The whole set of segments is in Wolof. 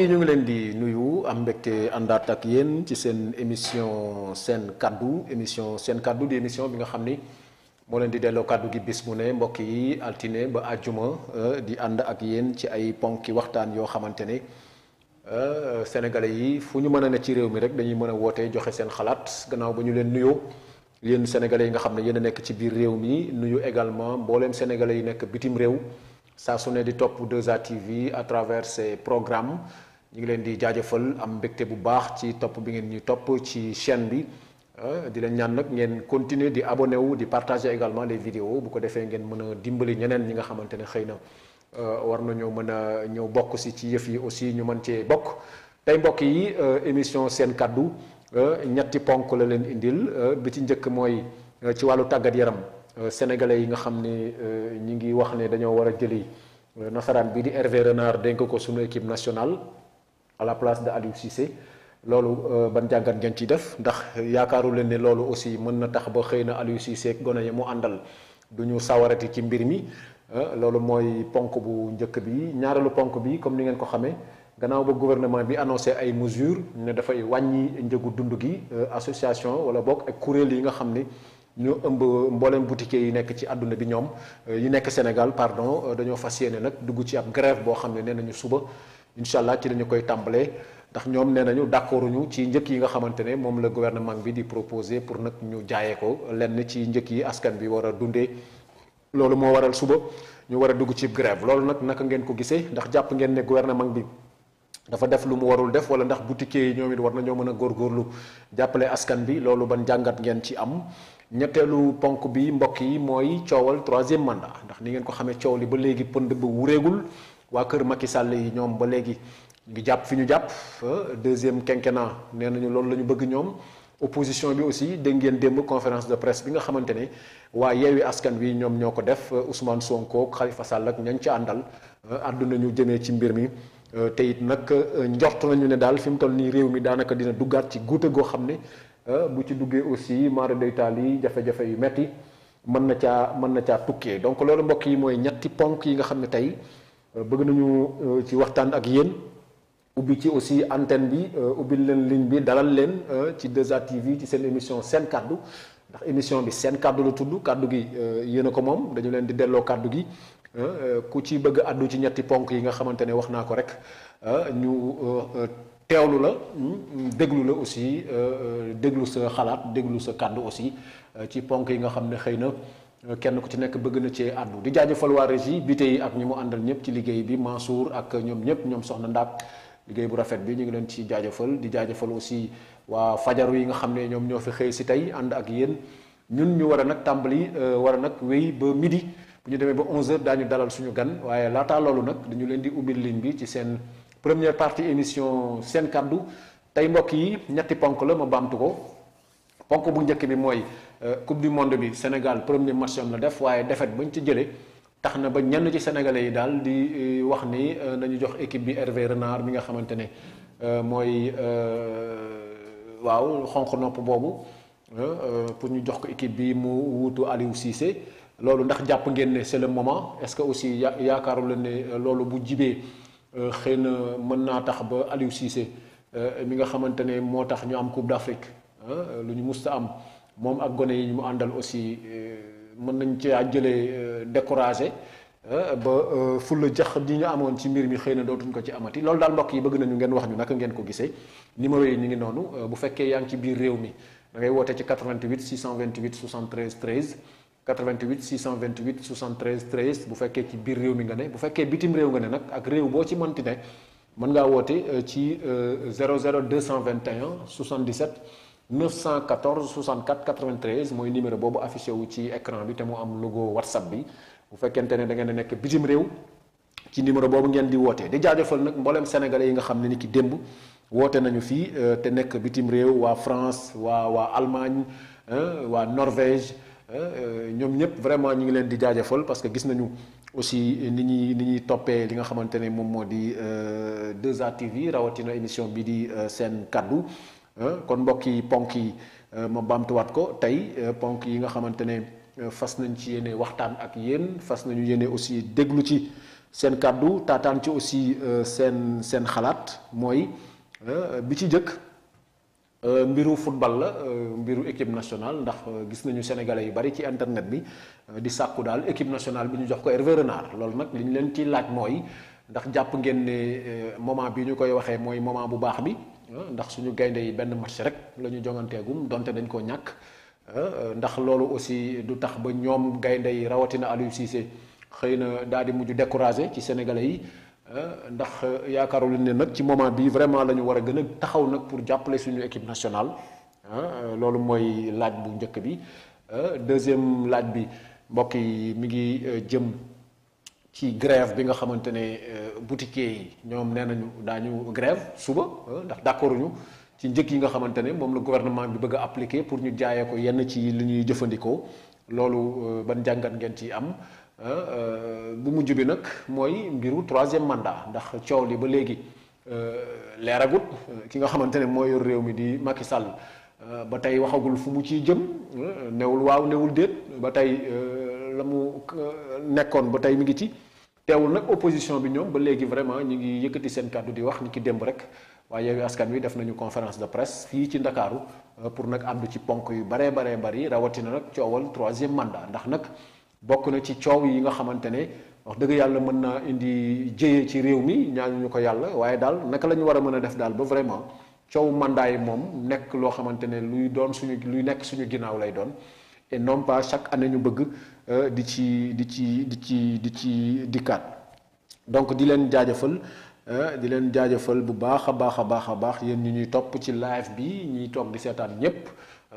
yi ñu ngi leen di nuyu am mbégte àndaat ak yéen ci seen émission seen kaddu émission seen kaddu émission bi nga xam ni moo leen di delloo kaddu gi bis mu ne mbokk yi altine ba àjjuma euh, di ànd ak yéen ci ay ponk yi waxtaan yoo xamante ne euh, sénégalais yi fu ñu mën a ne ci réew mi rek dañuy mën a woote joxe seen xalaat gannaaw ba ñu leen nuyoo yéen sénégalais yi nga xam ne yéen a nekk ci biir réew mi nuyu également mbooleem sénégalais yi nekk bitim réew saa su ne di topp 2A TV à travers programme ñu ngi leen di jaajëfal am mbégte bu baax ci topp bi ngeen ñi topp ci chaîne bi euh, di leen ñaan nag ngeen continuer di abonné wu di partager également les vidéos bu ko defee ngeen mën a dimbali ñeneen ñi nga xamante ne xëy na euh, war nañoo mën a ñëw bokk si ci yëf yi aussi ñu mën cee bokk tey mbokk yi euh, émission seen kàddu ñetti ponk la leen indil bi ci njëkk mooy ci wàllu tàggat yaram sénégalais yi nga xam ne ñi ngi wax ne dañoo war a jëli nasaraan bi di Hervé Renard dénk ko suñu équipe à la place de Aliou Cissé loolu euh, ban jàngat ngeen ciy def ndax yaakaaru leen ne loolu aussi mën na tax ba xëy na Aliou Cissé ak gone yi mu àndal du ñu sawarati ci mbir mi euh, loolu mooy ponk bu njëkk bi ñaareelu ponk bi comme ni ngeen ko xamee gannaaw ba gouvernement bi annoncé ay mesures ne dafay wàññi njëgu dund gi euh, association wala bokk ak kuréel yi nga xam ni ñu ëmb mbooleem boutique yi nekk ci àdduna bi ñoom yi nekk Sénégal pardon dañoo fas yéene nag dugg ci ab grève boo xam ne nee nañu suba incha allah ci la koy tàmbalee ndax ñoom nee nañu d'accorduñu ci njëkk yi nga xamante ne moom la gouvernement bi di proposé pour nag ñu jaayee ko lenn ci njëkk yi askan bi war a dundee loolu moo waral suba ñu war a dugg ci grève loolu nag naka ngeen ko gisee ndax jàpp ngeen ne gouvernement bi dafa def lu mu warul def wala ndax boutiquiers yi ñoom it war nañoo mën a góor góorlu jàppale askan bi loolu ban jàngat ngeen ci am ñetteelu ponk bi mbokk yi mooy coowal troisième mandat ndax ni ngeen ko xamee coow li ba léegi pënd ba wuréegul waa kër Macky sàll yi ñoom ba léegi ngi jàpp fi ñu jàpp deuxième quinquennat nee nañu loolu la ñu bëgg ñoom opposition bi aussi dégg ngeen démb conférence de presse bi nga xamante ne waa yeewi askan wi ñoom ñoo ko def Ousmane Sonko Khalifa Sall ak ñañ ci àndal euh, àdduna ñu jëmee ci mbir mi. Euh, te it nag euh, njort nañu ne daal fi mu toll nii réew mi daanaka dina duggaat ci guute goo xam ne bu ci duggee aussi mara deytaal yi jafe-jafe yu metti mën na caa mën na caa tukkee donc loolu mbokk yi mooy ñetti ponk yi nga xam ne tey. Euh, bëgg nañu euh, ci waxtaan ak yéen ubbi ci aussi antenne bi euh, ubbi leen ligne bi dalal leen ci 2A TV ci seen émission seen kàddu ndax émission bi seen kàddu la tudd kàddu gi yéen a ko moom dañu leen di delloo kàddu gi ku ci bëgg àddu ci ñetti ponk yi nga xamante ne wax naa ko rek ñu teewlu la hmm, déglu la aussi déglu sa xalaat déglu sa kàddu aussi ci ponk yi nga xam ne xëy na kenn ku ci nekk bëgg na cee àddu di jaajafal waa régie bi tey ak ñi mu àndal ñëpp ci liggéey bi Mansour ak ñoom ñëpp ñoom soxna Ndaak liggéey bu rafet bi ñu ngi leen ci jaajëfal di jaajëfal aussi waa fajaru yi nga xam ne ñoom ñoo fi xëy si tey ànd ak yéen ñun ñu war a nag tàmbali euh, war a nag wéy ba midi bu ñu demee ba 11h ñu dalal suñu gan waaye laataa loolu nag dañu leen di ubbil ligne bi ci seen première partie émission seen kaddu tey mbokk yi ñetti ponk la ma ko. bonk bu njëkk bi mooy euh, coupe du monde bi Sénégal premier match am la def waaye defet ba bañ ci jëlee tax na ba ñenn ci sénégalais yi daal di euh, wax ni euh, nañu jox équipe bi Hervé Renard mi nga xamante ne mooy waaw xonq nopp boobu pour ñu jox ko équipe bi mu wuutu Aliou loolu ndax jàpp ngeen ne c'est le moment est-ce que aussi ya yaakaaru ne loolu bu jibee xëy na mën naa tax ba Aliou Cissé mi nga xamante ne moo tax ñu am Coupe d'Afrique Euh, lu ñu musta am moom ak gone yi mu àndal aussi euh, mën nañ ci jëlee euh, découragé ba fulla jax di ñu amoon ci mbir mi xëy na dootuñ ko ci amati loolu daal mbokk yi bëgg nañu ngeen wax ñu naka ngeen ko gisee numéro yi ñu ngi noonu bu fekkee yaa ngi ci biir réew mi da ngay woote ci 88 628 73 13 88 628 73 13 bu fekkee ci biir réew mi nga ne bu fekkee bitim réew nga ne nag ak réew boo ci mënti ne mën ngaa woote ci 00221 77 914 64 93 mooy numéro boobu affiché wu ci écran bi te mu am logo WhatsApp bi bu fekkente ne da ngeen a nekk bitim réew ci numéro boobu ngeen di wootee di jaajëfal nag mboolem sénégalais yi nga xam ne ni ki démb woote nañu fii euh, te nekk bitim réew waa France waa waa Allemagne waa Norvège euh, ñoom ñëpp vraiment ñu ngi leen di jaajëfal parce que gis nañu aussi ni ñuy ni ñuy toppee li nga xamante ne moom moo di 2A euh, TV rawatina émission bi di seen kaddu. kon mbokk yi ponk yi euh, ma baamtuwaat ko tey euh, ponk yi nga xamante ne euh, fas nañ ci yéene waxtaan ak yéen fas nañu yéene aussi déglu ci seen kàddu taataan ci aussi seen seen xalaat mooy bi ci jëkk mbiru football la mbiru équipe nationale ndax gis nañu sénégalais yu bari ci internet bi di sàkku daal équipe nationale bi ñu jox ko Hervé Renard loolu nag li ñu leen ci laaj mooy ndax jàpp ngeen ne moment bi ñu koy waxee mooy moment bu baax bi ndax suñu gaynde yi benn match rek la ñu jonganteegum donte dañ koo ñàkk ah, ndax loolu aussi du tax ba ñoom gaynde yi rawatina Aliou Cissé xëy na daal di mujj découragé ci sénégalais yi ah, ndax yaakaaru yaakaarul ne nag ci moment bi vraiment la war a gën a taxaw nag pour jàppale suñu équipe nationale ah, loolu mooy laaj bu njëkk bi deuxième laaj bi mbokk yi mi ngi euh, jëm ci grève bi nga xamante ne euh, boutiquiers yi ñoom nee nañu daañu grève suba euh, ndax d'accord ñu ci njëkk yi nga xamante ne moom la gouvernement bi bëgg a pour ñu jaaye ko yenn ci li ñuy jëfandikoo loolu euh, ban jàngat ngeen ci am bu mujj bi nag mooy mbiru troisième mandat ndax coow li ba léegi leeragut ki nga xamante ne mooy yor réew mi di Macky Sall ba tey waxagul fu mu ci jëm newul waaw newul déet ba tey. la mu euh, nekkoon ba tey mu ngi ci teewul nag opposition bi ñoom ba léegi vraiment ñu ngi yëkkati seen kàddu di wax ni ki démb rek waaye Yewwi Askan Wi def nañu conférence de presse fii ci Ndakaaru euh, pour nag àddu ci ponk yu baree baree bari rawatina nag coowal troisième mandat ndax nag bokk na ci coow yi nga xamante ne wax dëgg yàlla mën na indi jëyee ci réew mi ñaanuñu ko yàlla waaye daal naka la ñu war a mën a def daal ba vraiment coow mandat yi moom nekk loo xamante ne luy doon suñu luy nekk suñu ginnaaw lay doon bëgg Euh, di ci di ci di ci di ci dikkaat donc di leen jaajëfal euh, di leen jaajëfal bu baax a baax a baax a baax yéen ñu ñuy topp ci live bi ñuy toog di seetaan ñépp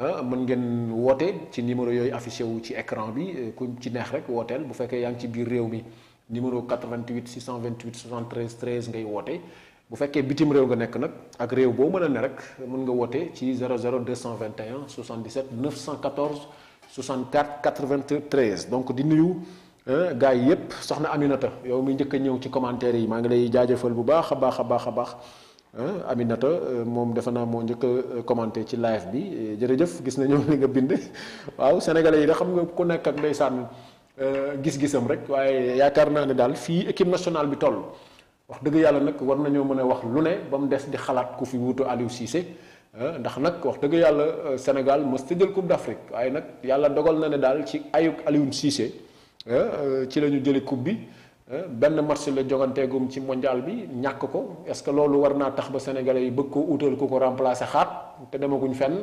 euh, mën ngeen woote ci numéro yooyu affiché wu ci écran bi ku ci neex rek wooteel bu fekkee yaa ngi ci biir réew mi numéro 88 628 73 13 ngay woote bu fekkee bitim réew nga nekk nag ak réew boo mën a ne rek mën nga woote ci 00 221 77 914 64 93 donc di nuyu gars yi yëpp soxna Aminata yow mi njëkk a ñëw ci commentaire yi maa ngi lay jaajëfal bu baax a baax a baax a baax Aminata euh, moom defe naa moo njëkk a euh, ci live bi jërëjëf gis nañu li nga bind waaw sénégalais yi da xam nga ku nekk ak ndeysaan euh, gis-gisam rek waaye yaakaar naa ne daal fii équipe national bi toll wax dëgg yàlla nag war nañoo mën a wax lu ne ba mu des di xalaat ku fi wuutu Aliou Cissé. Eh, ndax nag wax dëgg yàlla eh, Sénégal mës ta jël coupe d'Afrique waaye nag yàlla dogal na ne daal ci ayuk Alioune Cissé eh, ci la ñu jëlee coupe bi benn match la joganteegum ci mondial bi ñàkk ko est-ce que loolu war naa tax ba sénégalais yi bëgg ko utal ku ko remplacer xaat te demaguñ fenn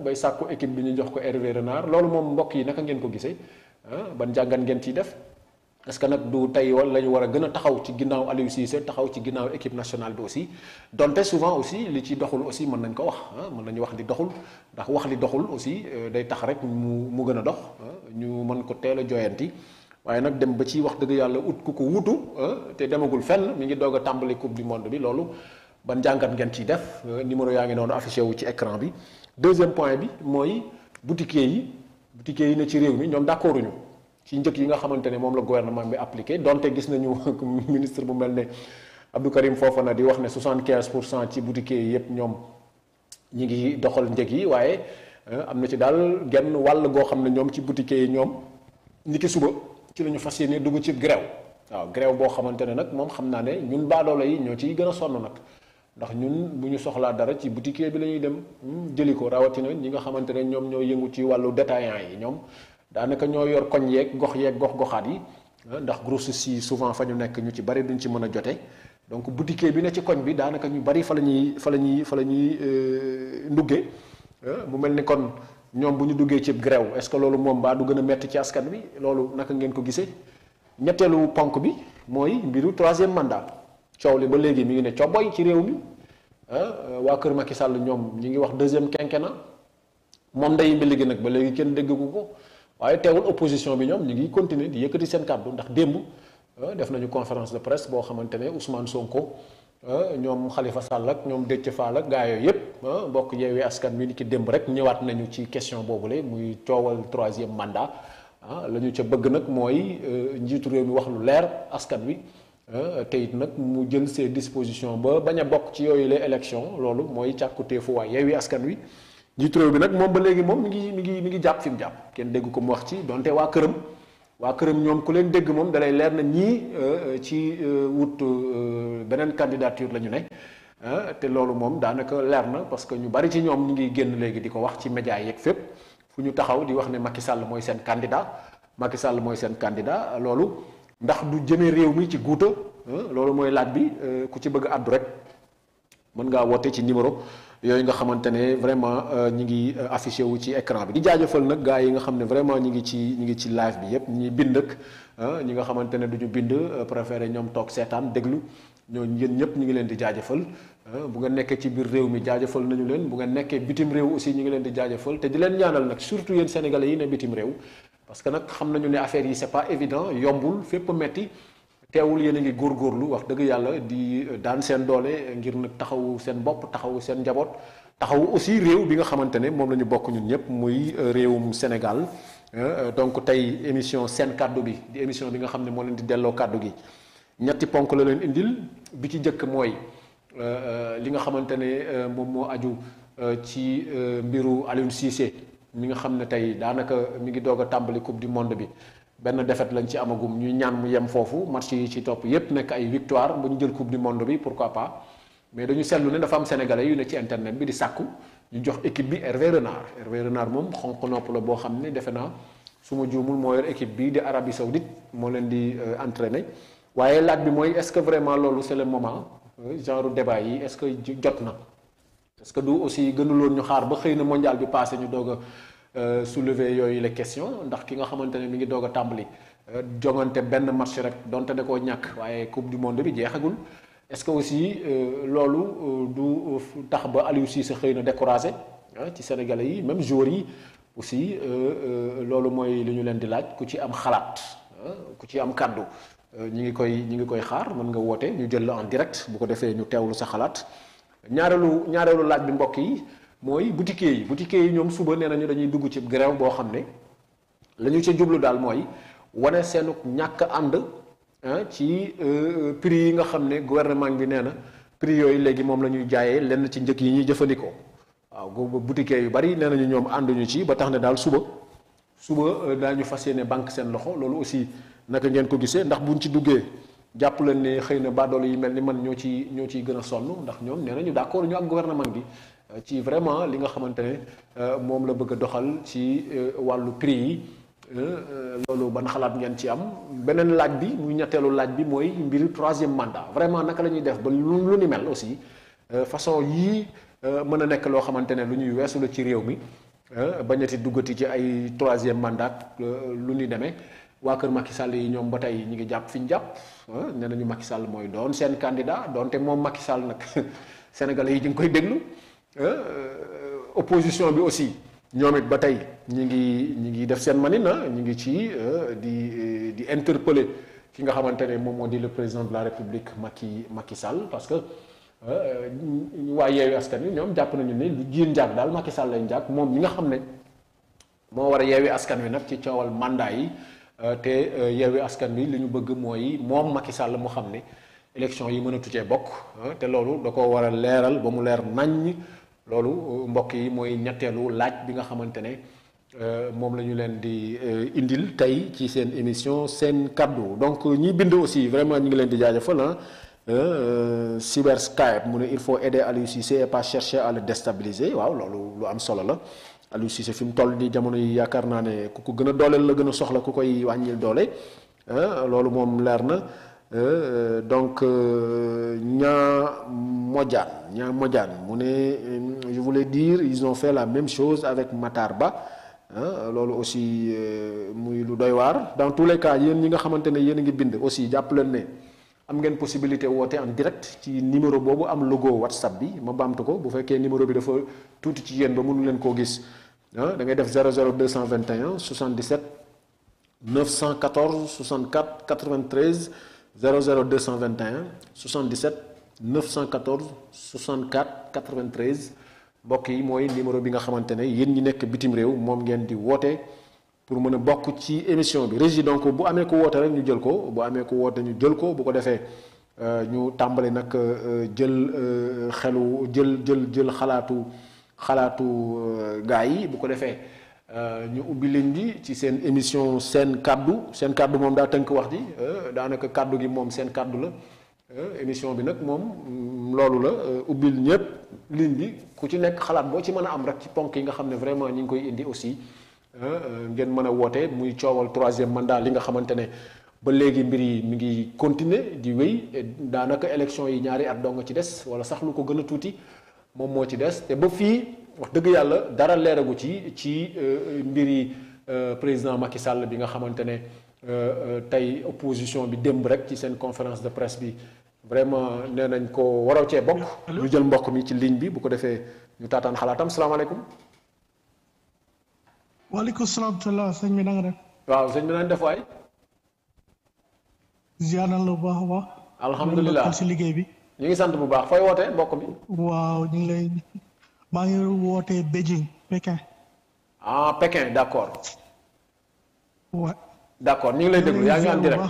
bay sàkku équipe bi ñu jox ko Hervé Renard loolu moom mbokk yi naka ngeen ko gisee ban jàngat ngeen ciy def. est-ce que nag du tey wala la war a gën a taxaw ci ginnaaw Aliou Cissé taxaw ci ginnaaw équipe nationale bi aussi donte souvent aussi li ci doxul aussi mën nañ ko wax mën nañu wax li doxul ndax wax li doxul aussi euh, day tax rek mu mu gën a dox ñu mën ko teel a joyanti waaye nag dem ba ci wax dëgg yàlla ut ku ko wutu te demagul fenn mi ngi doog a tàmbali coupe du monde bi loolu ban jàngat ngeen ciy def euh, numéro yaa ngi noonu affiché wu ci écran bi deuxième point bi mooy boutiquier yi boutiquier yi ne ci réew mi ñoom d'accorduñu ci njëkk yi nga xamante ne moom la gouvernement bi appliqué donte gis nañu ministre bu mel ne Abdou Karim Fofana di wax ne 75 pour cent ci boutiquier yi yëpp ñoom ñi ngi doxal njëg yi waaye euh, am na ci daal genn wàll goo xam ne ñoom ci boutiquier yi ñoom ñi ki suba ci la ñu fas ne dugg ci grève waaw grève boo xamante ne nag moom xam naa ne ñun baadoola yi ñoo ciy gën a sonn nag ndax ñun bu ñu soxlaa dara ci boutiquier bi la ñuy dem hmm, jëli ko rawatina ñi nga xamante ne ñoom ñoo yëngu ci wàllu détaillant yi ñoom daanaka ñoo yor koñ yeeg gox yeeg gox goxaat yi eh, ndax grossistes yi souvent fa ñu nekk ñu ci bari duñ ci mën a jote donc butikee bi ne ci koñ bi daanaka ñu bari fa la ñuy fa la ñuy fa la ñuy eh, ndugge eh, mu mel ni kon ñoom bu ñu duggee ci grève est-ce loolu moom baa du gën a metti ci askan wi loolu naka ngeen ko gisee ñetteelu ponk bi mooy mbiru troisième mandat coow li ba léegi mi ngi ne cooboy ci réew mi waa Kër Macky sàll ñoom ñu ngi wax deuxième quinquennat moom ndeyu mbi léegi nag ba léegi kenn dégg ko waaye teewul opposition bi ñoom ñu ngi continuer di yëkkati seen kàddu ndax démb euh, def nañu conférence de presse boo xamante ne Ousmane Sonko euh, ñoom xalifa Sall ak ñoom Déthié Fall ak gaa yooyu yëpp mbokk euh, yeewee askan wi ni ki démb rek ñëwaat nañu ci question boobu la muy coowal troisième mandat ah la ñu ca bëgg nag mooy njiitu réew mi wax lu leer askan wi te it nag mu jël ses dispositions ba bañ a bokk ci yooyu les élections loolu mooy càkkutéefu waa yeewee askan wi. njiitu réew bi nag moom ba léegi moom mu ngi mi ngi mi ngi jàpp fim jàpp kenn dégg ko mu wax ci donte waa këram waa këram ñoom ku leen dégg moom dalay leer na ñii euh, euh, ci euh, wut beneen candidature la ñu ne te loolu moom daanaka leer na parce que ñu bari ci ñoom ñu ngi génn léegi di ko wax ci média yeeg fépp fu ñu taxaw di wax ne Macky Sall mooy seen candidat Macky Sall mooy seen candidat loolu ndax du jëmee réew mi ci guuta loolu mooy laaj bi ku ci bëgg àddu rek mën ngaa woote ci numéro yooyu nga xamante ne vraiment euh, ñi ngi euh, affiché wu ci ecran bi di jaajëfal nag gars yi nga xam ne vraiment ñi ngi ci ñi ngi ci live bi yëpp ñi bind ak ah, ñi nga xamante ne ñu bind euh, préféré ñoom toog seetaan déglu ñooñu yéen ñëpp ñu ngi leen di jaajëfal ah, bu nga nekkee ci biir réew mi jaajëfal nañu leen bu nga nekkee bitim réew aussi ñu ngi leen di jaajëfal te di leen ñaanal nag surtout yéen sénégalais yi ne bitim réew parce que nag xam nañu ne affaire yi c'est pas évident yombul fépp metti teewul yéen a ngi góorgóorlu wax dëgg yàlla di euh, daan seen doole ngir nag taxawu seen bopp taxawu seen njaboot taxawu aussi réew bi nga xamante ne moom la ñu bokk ñun ñëpp muy euh, réewum Sénégal euh, donc tey émission seen kàddu bi émission bi nga xam ne moo leen di delloo kàddu gi ñetti ponk la leen indil bi ci njëkk mooy li nga xamante ne moom moo aju ci mbiru Aliou Cissé mi nga xam ne tey daanaka mi ngi doog a tàmbali coupe du monde bi benn défaite lañ ci amagum ñu ñaan mu yem foofu match yi ci topp yépp nekk ay victoire ba ñu jël coupe du monde bi pourquoi pas mais dañu seetlu ne dafa am sénégalais yu ne ci internet bi di sàkku ñu jox équipe bi Hervé Renard Hervé Renard moom xonq nopp la boo xam ne defe na su ma juumul moo yor équipe bi di Arabie Saoudite moo leen di euh, entraîner waaye laaj bi mooy est-ce que vraiment loolu c'est le moment euh, genre débat yi est-ce que jot na est-ce que du aussi gënuloon ñu xaar ba xëy na mondial bi passé ñu doog Euh, soulever yooyu la question ndax ki nga xamante ne mi ngi doog a tàmbali euh, jongante benn match rek donte da koo ñàkk waaye coupe du monde bi jeexagul est-ce que aussi euh, loolu du tax ba Aliou sa xëy na découragé ci Sénégalais yi même joueurs yi aussi loolu mooy li ñu leen di laaj ku ci am xalaat ku ci am kàddu ñi ngi koy ñi ngi koy xaar mën nga woote ñu jël la en direct bu ko defee ñu teewlu sa xalaat ñaareelu ñaareelu laaj bi mbokk yi. mooy boutiquiers yi boutiquiers yi ñoom suba nee nañu dañuy dugg ci grève boo xam ne lañu ci ca jublu daal mooy wane seenu ñàkk ànd ci euh, euh, prix yi nga xam ne gouvernement bi nee na prix yooyu léegi moom la ñuy jaayee lenn ci njëkk yi ñuy jëfandikoo waaw googu boutiquiers yu bari nee nañu ñoom ànduñu ci ba tax ne daal suba suba euh, daañu fas yéene banque seen loxo loolu aussi naka ngeen ko gisee ndax buñ ci duggee jàpp leen ne xëy na baadoolo yi mel ni man ñoo ci ñoo ciy gën a sonn ndax ñoom nee nañu d'accord ñu ak gouvernement bi ci vraiment li nga xamante ne euh, moom la bëgg a doxal ci euh, wàllu prix yi euh, loolu ban xalaat ngeen ci am beneen laaj bi muy ñetteelu laaj bi mooy mbir troisième mandat vraiment naka la ñuy def ba lu ni mel aussi façon yii mën a nekk loo xamante ne lu ñuy weesu la ci réew mi bañati duggati ci ay troisième mandat lu ni demee waa kër Macky Sall yi ñoom ba tey ñu ngi jàpp fi ñu jàpp nee nañu Macky sàll mooy doon seen candidat doonte moom Macky Sall nag sénégalais yi ñu ngi koy déglu. Euh, opposition bi aussi ñoom it ba tey ñu ngi ñu ngi def seen manin ah, ñu ngi ci euh, di euh, di interpeller ki nga xamante ne moom moo di le président de la république Macky Macky sàll parce que waa yeewi askan wi ñoom jàpp nañu ni lu jiin njaag daal Macky Sall lañ njaag moom mi nga xam ne moo war a yeewi askan wi nag ci coowal mandat yi te yeewi askan wi li ñu bëgg mooy moom Macky Sall mu xam ne élection yi mënatu cee bokk te loolu da ko war a leeral ba mu leer naññ loolu mbokk yi mooy ñetteelu laaj bi nga xamante ne euh, moom la ñu leen di euh, indil tey ci seen émission seen kaddu donc ñi bind aussi vraiment ñu ngi leen di jaajëfal ah cyber Skype mu ne il faut aider Aliou Cissé et pas chercher à le waaw loolu lu am solo la Aliou Cissé fi mu toll nii jamono yi yaakaar naa ne ku ko gën a dooleel la gën a soxla ku koy wàññil doole loolu moom leer na. Euh, donc ñaa euh, Modiane ñaa Modiane mu ne euh, je voulais dire ils ont fait la même chose avec Matar Ba loolu aussi muy lu doy waar dans tous les cas yéen ñi nga xamante ne yéen a ngi bind aussi jàpp leen ne am ngeen possibilité woote en direct ci numéro boobu am logo WhatsApp bi ma baamtu ko bu fekkee numéro bi dafa tuuti ci yéen ba mënu leen koo gis ah da ngay cent 00 221 77 914 64 93. 00 221 77 914 64 93 mbokk yi mooy numéro bi nga xamante ne yéen ñi nekk bitim réew moom ngeen di woote pour mën a bokk ci émission bi régie donc bu amee ko woote rek ñu jël ko bu amee ko woote ñu jël ko bu ko defee euh, ñu tàmbali nag euh, euh, jël xelu jël jël jël xalaatu xalaatu gaa yi bu ko defee. Euh, ñu ubbi ligne bi ci seen émission seen kàddu seen kàddu moom daa tënk wax ji euh, daanaka kàddu gi moom seen kàddu la euh, émission bi nag moom mm, loolu la ubbil ñëpp ligne bi ku ci nekk xalaat boo ci mën a am rek ci ponk yi nga xam ne vraiment ñu ngi koy indi aussi ngeen mën a woote muy coowal troisième mandat li nga xamante ne ba léegi mbir yi mi ngi continuer di wéy daanaka élection yi ñaari at nga ci des wala sax lu ko gën a tuuti moom moo ci des te wax dëgg yàlla dara leeragu ci ci euh, mbiri euh, président Macky Sall bi nga xamante ne euh, tey opposition bi démb rek ci seen conférence de presse bi vraiment nee nañ ko waroo cee bokk. ñu jël mbokk mi ci ligne bi bu ko defee ñu taataan xalaatam salaamaaleykum. waaleykum salaam tala sëñ bi na nga def. waaw sëñ bi na def waay. ziar na la bu baax baax. alhamdulilah ñu ngi si liggéey bi. ñu ngi sant bu baax fooy wootee mbokk mi. waaw ñu lay. maa ngi wootee Beijing Pékin. ah Pékin d' accord. wa accord ñu ngi lay déglu yaa ngi en direct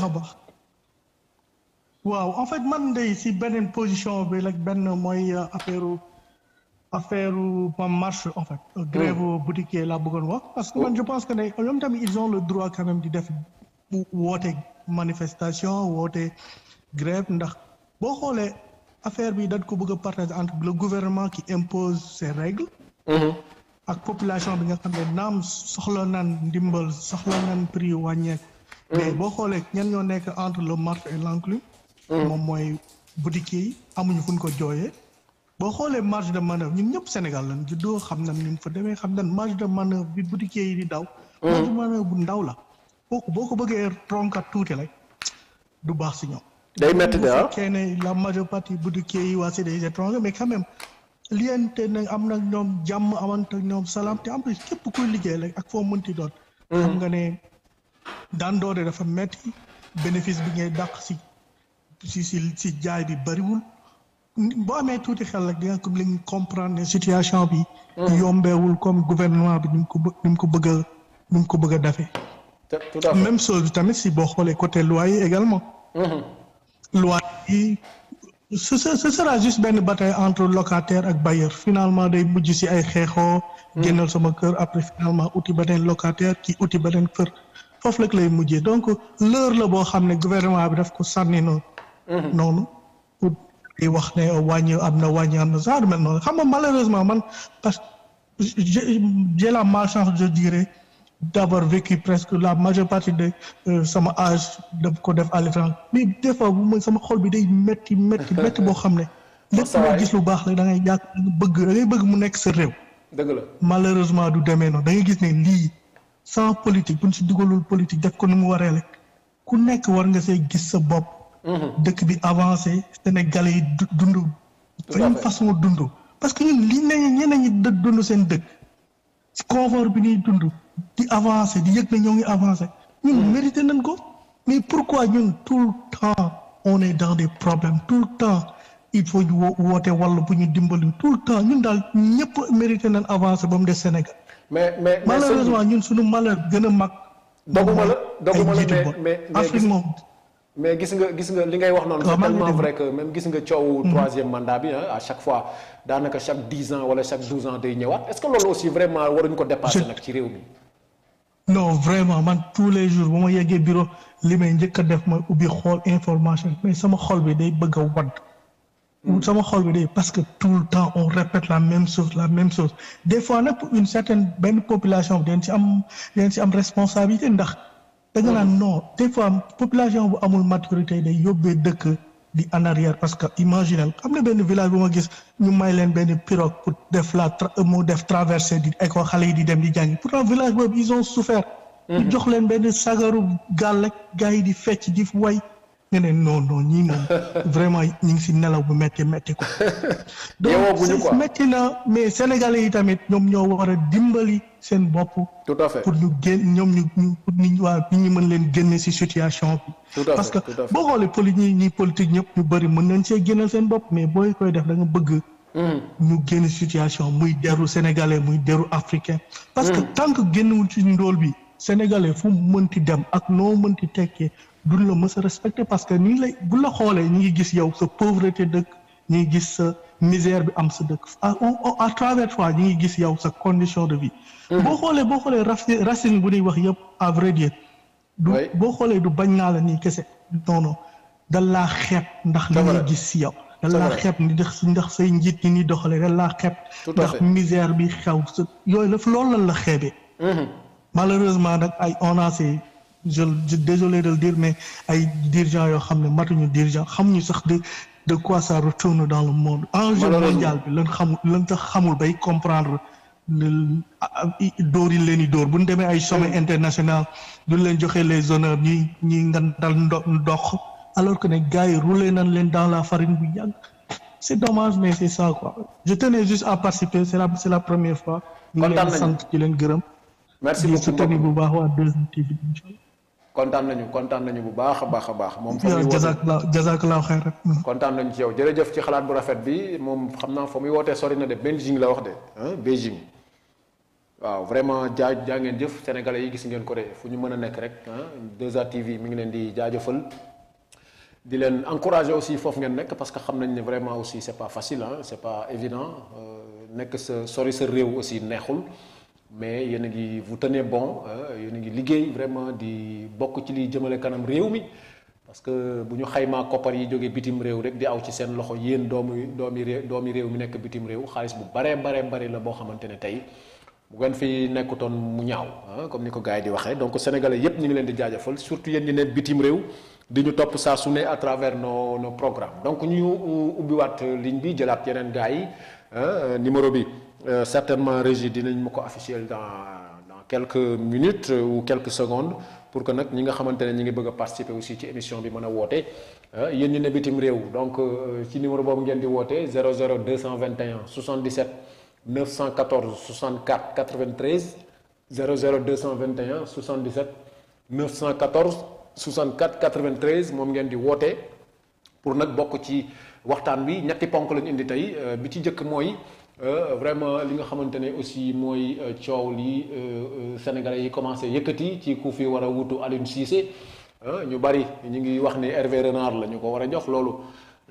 waaw en fait man de si beneen position bi rek benn mooy affaire euh, affaire ma marche en fait. Hmm. grève boutiquier laa bëggoon wax. parce que man je pense que ne ñoom tamit ils ont le droit quand même di def woote manifestation woote grève ndax boo xoolee. affaire bi dañ ko bëgg a partager entre le gouvernement qui impose ses règles. Mm-hmm. ak population bi nga xam ne naam soxla nan ndimbal soxla nan prix wàññeek. Mm-hmm. boo xoolee ñan ñoo nekk entre le marteau et l'enclume. Mm-hmm. moom mooy boutique yi amuñu fu ko jooyee. boo xoolee marge de manœuvre ñun ñëpp Sénégal lañ juddoo xam nañ ni mu fa demee xam nañ marge de manœuvre bi boutique yi di daw. marge de manœuvre bu ndaw la. kooku boo ko bëggee tronkat tuuti rek du baax si ñoom. day métti de ah fekkee la majeure partie bu dikkee yi waa mais quand même liyante am nag ñoom jàmm amante ñoom salaam te en plus képp kuy liggéey rek ak foo mënti doon. Mm-hmm. xam nga ne daan dafa métti bénéfice bi ngay dàq si si si si jaay bi bëriwul boo amee tuuti xel rek di nga li nga comprendre ne situation bi. Mm-hmm. yombeewul comme gouvernement bi ni mu ko ni mu ko bëgg a ni mu ko bëgg a defee. même chose bi tamit si boo xoolee côté loyer également. Mm-hmm. loi yi ce ce sera juste benn bataille entre locataire ak bailleur finalement day mujj ci ay xeexoo. Hmm. génnal sama kër après finalement uti beneen locataire ki uti beneen kër foofu lak lay mujjee donc l'heure la boo xam ne gouvernement bi daf ko sànni noonu. Hmm. noonu pour wax ne wàññi am na wàññi am na genre mel noonu xam nga malheureusement man parce que j'ai la malchance je dirais. d'avoir vécu presque la majeure partie de euh, sama âge da ko def à l'étranger mais des sama xol bi day métti métti métti boo xam ne lépp loo gis lu baax la da ngay yàq bëgg da bëgg mu nekk sa réew dëgg la du demee noonu da gis ne lii sans politique bu ñu si dugalul politique def ko nu mu waree rek ku nekk war nga see gis sa bopp mhm. dëkk bi avancé Sénégalais yi dund beneen façon dund parce que lii li ne ñeneen ñi dund seen dëkk confort bi ñuy dund di avancer di yëg ne ñoo ngi avancer. ñun mm. mérité nañ ko mais pourquoi ñun tout le temps on est dans des problèmes tout le temps il faut ñu woote walla bu ñu dimbali tout le temps ñun daal ñëpp mérité nañ avancer ba mu des Sénégal. mais mais malheureusement ñun suñu malheur gën a mag. doguma la doguma la mais Afrique moom. mais gis nga gis nga li ngay wax noonu. c'est ah, tellement vrai que même gis nga coowu. Mm-hmm. troisième mandat bi à chaque fois daanaka chaque dix ans wala chaque douze ans day ñëwaat est-ce que loolu aussi vraiment waruñu ko dépasser nag ci réew mi. non vraiment man tous les jours bu ma yeggee bureau li may njëkk def mooy ubbi xool information mais sama xol bi day bëgg a wadd hmm. sama xol bi day parce que tout le temps on répète la même chose la même chose des fois nag pour une benn population bi dañ ci am dañ ci am responsabilité ndax da nga hmm. naan non des population bu amul maturité day yóbbee dëkk di en arrière parce que imaginez xam na benn village bu ma gis ñu may leen benn pirogue def la euh, mu def traversée di école xale yi di dem di jàngi pourtant village boobu ils ont souffert. Mhm. ñu jox leen benn sagaru gaal ak gars yi di fecc di way nga ne non non ñii moom vraiment ñu ngi si nelaw bu métti métti ko. donc métti na mais sénégalais yi tamit ñoom ñoo war a dimbali. seen bopp. tout à fait pour ñu génn ñoom ñu pour nit waa nit ñi mën leen génne ci situation bi. tout à fait parce que boo xoolee poli ñi ñi politique ñëpp ñu bëri mën nañ see génnal seen bopp mais booy koy def da nga bëgg. Hmm. ñu génn situation muy deru sénégalais muy deru africain. parce que hmm. tant que génnewul ci ndóol bi sénégalais fu mu mënti dem ak noo mënti tekkee duñ la mës a respecté parce que ni lay bu la xoolee ñu ngi gis yow sa pauvreté dëkk ñu ngi gis sa misère bi am sa dëkk à à travers toi ñu ngi gis yow sa condition de vie. boo mhm. xoolee boo xoolee racisme bu ñuy wax yëpp à vrai dire. boo xoolee du bañ naa la nii kese non dal da laa xeeb ndax li ñuy gis si yow da laa xeeb ni ndax ndax say njiit ñi ñuy doxalee da laa xeeb ndax misère bi xew sa yooyu la loolu lan la xeebee mhm. malheureusement nag ay on a ces désolé de le dire ay dirigeants yoo xam ne matuñu dirigeant xamuñu sax de de quoi ça retourne dans le monde enjeu mondial bi lan xamul lan tax xamul bay comprendre dóor yi leen di dóor bu ñu demee ay sommet mm. international du leen joxe les honneurs ñi ñi ngandal ndo ndox alors que ne gars yi roulé nañ leen dans la farine bu yàgg c'est domage mais c'est ça quoi je tenais juste à participer c'est la la première fois. kontaan nañu di leen leen gërëm. merci beaucoup di bu baax waa 2STV. kontaan nañu kontaan nañu bu baax a baax a baax. moom fa muy wootee jazakallah jazakallah xayran. Mm. kontaan nañu ci yow jërëjëf ci xalaat bu rafet bi moom xam naa fa muy wootee sori na de Beijing la wax de ah Beijing. waaw vraiment jaa jaa ngeen jëf sénégalais yi gis ngeen ko de fu ñu mën a nekk rek ah 2A TV mi ngi leen di jaajëfal di leen encourager aussi foofu ngeen nekk parce que xam nañ ne vraiment aussi c'est pas facile ah c'est pas évident euh, nekk sa sori sa réew aussi neexul mais yéen a ngi vous tenez bon yéen a ngi liggéey vraiment di bokk ci liy jëmale kanam réew mi parce que bu ñu xaymaa koppar yi jógee bitim réew rek di aw ci seen loxo yéen doomu doomi réew doomi réew mi nekk bitim réew xaalis bu baree baree bare la boo xamante ne tey bu ngeen fi nekkutoon mu ñaaw ah, comme ni ko gars yi di waxee donc sénégale yépp ñu ngi leen di jaajëfal surtout yéen ñi ne bitim réew di ñu topp saa su ne à travers nos nos donc ñu ubbiwaat ligne bi jëlaat yeneen gars yi ah, numéro bi euh, certainement régie dinañ ma ko afficher dans dans quelques minutes euh, ou quelques secondes pour que nag ñi nga xamante ne ñi ngi bëgg a participer aussi ci émission bi mën a woote ah, yéen ñi ne bitim réew donc euh, ci numéro boobu ngeen di woote 00 221 77 914 64 93 00 221 77 914 64 93 moom ngeen di wootee pour nag bokk ci waxtaan bi ñetti ponk lañu indi tey euh, bi ci njëkk mooy euh, vraiment li nga xamante ne aussi mooy euh, coow li Sénégalais yi commencé yëkkati ci ku fi war a wutu Aliou Cissé ñu bari ñu ngi wax ni Hervé Renard la ñu ko war a jox loolu.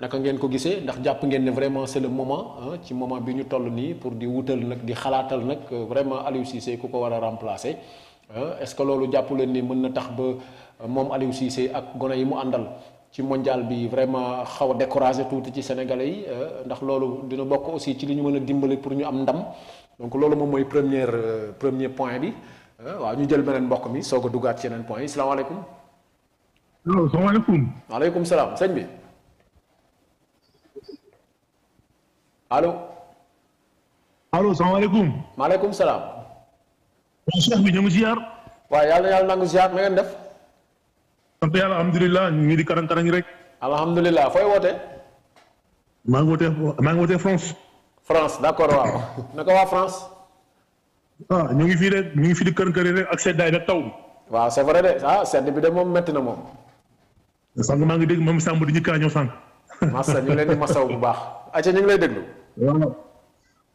naka ngeen ko gisee ndax jàpp ngeen ne vraiment c'est le moment ci moment bi ñu toll nii pour di wutal nag di xalaatal nag euh, vraiment Aliou Cissé ku ko war a remplacer est-ce que loolu jàpp ni mën na tax ba euh, moom Aliou Cissé ak gone yi mu àndal ci mondial bi vraiment xaw a tuuti ci sénégalais yi ndax loolu dina bokk aussi ci li ñu mën a dimbali pour ñu am ndam donc loolu moom mooy première euh, premier point bi waaw ñu jël beneen mbokk mi soog a duggaat yeneen point yi salaamaaleykum. allo salaam sëñ bi. allo. allo salaamaaleykum. maaleykum salaam. waaw bi ñu ngi ziar. waaw yàlla yàlla nangu ziar na ngeen def. sant yàlla alhamdulilah ñu ngi di karang karang rek. alhamdulilah fooy wootee. maa ngi wootee maa ngi wootee France. France d'accord waaw naka waa France. Ah, ñu ngi fii rek ñu ngi fii di kër kër rek ak seddaay rek taw. waaw c'est vrai de ah bi de moom métti na moom. maa ngi dégg moom Samb di ñu kaañoo sànq. Massa ñu leen di masaw bu baax. ayca ñu ngi lay déglu. waaw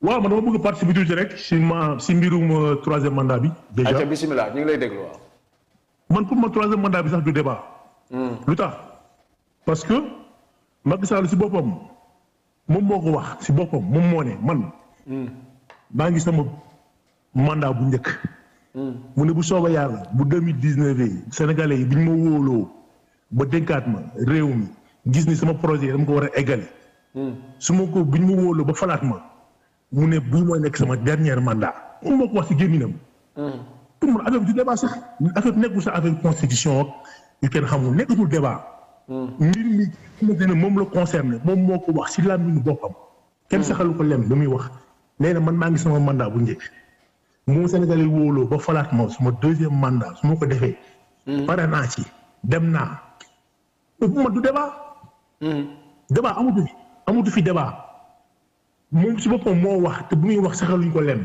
ma man dama bëgg participer tuuti rek si ma si mbirum euh, troisième mandat bi. déjà bisimilah ñu ngi lay déglu waaw. man pour ma troisième mandat bi sax du débat. Hmm. lu tax parce que Macky Sall si boppam moom moo ko wax si boppam moom moo ne man. Hmm. maa ngi sama mandat bu njëkk. Hmm. mu ne bu soobee yàlla bu deux mille dix neuf yi sénégalais yi bi ñu ma wóoloo ba dénkaat ma réew mi gis ni sama projet yi dama ko war a égaler. su ma ko bu ñu ma wóoloo ba falaat ma mu ne bii mooy nekk sama dernier mandat mun ma ko wax si gémminam pour man affaire bi du débat sax affaire nekkul sax affaire constitution ak yu kenn moom la concerné moom moo ko wax si làmmiñu boppam kenn saxalu ko lem lu muy wax nee na man maa ngi sama mandat bu njëkk moom Sénégal yi wóoloo ba falaat ma suma deuxième mandat su ma ko defee pare naa ci dem naa bu ma du débat hmm. débat amatu fi amatu fi débat moom si boppam moo wax te bu muy wax saxaluñ ko lem.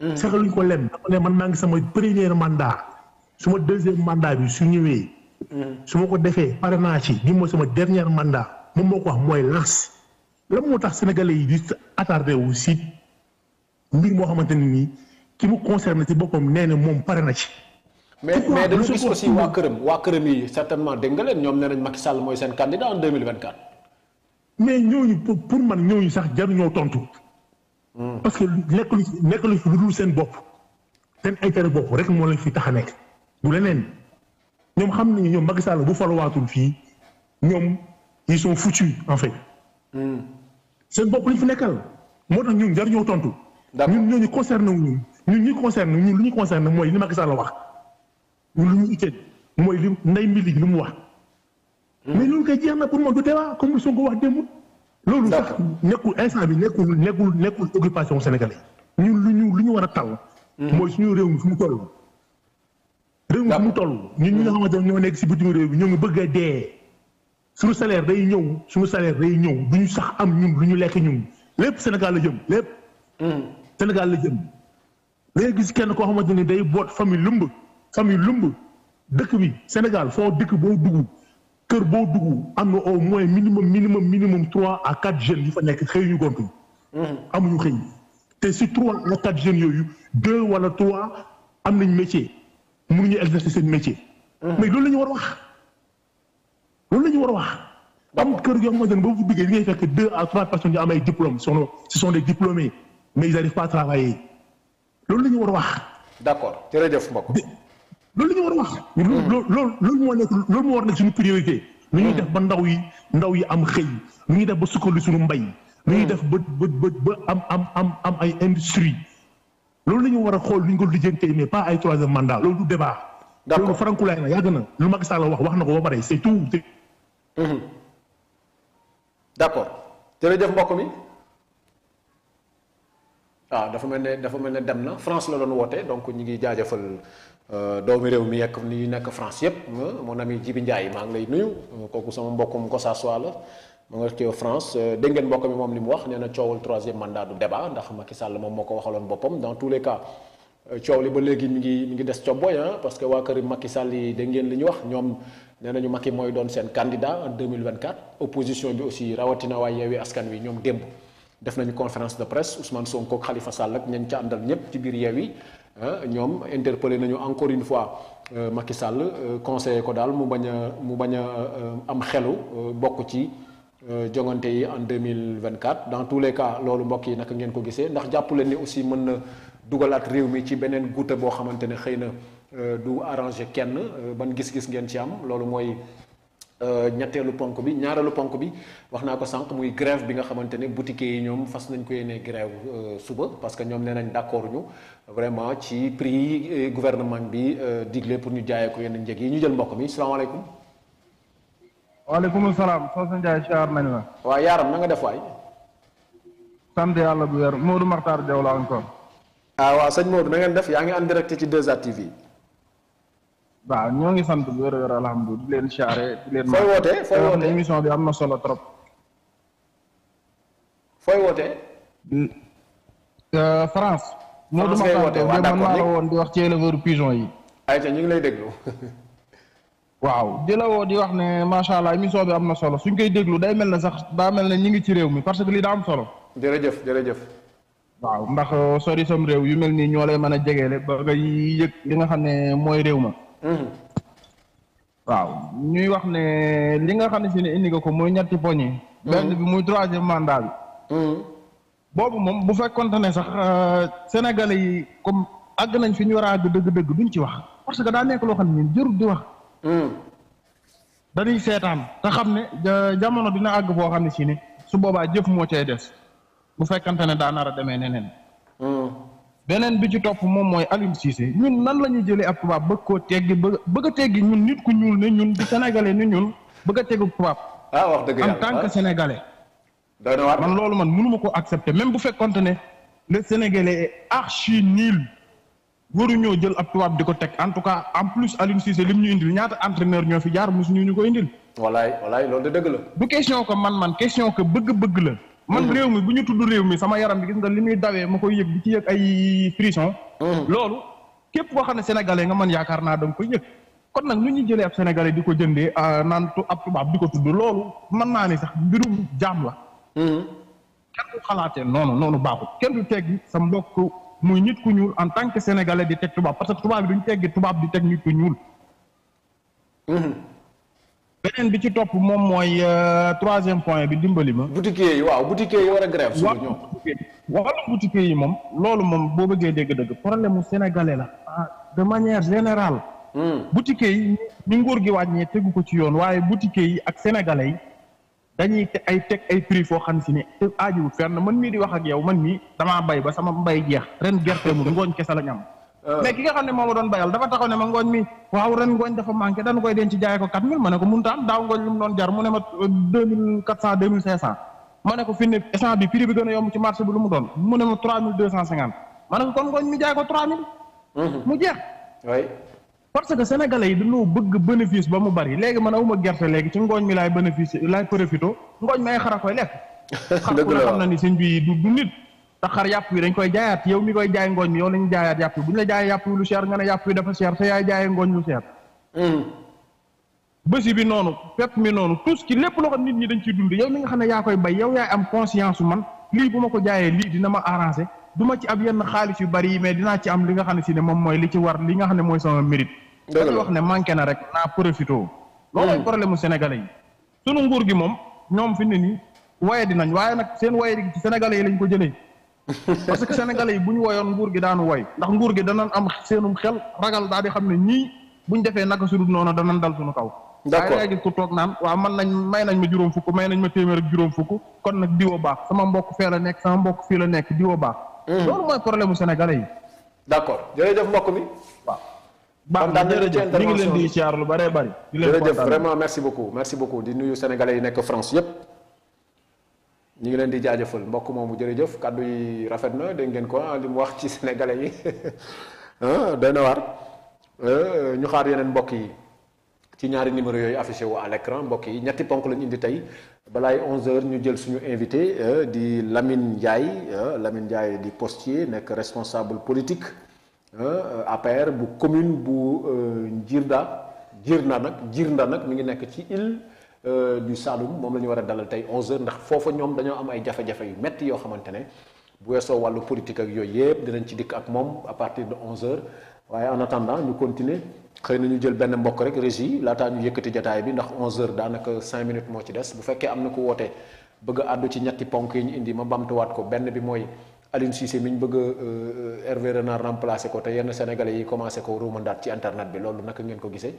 Hmm. saxaluñ ko lem dafa ne man maa ngi sama premier mandat suma deuxième mandat bi su ñëwee. Hmm. su ma ko defee pare naa ci ni mooy sama dernier mandaa moom moo ko wax mooy las la moo tax sénégalais yi di attardé wu si mbir moo xamante ne nii ki mu concerné si boppam nee na moom pare na ci. mais mais dañu gis aussi waa këram waa këram yi certainement dégg leen ñoom nee nañ Macky Sall mooy seen mais ñooñu pour man ñëw ñu sax jariñoo tontu. Hmm. parce que nekkalu nekkalu fi lu dul seen bopp seen intérêt bopp rek moo leen fi tax a nekk du leneen ñoom xam nañu ñoom Macky Sall bu faluwaatul fii ñoom ils sont foutus en fait. Hmm. seen bopp lañ fi nekkal moo tax ñu jaruñoo tontu. ñun ñooñu concerné wu ñu ñun ñi concerné lu ñu concerné mooy li Macky Sall wax ñun lu ñu itteel mooy li nday mbili li mu wax. mais loolu kay jeex ne pour moom du débat comme lu Sonko wax démb. loolu sax nekkul instant bi nekkul nekkul nekkul occupation sénégalais ñun lu ñu lu ñu war a tal. Mhm. mooy suñu réew mi fu mu toll. réew mi mu toll ñun ñi nga mhm. xamante ne ñoo nekk si bitim réew bi ñu ngi bëgg a dee. suñu salaire day ñëw su suñu salaire day ñëw du ñu sax am ñun lu ñu lekk ñun lépp Sénégal la jëm lépp. Mhm. Sénégal la jëm. da ngay gis kenn koo xamante ne day boot famille lumb famille lumb dëkk bi Sénégal foo dëkk boo dugg. kër boo dugg am na au moins minimum minimum minimum trois à quatre jeunes yu fa nekk xëy ñu gontu. Mm-hmm. amuñu xëy te si trois à quatre jeunes yooyu deux wala trois am nañ métier mënuñu exercer seen métier. Mm-hmm. mais loolu la ñu war a wax loolu la war a wax. am kër yoo xamante ne boo fa duggee li ngay fekk deux à trois personnes yu am ay diplômes soxna ce sont des diplômés mais ils n'arrivent pas à loolu la ñu war a wax. d'accord jërëjëf bi loolu la ñu war a wax. Hmm. loolu suñu priorité. Hmm. nu ñuy def ba ndaw yi ndaw yi am xëy nu ñuy def ba sukkali suñu mbay. Hmm. nu ñuy def ba ba ba am am am am ay industrie loolu la ñu war a xool nu ñu ko lijjantee mais pas ay troisième mandat loolu du débat. d'accord loolu farankulaay na yàgg na lu Macky Sall wax wax na ko ba pare c'est tout. d'accord mbokk mi. waaw ah, dafa mel ne dafa mel ne dem na France la doon woote donc ñu ngi jaajëfal. Euh, doomi réew mi yekk ni nekk France yëpp euh, mon ami Jibi Ndiaye maa ngi lay nuyu euh, kooku sama mbokkum Gossassois la ma nga ci France dégg ngeen mbokk mi moom li mu wax nee na coowul troisième mandat du débat ndax Macky Sall moom moo ko waxaloon boppam dans tous les cas coow léegi mi ngi mi ngi des cobboy parce que waa kër Sall yi dégg li ñu wax ñoom nee nañu Macky mooy doon seen candidat en 2024 opposition bi aussi rawatina waa Askan Wi ñoom démb def nañu conférence de presse Ousmane Sonko ak Khalifa Sall ak ñañ ca àndal ñëpp ci biir yi ñoom interpellé nañu encore une fois euh, Macky Sall euh, conseillé ko daal mu bañ a mu bañ a euh, am xelu bokk ci jongante yi en deux 2024 dans tous les cas loolu mbokk yi naka ngeen ko gisee ndax jàpp leen ni aussi mën na dugalaat réew mi ci beneen guuta boo xamante ne xëy na du arrangé kenn ban gis-gis ngeen ci am loolu mooy Euh, ñetteelu ponk bi ñaareelu ponk bi wax naa ko sànq muy grève bi nga xamante ne boutiquiers yi ñoom fas nañ ko yéenee grève euh, suba parce que ñoom nee nañ d'accord ñu vraiment ci prix yi euh, gouvernement bi digle pour ñu jaayee ko yenn njëg yi ñu jël mbokk mi salaamaaleykum. waaleykum salaam Soxna Ndiaye siyaar nañ la. waaw yaaram na nga def waay. sant yàlla bu moo du Makhtar Diaw la encore. ah waaw sëñ Modou na ngeen def yaa ngi en direct ci des a yi waaw ñoo ngi sant bu wér wér alhamdulilah di leen siyaare di leen. fooy fooy wootee bi am na solo trop. fooy wootee. Euh, France. moo du ma wootee waaw daa maa woon di wax ci éleveur pigeon yi. ayca ñu ngi lay déglu. waaw di woo di wax ne macha allah émission bi am na solo suñ koy déglu day mel na sax baa mel ne ñu ngi ci réew mi parce que lii daa am solo. jërëjëf jërëjëf. waaw ndax euh, sori sam réew yu mel nii ñoo lay mën a jegeele ba ngay yëg li nga xam ne mooy réew ma. Mm-hmm. waaw ñuy wax ne li nga xam ne si ne indi nga ko muy ñetti poñ yi. Mm-hmm. benn bi muy troisième mandat bi. Mm-hmm. boobu moom bu fekkonte ne sax euh, sénégalais yi comme àgg nañ fi ñu war a dëgg-dëgg duñ ci wax parce que daa nekk loo xam ne ñun jërul di wax. dañuy seetaan te xam ne jamono dina àgg boo xam ne si ne su boobaa jëf moo cee des bu fekkante ne daa nar a demee neneen. beneen bi ci topp moom mooy Aliou Cissé ñun nan la ñuy jëlee ab tubaab bëgg koo teggi bëgg bëgg a teggi ñun nit ku ñuul ne ñun di sénégalais ne ñun bëgg a teggu tubaab. ah wax dëgg yàlla en tant que loolu man mënu ko accepter même bu fekkonte ne le sénégalais est archi nul waruñoo jël ab tubaab di ko teg en tout cas en plus Aliou Cissé lim ñu indil ñaata entraîneur ñoo fi jaar mosuñu ñu ko indil. walaay walaay loolu de dëgg question que man man question que bëgg-bëgg la. man mhm. réew mi bu ñu tudd réew mi sama yaram bi gis nga li muy dawee moo koy yëg di ci yëg ay frisson mhm. loolu képp koo xam ne sénégalais nga man yaakaar naa danga koy yëg kon nag nu ñuy jëlee ab sénégalais di ko jëndee ah, naan ab tubaab di ko tudd loolu mën naa ni sax mbirum jaam la mhm. kenn du xalaatee noonu noonu baaxul kenn du teggi sa mbokk muy nit ku ñuul en tant que sénégalais di teg tubaab parce que tubaab bi duñ teggi tubaab di teg nit ku ñuul beneen bi ci topp moom mooy euh, troisième point bi dimbali ma. boutiquier yi waaw boutiquier yi war a grève. suñu ñoom wàllu boutiquier yi moom. loolu moom boo bëggee dégg-dëgg problème mu sénégalais la. Ah, de manière générale. Hmm. boutiquier yi ni nguur gi wàññee tegu ko ci yoon waaye boutiquier yi ak sénégalais yi dañuy te ay teg ay prix foo xam si ni te aajuwut fenn man mii di wax ak yow man mii damaa bay ba sama mbay jeex ren gerte mu ngooñ kese la ñu Euh. mais ki nga xam ne moom a doon bayal dafa taxaw ne ma ngooñ mi waaw ren ngooñ dafa manqué dañ koy denc jaay ko quatre mille ko mënut a am daaw ngooñ lu mu doon jar mu ne ma euh, deux ne ko fi a ko kon ngooñ mi jaay ko mhm. mu jeex parce que sénégalais yi dañoo bëgg bénéfice ba mu bari léegi man awuma gerte léegi ci ngooñ mi laay bénéfice laay profito ngooñ mi ay xara koy lekk xam na ni sëñ bi du nit te xar yàpp wi dañ koy jaayaat yow mi koy jaay ngooñ mi yow lañu jaayaat yàpp wi bu ñu la jaayee yàpp wi lu cher nga ne yàpp wi dafa cher te yaay jaayee ngooñ lu cher. Hmm. bési bi noonu pepp mi noonu tout ce qui lépp loo xam nit ñi dañ ciy dund yow mi nga xam ne yaa koy bay yow yaay am conscience su man lii bu ma ko jaayee lii dina ma arrangé du ma ci am yenn xaalis yu bari yi mais dinaa ci am li nga xam ne si ne moom mooy li ci war li nga xam ne mooy sama mérite. dañuy wax ne manqué na rek naa profité. Hmm. loolu problème mu sénégalais yi. sunu nguur gi moom ñoom fi ne nii waye dinañ waaye nag seen waye gi ci sénégalais yi lañ ko jëlee parce que sénégalais yi bu ñu woyoon nguur gi daanu woy ndax nguur gi danañ am seenum xel ragal daal xam ne ñii bu ñu defee naka sudut noonu danañ dal suñu kaw d'accord waaye naan waaw man nañ may nañ ma juróom fukk may nañ ma téeméer juróom fukk kon nag diwa baax sama mbokk fee la nekk sama mbokk fii la nekk diwa baax hmm. loolu mooy problème u sénégalais yi d'accord jërëjëf mbokk mi waaw baax na jërëjëf ñu lu bëree bëri jërëjëf vraiment merci beaucoup merci beaucoup di nuyu sénégalais yi nekk France yépp ñu ngi leen di jaajëfal mbokk moomu jërëjëf kàddu yi rafet na dégg ngeen ko ah, li mu wax ci sénégalais yi ah, doy na waar ah, ñu xaar yeneen mbokk yi ci ñaari numéro yooyu affiché wu à l'écran mbokk yi ñetti ponk lañu indi tey balaay 11h ñu jël suñu invité di Lamine njaay Lamine Ndiaye di postier nekk responsable politique APR bu commune bu Djirda euh, Djirnda nag Djirnda nag mi ngi nekk ci île. Euh, du Saloum moom la ñu war a dalal tey 11h ndax foofa ñoom dañoo am ay jafe-jafe yu métti yoo xamante ne bu weesoo wàllu politique ak yooyu yëpp dinañ ci dikk ak moom à partir de 11h waaye en attendant ñu continuer xëy nañu jël benn mbokk rek régie laataa ñu yëkkati jataay bi ndax 11h daanaka 5 minutes moo ci des bu fekkee am na ku woote bëgg a àddu ci ñetti ponk yi ñu indi ma bamtuwaat ko benn bi mooy. Aliou Cissé mi ñu bëgg a euh, Hervé Renard remplacé ko te yenn sénégalais yi commencé ko ruumandaat ci internet bi loolu naka ngeen ko gisee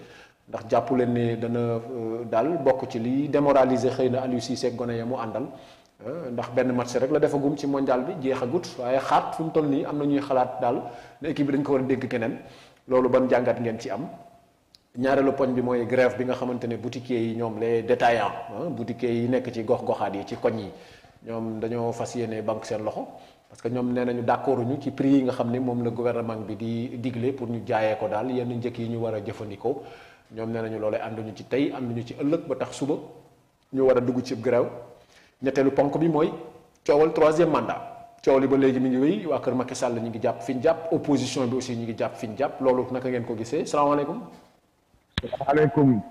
ndax jàpp leen ne dana euh, daal bokk ci liy démoraliser xëy na Aliou Cissé gone ya mu àndal euh, ndax benn match rek la defagum ci mondial bi jeex a gut waaye xaat fu mu toll nii am na ñuy xalaat daal ne équipe bi dañ ko war a dégg keneen loolu ban jàngat ngeen ci am. ñaareelu poñ bi mooy grève bi nga xamante ne boutiquiers yi ñoom les détaillants boutiquiers yi nekk ci gox goxaat yi ci koñ yi ñoom dañoo fas yéene banque seen loxo. parce que ñoom nee nañu d'accord ñu ci prix yi nga xam ne moom la gouvernement bi di digle pour ñu jaaye ko daal yenn njëkk yi ñu war a jëfandikoo ñoom nee nañu loolee ànduñu ci tey ànduñu ci ëllëg ba tax suba ñu war a dugg ci grève ñetteelu ponk bi mooy coowal troisième mandat coow li ba léegi mi ngi wéy waa kër Macky Sall ñu ngi jàpp fi ñu jàpp opposition bi aussi ñu ngi jàpp fi ñu jàpp loolu naka ngeen ko gisee salaamaaleykum. waaleykum.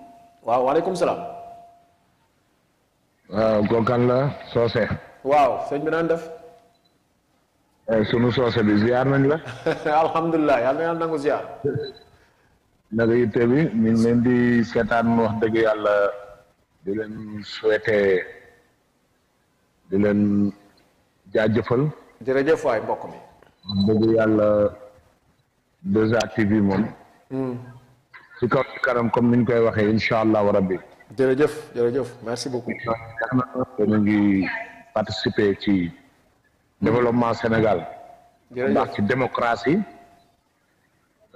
waaw waaleykum salaam. waaw kooku kan la Socé. waaw sëñ bi naan sunu eh, soose bi ziar nañ la. alhamdulilah yàlla na yàlla nangu ziar. naka yitte bi ñu ngi leen di seetaan wax dëgg yàlla di leen souhaité di leen jaajëfal. jërëjëf waaye mbokk mi. dëgg yàlla 2A moom. Hmm. ci kaw ci kanam koy waxee incha allahu rabbi. jërëjëf jërëjëf merci beaucoup. ngi participer ci. développement Sénégal. ndax ci démocratie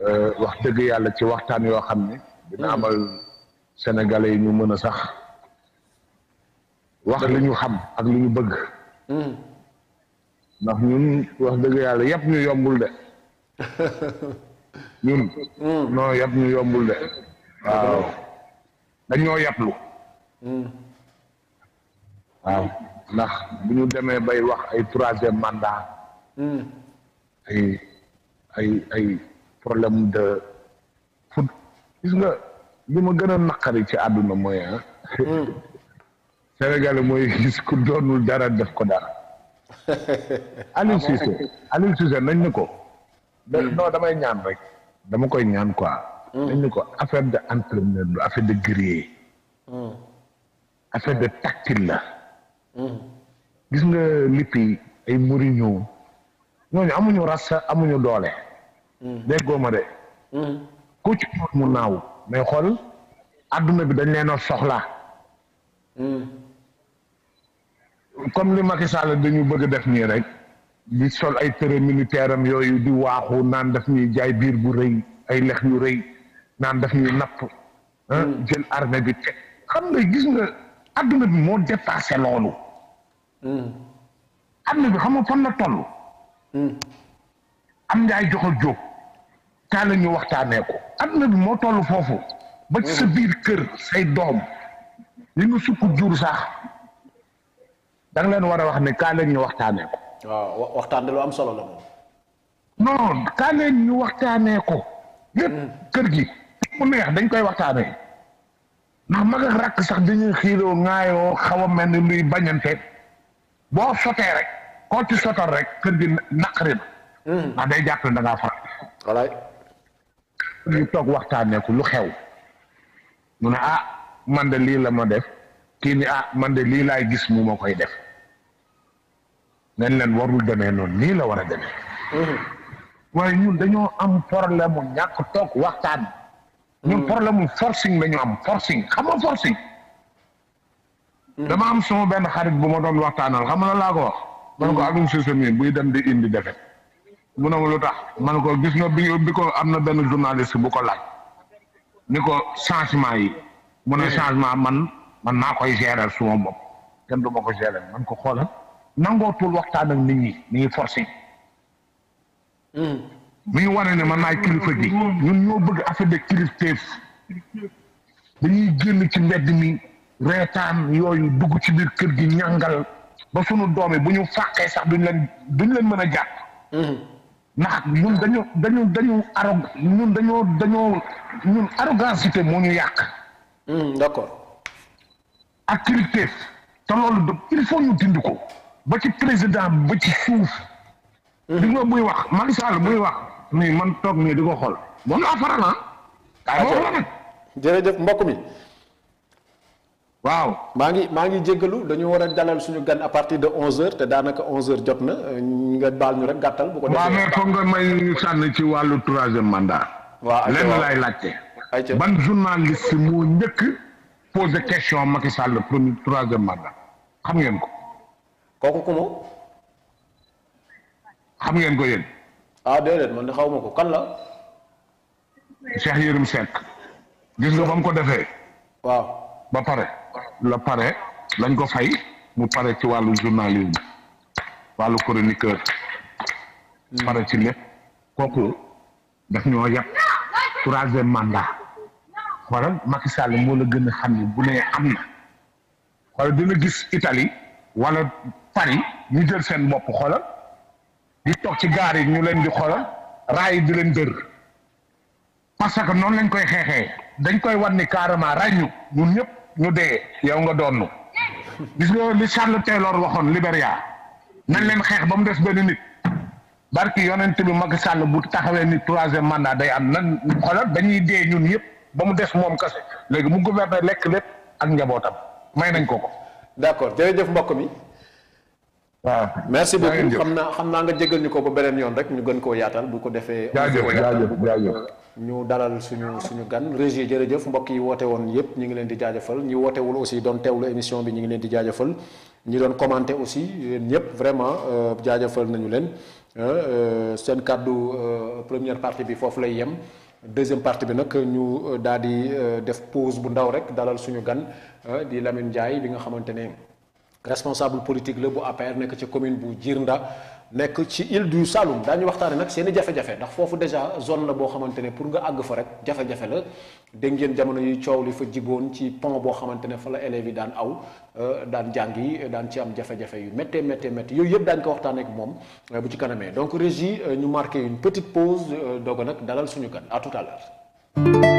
euh, wax dëgg yàlla ci waxtaan yoo xam ne. dina hmm. amal sénégalais yi ñu mën a sax wax li ñu xam ak lu ñu bëgg. Hmm. ndax ñun wax dëgg yàlla yëpp ñu yombul de. ñun. Hmm. non yëpp ñu yombul de. waaw dañoo yàplu. waaw. ndax bu ñu demee bay wax ay troisième mandat hmm. ay ay ay problème de foot gis nga li ma gën a naqari ci àdduna mooy ah hmm. Sénégal mooy gis ku doonul dara def ko dara Aliou ah, Cissé Aliou Cissé nañ ni ko hmm. non damay ñaan rek dama koy ñaan quoi nañ ni ko affaire de entraîneur lu affaire de guerrier affaire de tactile la gis nga lippi ay Mourinho ñooñu amuñu ras amuñu doole. Mm. déggoo ma de. Mm. ku ci mu naaw mais xool àdduna bi dañ leen soxla. Mm. comme li Macky Sall dañu bëgg def nii rek di sol ay tërë militaire am yooyu di waaxu naan daf ñuy jaay biir bu rëy ay lex yu rëy naan daf ñuy napp. Ah, jël armée bi teg xam nga gis nga. adduna bi moo dépassé loolu. Hmm. adduna bi xam nga fan la toll. Hmm. am na ay joxal jóg. kaa la waxtaanee ko. adduna bi moo toll foofu. ba sa hmm. biir kër say doom. li nga sukk jur sax. da leen war a wax ne kaa leen ñu waxtaanee ko. waxtaan de lu am solo la moom. non kaa leen ñu waxtaanee ko. lépp kër gi neex dañ koy waxtaanee. ndax mag ak rakk sax dañuy xiiroo ŋaayoo xaw a mel ni luy bañante boo sotee rek koo ci sotal rek kër gi naqari na hmm. ndax day jàpp ne da ngaa faral walaay ñu toog waxtaanee ko lu xew mu ne ah man de lii la ma def kii ni ah man de lii laay gis mu ma koy def nen leen warul demee noonu nii la war a demee hmm. waaye ñun dañoo am problème ñàkk toog waxtaan ñun hmm. problème mu forcing la ñu am forcing xam forcing. Hmm. dama am suma benn xarit bu ma doon waxtaanal xam laa ko wax. man ko hmm. Aliou Cissé mii buy dem di indi defet mu ne ma lu ko gis nga bi am na benn journaliste bu ko laa ni ko changement yi. mu ne changement man man naa koy gérer suma bopp kenn du ma ko gérer man ko xoolal nangootul waxtaan ak nit ñi ni ñuy forcing. mi ngi wane ne man maay kilifa gi ñun ñoo bëgg affaire de kilifteef dañuy génn ci mbedd mi reetaan yooyu dugg ci biir kër gi ñàngal ba sunu doom bu ñu fàqee sax duñ leen duñ leen mën a jàpp. ndax ñun dañu dañu dañu dañoo dañoo ñun moo ñu yàq. Hmm, d'accord. ak kilifteef te loolu de il faut ñu dindi ko ba ci président ba ci suuf. di hmm. nga muy wax Macky Sall muy wax. mais man toog ne di ko xool moom laa faral ah. kaay la jërëjëf mbokk mi. waaw maa ngi maa ngi jéggalu dañu war a dalal suñu gan à partir de 11h te daanaka 11h jot na nga baal ñu rek gàttal. bu ko defee waaw mais foog nga may sànni ci wàllu troisième mandat. waaw lenn laay laajte. ban journaliste moo njëkk posé question Macky Sall premier troisième mandat xam ngeen ko. kooku ku mu. xam ngeen ko yéen. ah déedéet man de xaw ma ko kan la. Cheikh Yérim Seck. gis nga ba mu ko defee. waaw ba pare. la pare lañ ko fay mu pare ci wàllu journalisme wàllu chroniqueur. Hmm. pare ci lépp kooku ñoo yàpp troisième mandat. xoolal moo la gën a xam ne bu nee am na. xoolal dina gis Italie wala Paris ñu seen bopp xoolal. di toog ci gaar yi ñu leen di xoolal raay yi di leen dër parce que noonu lañ koy xeexee dañ koy wan ni carrément ràññu ñun ñëpp ñu dee yow nga doonnu gis nga li Charles Taylor waxoon Libéria nañ leen xeex ba mu des benn nit barki yonent bi Macky Sall bu taxawee ni troisième mandat day am nan xoolal dañuy dee ñun yëpp ba mu des moom kase léegi mu gouverner lekk lépp ak njabootam may nañ ko ko. d'accord jërëjëf mbokk mi. waaw merci beaucoup xam naa xam naa nga jégal ñu ko ba beneen yoon rek ñu gën koo yaatal bu ko defee. jaajëf jaajëf jaajëf ñu dalal suñu suñu gan régie jërëjëf mbokk yi woote woon yëpp ñu ngi leen di jaajëfal ñi wootewul aussi doon teewlu émission bi ñu ngi leen di doon commenté aussi yéen ñëpp vraiment euh, jaajëfal nañu leen euh, euh, seen kàddu première partie bi foofu lay yem. deuxième partie bi nag ñu daal di def pause bu ndaw rek dalal suñu gan di Lamine Ndiaye bi nga xamante ne. responsable politique la bu APR nekk ci commune bu Djirnda nekk ci île du Saloum daañu waxtaane nag seen i jafe foofu déjà zone la boo xamante ne pour nga àgg fa rek jafe-jafe la dégg ngeen jamono yi coow li fa jigoon ci pont boo xamante ne fa la élèves yi daan aw euh, daan jàng jàngi daan ci am jafe-jafe yu méttee méttee méttee yooyu yëpp daañu ko waxtaanee ak moom euh, bu ci kanamee donc régie euh, ñu marqué une petite pause doog nag dalal suñu gan à tout à l'heure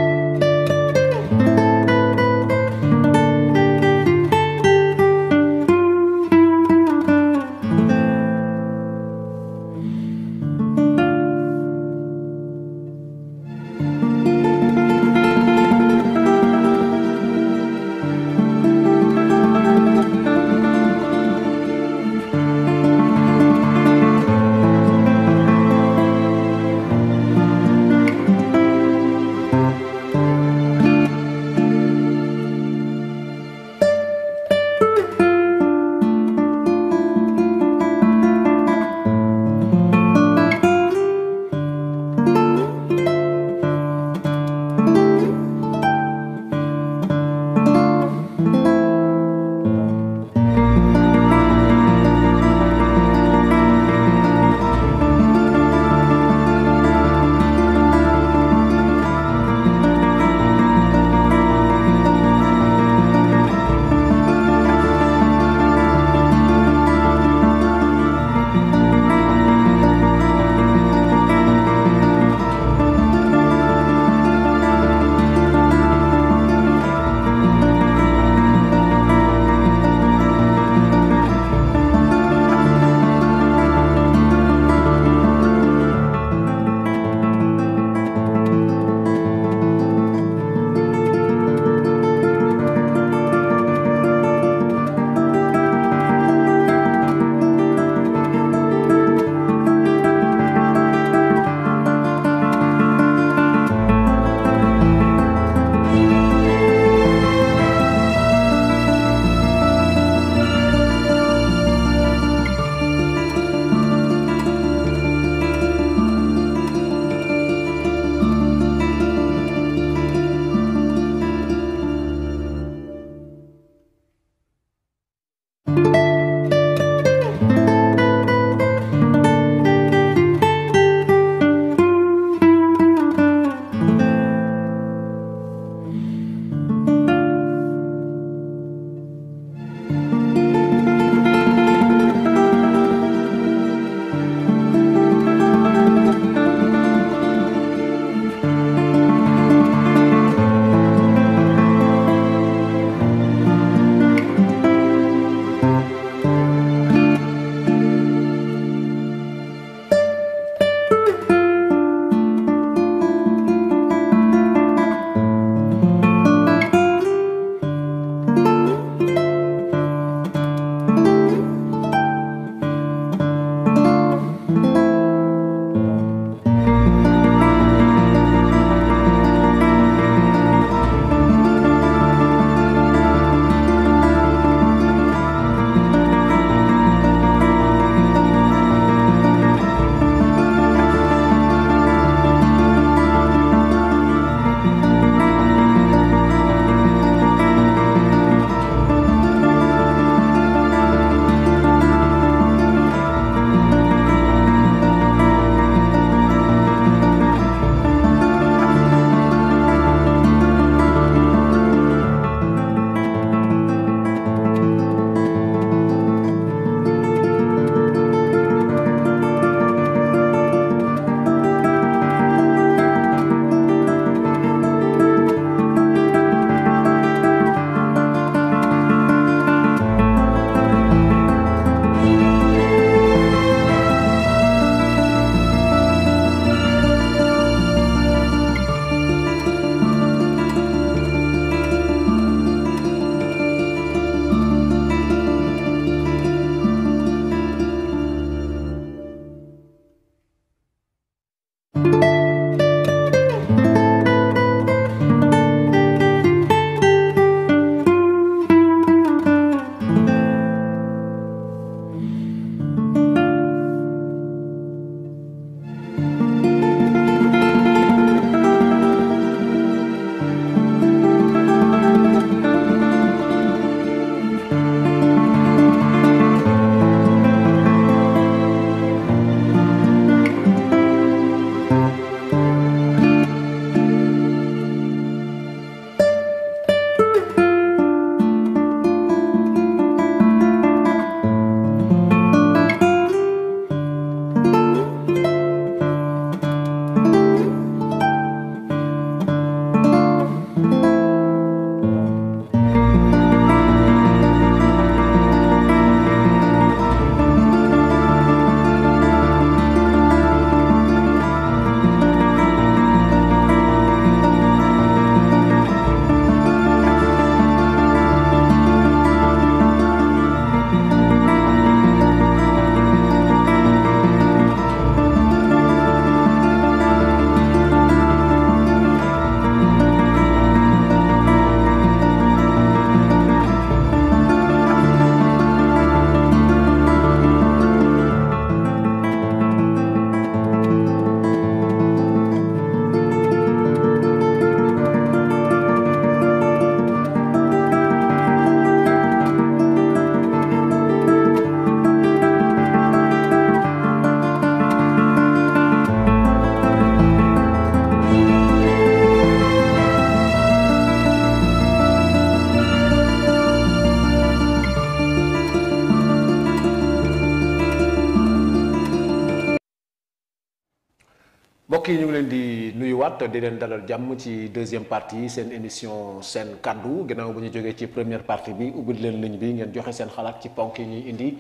ñëwaat di leen dalal jàmm ci deuxième partie seen émission seen kaddu ginnaaw bu ñu jógee ci première partie bi ubbil leen ligne bi ngeen joxe seen xalaat ci ponk yi ñuy indi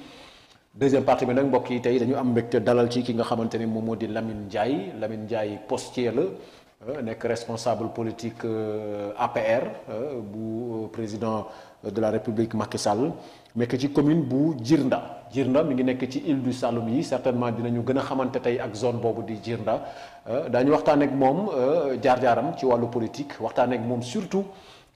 deuxième partie bi nag mbokk yi tey dañu am mbégte dalal ci ki nga xamante ni moom moo di Lamine Ndiaye lamin Ndiaye postier la euh, nekk responsable politique euh, APR euh, bu président de la République Macky Sall. nekk ci commune bu Djirnda Djirnda mi ngi nekk ci île du Saloum yi certainement dinañu gën a xamante tey ak zone boobu di Djirnda euh, daañu waxtaan ak moom euh, jaar-jaaram ci wàllu politique waxtaan ak moom surtout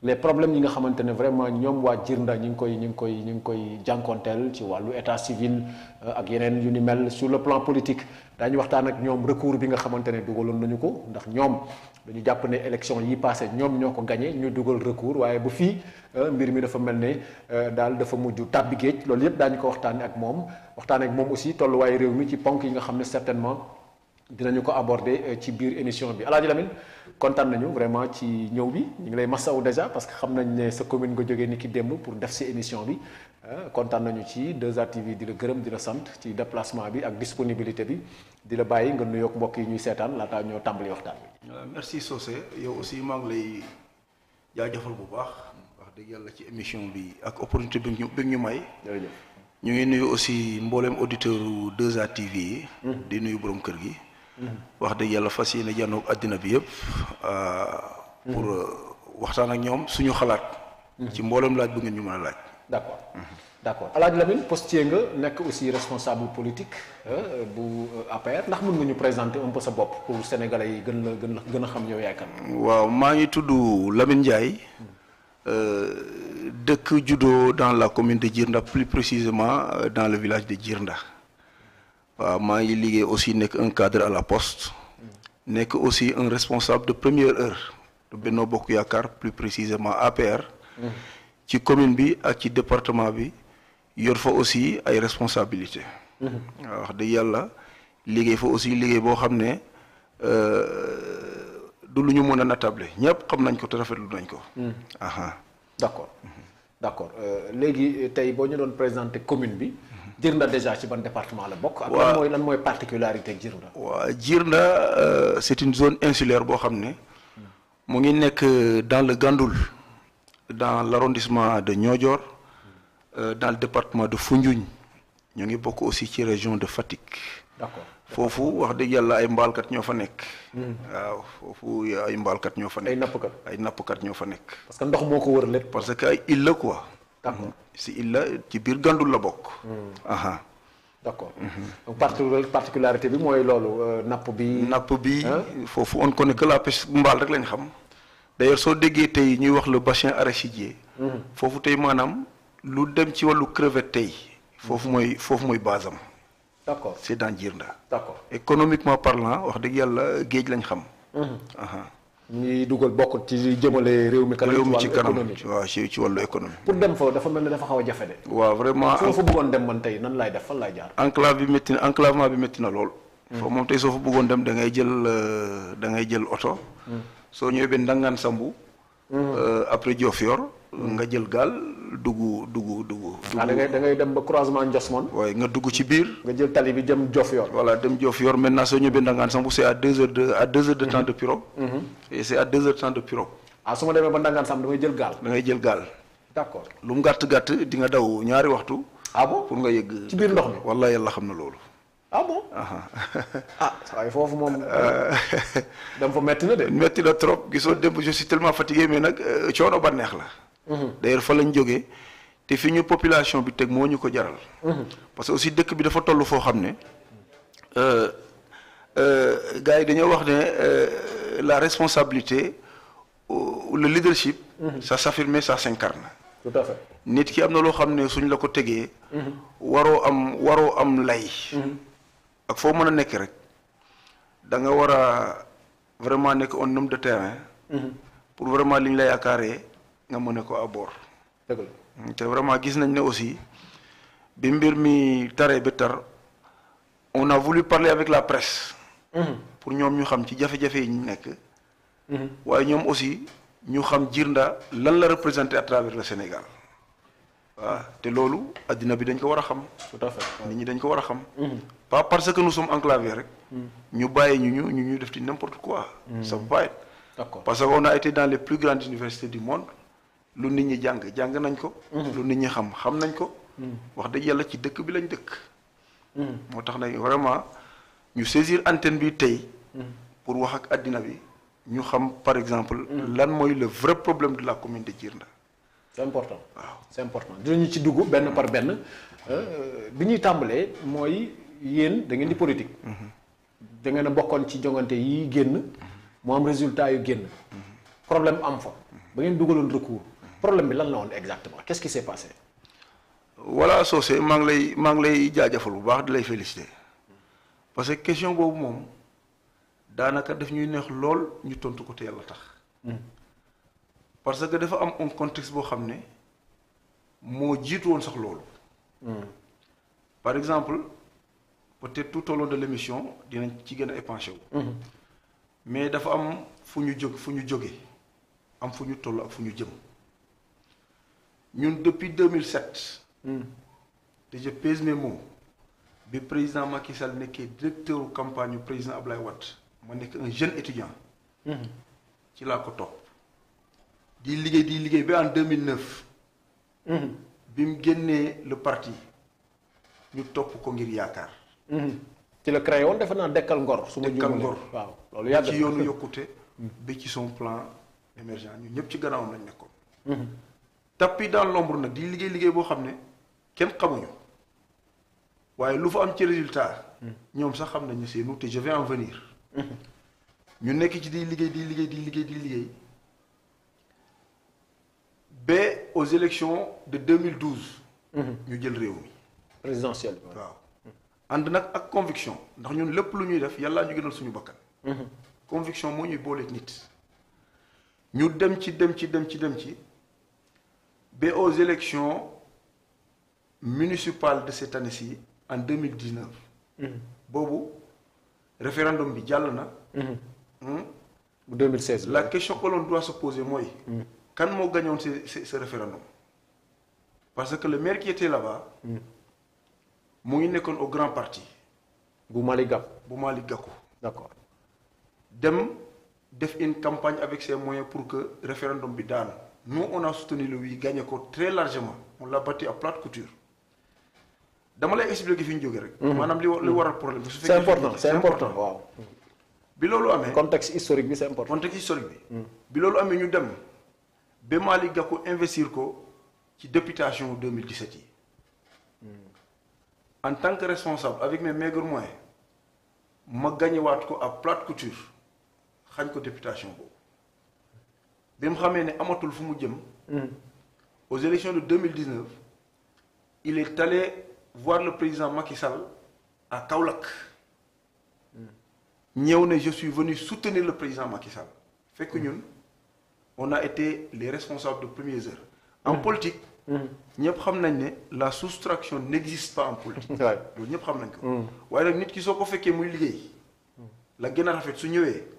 les problème yi nga xamante ne vraiment ñoom waa Djirnda ñu ngi koy ñu ngi koy ñi ngi koy jànkonteel ci wàllu état civil euh, ak yeneen yu ni mel sur le plan politique daañu waxtaan ak ñoom recours bi nga xamante ne dugaloon nañu ko ndax ñoom dañu jàpp ne élection yi passé ñoom ñoo ko gagné ñu dugal recours waaye bu fii euh, mbir mi dafa mel ne euh, daal dafa mujj tàbbi géej loolu yëpp daañu ko waxtaanee ak moom waxtaanee ak moom aussi tolluwaayu réew mi ci ponk yi nga xam ne certainement. dinañu ko aborder euh, ci biir émission bi Alaaji Lamine kontaan nañu vraiment ci ñëw bi ñu ngi lay masawu déjà parce que xam nañ ne sa commune nga jógee ni ki démb pour def si émission bi euh, kontaan nañu ci 2A TV di la gërëm di la sant ci déplacement bi ak disponibilité bi di la bàyyi nga nuyoog mbokk yi ñuy seetaan laataa ñoo tàmbali waxtaan bi. Euh, merci Socé yow aussi maa ngi lay jaajëfal bu baax wax dëgg yàlla ci émission bi ak opportunité bi ñu bi ñu may. ñu ngi nuyu aussi mbooleem auditeur 2A TV yi. Hmm. di nuyu borom kër gi. Mm-hmm. wax dëgg yàlla fas yéene janoog àddina bi yëpp. Ah, mm-hmm. pour euh, waxtaan ak ñoom suñu xalaat. Mm-hmm. ci mboolem laaj bu ngeen ñu mën a laaj. d' accord d' accord El Hadj nga nekk aussi responsable politique euh, bu euh, APR ndax mën nga ñu présenter un peu sa bopp pour sénégalais yi gën la gën la gën a xam yow yaay kan. waaw maa ngi tudd lamin Ndiaye. dëkk juddoo dans la commune de Djirnda plus précisément dans le village de ndax waaw maa ngi liggéey aussi nekk un cadre à la poste nekk aussi un responsable de première heure Benno Bokk Yaakaar plus précisément APR ci commune bi ak ci département bi yor fa aussi ay responsabilité waaw wax dëgg yàlla liggéey fa aussi liggéey boo xam ne euh, du lu ñu mën a natable ñëpp xam nañ ko te rafetlu nañ ko hmm. aha euh, léegi tey boo ñu doon présenter commune bi Djirnda déjà ci ban département la bokk. waaw ak lan mooy lan mooy particularité ak Djirnda. waaw Djirnda euh, c'est une zone insulaire boo xam ne mu ngi nekk euh, dans le Gandoul dans l'arrondissement de Niodior euh, dans le département de Foundiougne ñoo ngi bokk aussi ci région de Fatick. d'accord foofu wax dëgg yàlla ay mbaalkat ñoo fa nekk. Hmm. waaw foofu ay mbaalkat ñoo fa nekk. ay nappkat ay ñoo fa nekk. parce que ndox moo ko wër lépp. parce que ay île la d'accord mmh. si il la ci biir gandul la bokk. Mmh. aha d'accord. Mmh. particularité bi mooy loolu euh, napp bi. napp bi foofu on connaît que la pêche mbaal rek lañ xam d'ailleurs soo déggee tey ñuy wax le bassin arachidier. foofu tey maanaam lu dem ci wàllu crevette tey. foofu mooy foofu mooy base am. d'accord c'est dans Djirnda. d'accord économiquement parlant wax dëgg yàlla géej lañ xam. ñuy dugal bokk ci jëmale réew mi kanam réew mi ci kanam waaw ci ci wàllu économie pour dem fa dafa mel ni dafa xaw a jafe de waaw vraiment soo fa bëggoon dem man tey nan laay def fan laay jaar enclave bi métti na enclavement bi métti na lool hmm. foofu moom tey soo fa bëggoon dem da ngay jël euh, da ngay jël oto hmm. soo ñëwee ba ndangaan sambu hmm. euh, après Diofior nga jël gaal dugg dugg dugg. ah da ngay da dem ba croisement Ndiosmone. waaye nga dugg ci biir. nga jël tali bi jëm Diofior. voilà dem Diofior maintenant soo ñëwee Ndangaan Samb c' est à deux heures de à deux heures de temps de Piro. Mm-hmm. et c' est à deux heures de temps de Piro. ah su ma demee ba Ndangaan Samb damay jël gaal. da ngay jël gaal. d' accord gàtt gàtt di daw ñaari waxtu. ah na loolu. ah bon ah waaye ah. ah, foofu moom euh. dama fa metti na de metti na trop gisoo démb je suis tellement euh, la d'ailleurs fa lañ jógee te fi ñu population bi teg moo ñu ko jaral. parce que aussi dëkk bi dafa toll foo xam ne euh, euh, gars yi dañoo wax ne euh, la responsabilité le leadership. ça s'affirme ça s'incarne. tout à nit ki am na loo xam ne suñ la ko tegee. waroo am waroo am lay. ak foo mën a nekk rek da nga war a vraiment nekk un homme de terrain. pour vraiment liñ la yaakaaree. nga mën a ko aboor te vraiment gis nañ ne aussi bi mbir mi taree ba tar on a voulu parler avec la presse. Mhm. pour ñoom ñu xam ci jafe-jafe yi ñu nekk. Mhm. waaye ñoom aussi ñu xam Djirnda lan la représenter à travers le Sénégal. waaw te loolu addina bi dañ ko war a xam. nit ñi dañ ko war a xam. Mhm. pas parce que nous sommes enclavés rek. ñu bàyyi ñu ñu ñu ñu def ci n'importe quoi. ça peut parce que on a été dans les plus grandes universités du monde. lu nit ñi jàng jàng nañ ko. Mm-hmm. lu nit ñi xam xam nañ ko. Mm-hmm. wax dëgg yàlla ci dëkk bi lañ dëkk. Mm-hmm. moo tax nag vraiment ñu saisir antenne bi tey. pour wax ak àddina bi ñu xam par exemple. lan mooy le vrai problème de la commune de Djirnda. c'est important waaw c'est important dinañu ci dugg benn par benn euh, bi ñuy tàmbalee mooy yéen da ngeen di politique. da ngeen bokkoon ci jongante yi génn. mu am résultat yu génn. problème am fa. ba ngeen duggaloon recours. problème bi lan la woon exactement qu'est-ce qui s'est passé. voilà Socé maa ngi lay maa ngi lay jaajëfal bu baax dalay lay parce que question boobu moom daanaka daf ñuy neex lool ñu tontu ko te yàlla tax. Hmm. parce que dafa am un contexte boo xam ne moo jiitu woon sax loolu. Hmm. par exemple peut-être tout au long de l'émission dinañ ci gën a épanché wu. Hmm. mais dafa am fu ñu jóg fu ñu jóge am fu ñu toll ak fu ñu jëm. ñun depuis mille te hmm. je pèse mes mots bi président Macky Sall nekkee directeur campagne yu président Ablaye Wade ma nekk un jeune étudiant. Hmm. ci laa ko topp. di liggéey di liggéey bi en 2009. Hmm. bi mu génnee le partie ñu topp ko ngir yaakaar. ci la créé woon defe naa dekkal ngor. su ma dekkal ngor ci yoonu yokkute. bi ci son plan émergent ñun ñëpp ci gannaawam lañ nekkoon. tapis dans l'ombre nag di liggéey liggéey boo xam ne kenn xamuñu waaye lu fa am ci résultat. ñoom sax xam nañu seenu te je vais en venir. ñu nekk ci di liggéey di liggéey di liggéey di liggéey ba aux élections de 2012. ñu jël réew mi. waaw. ànd nag ak conviction ndax ñun lépp lu ñuy def yàllaa ñu gënal suñu bakkan. Mhm. conviction moo ñuy booleeg nit. ñu dem ci dem ci dem ci dem ci. ba aux élections municipales de cette année-ci en 2019 mhm. boobu référendum bi jàll na mhm. hmm? bu 2016 la question que l'on doit se mooy mhm. kan moo gañoon ce ce référendum parce que le maire qui était mu ngi nekkoon au grand parti bu Malick Gakou bu Malick Gakou d'accord dem def une campagne avec ses moyens pour que référendum bi daanu Nous, on a soutenu le oui, gagné très largement. On l'a battu à plate couture. dama lay expliquer fi ñu jógee rek. Mhm. maanaam li li mhm. waral problème bi. su fekkee c'est important c'est important waaw. bi loolu amee contexte historique bi c'est important. contexte historique bi. Mhm. bi loolu amee ñu dem ba Malick Gakou investir ko ci députation 2017 yi. en tant que responsable avec mes maigres moyens ma gagné waat ko à plate couture xañ ko députation boobu. bi mu xamee ne amatul fu mu jëm. Hmm. aux élections de 2019 il est tale voir le président Macky Sall à Kaolack. Hmm. ñëw ne je suis venu soutenir le président Macky Sall. fekk hmm. ñun on a été les responsables de premières heures. en politique. ñëpp xam nañ ne la soustraction n'existe pas en politique. loolu ñëpp xam nañ ko. waaye nag nit ki soo ko fekkee muy liggéey. la gën a rafet su ñëwee.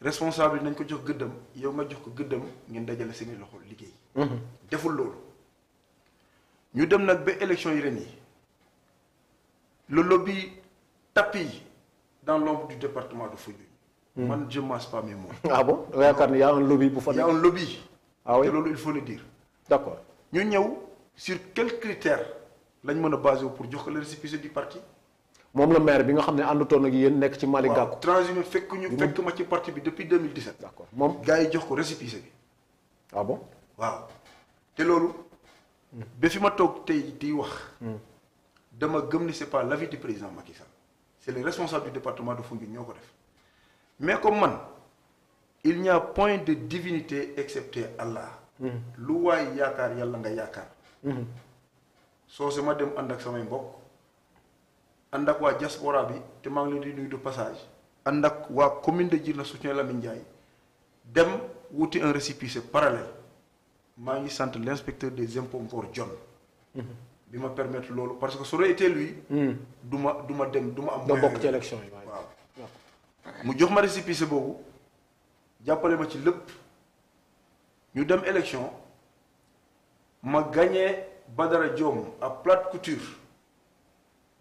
responsable yi nañ ko jox gëddam yow nga jox ko gëddam ngeen dajale seeni loxo liggéey. Mhm. deful loolu ñu dem nag ba élection yi ren yi le lobby tapis dans l'ombre du département de Foundiougne. Mhm. man je masse pas mes mots. ah bon yaakaar ni y a un lobby bu fa. y a un lobby. ah oui te loolu il faut le dire. d'accord ñu ñëw sur quel critères lañ mën a basé pour jox ko le récépissé du parti. moom la maire bi nga xam ne àndutoon ak yéen nekk ci Malick Gakou. waaw transhumé fekk ñu fekk ma ci parti bi depuis 2017. d'accord moom gars yi jox ko récépissé bi. ah bon waaw te loolu. Hmm. ba fi ma toog tey di wax. Hmm. dama gëm ni c'est pas l'avis du président Macky Sall c'est les responsables du département de Foundiougne ñoo ko def mais comme man il n'y point de divinité excepté Allah. Hmm. lu waay yaakaar yàlla nga yaakaar. soo se ma dem ànd ak samay mbokk. ànd ak waa diaspora bi te maa ngi leen di nuyu du passage ànd ak waa commune de Djirnda soutien Lamine Ndiaye dem wuti un récépissé parallèle maa ngi sant l' inspecteur des impôts Mor John mhm. bi ma permettre loolu parce que su aurait été lui hmm. du ma du ma dem du ma am bokk ci élection yi waaw mu jox ma récépissé boobu jàppale ma ci lépp ñu dem élection ma gagné Badara Diom à plate couture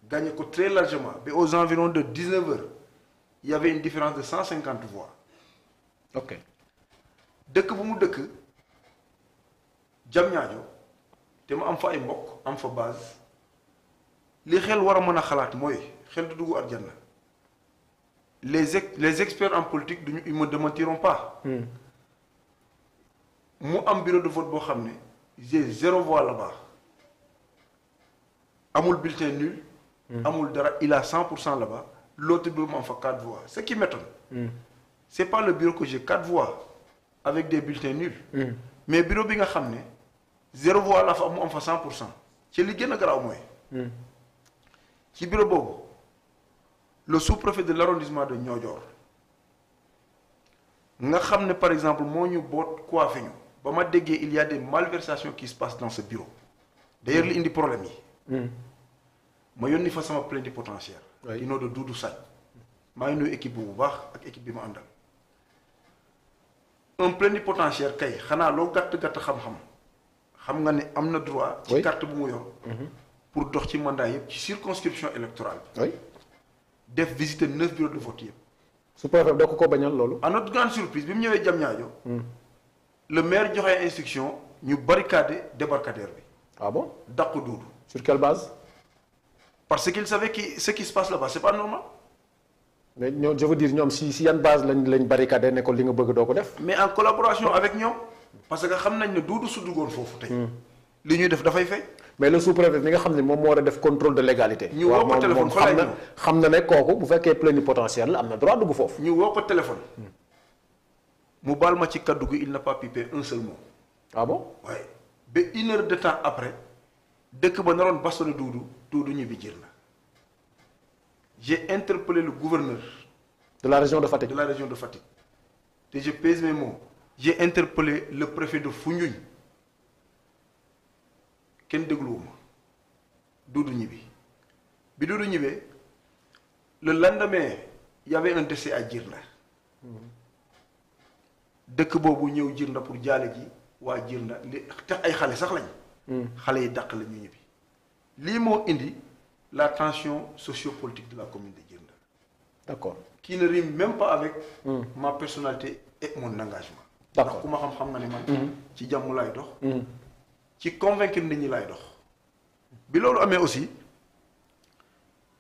gagné ko très largement mais aux environs de 19 heures il y avait une différence de 150 voix. ok dëkk bu mu dëkk Diamniadio te mu am fa ay mbokk am fa base li xel war a mën a xalaat mooy xel du dugg àjjana les ex les experts en politique duñu ils me démentiront pas. Hmm. mu am bureau de vote boo xam ne j'ai zéro voix là-bas amul bulletin nul. Mm. amul dara il a 100 pour cent la ba l'autre bi mu am fa quatre voix ce qui m'étonne mm. c'est pas le bureau que j'ai quatre voix avec des bulletin nuls mm. mais bureau bi nga xam ne zéro voix la fa am mu am fa 100 pour cent ci li gën a garaaw mooy ci bureau boobu le sous-préfet de larondissement de Niodior nga xam ne par exemple moo ñu boot coiffé ñu ba ma déggee il y a des malversations qui se passent dans ce bureau d'ailleurs li indi problème yi ma yónni fa sama plénipotentiaire. waaye di de Doudou Sagne. maa ngi nuyu équipe bu baax ak équipe bi ma àndal. un plénipotentiaire kay xanaa loo gàtt gàtt xam-xam xam nga ne am na droit. ci carte bu mu yor. Mhm. pour dox ci mandat yëpp ci circonscription électorale bi. def visiter neuf bureaux de vote yëpp. su préfet doo ko ko bañal loolu. à notre grande surprise bi mu ñëwee Diamniadio. Hmm. le maire joxe instruction ñu barricade débarcadère bi. ah bon dàqu Doudou. sur parce qu'il savait que ce qui se passe là-bas c'est pas normal. mais ñoom je veux dire ñoom si si yan base lañ lañ barricadé ne ko li nga bëgg doo ko def. mais en collaboration avec ñoom parce que xam nañ ne duudu su duggoon foofu tey. Hmm. li ñuy def dafay fay. mais le sous-préfet mi nga xam ne moom moo war a def contrôle de légalité. ñu woo ko téléphone fa xam na ne kooku bu fekkee plénipotentiaire la am na droit dugg foofu. ñu woo ko téléphone. Hmm. mu baal ma ci kaddu gi n'a pas pipé un seul mot. ah après. dëkk ba naroon bastonné Doudou Doudou ñibbi jiir na j'ai interpellé lu gouverneur. de la région de Fatick de la région de Fatick. te je pèse mes mots j'ai interpellé le préfet de Foundiougne kenn dégluwu ma Doudou ñibbi bi Doudou ñibbee le lendemain y avait un décès jiir Djirnda mm-hmm. dëkk boobu ñëw Djirnda pour jaale ji waa Djirnda li tex ay xale sax lañ. xale yi dàq la ñu ñibbi lii moo indi la tension politique de la commune de Djirnda d'accord qui ne rime même pas avec mm. ma personnalité et mon engagement ndax ku ma xam xam nga ne man mm-hmm. ci jàmm laay dox mm. ci convaincre nit ñi laay dox bi loolu amee aussi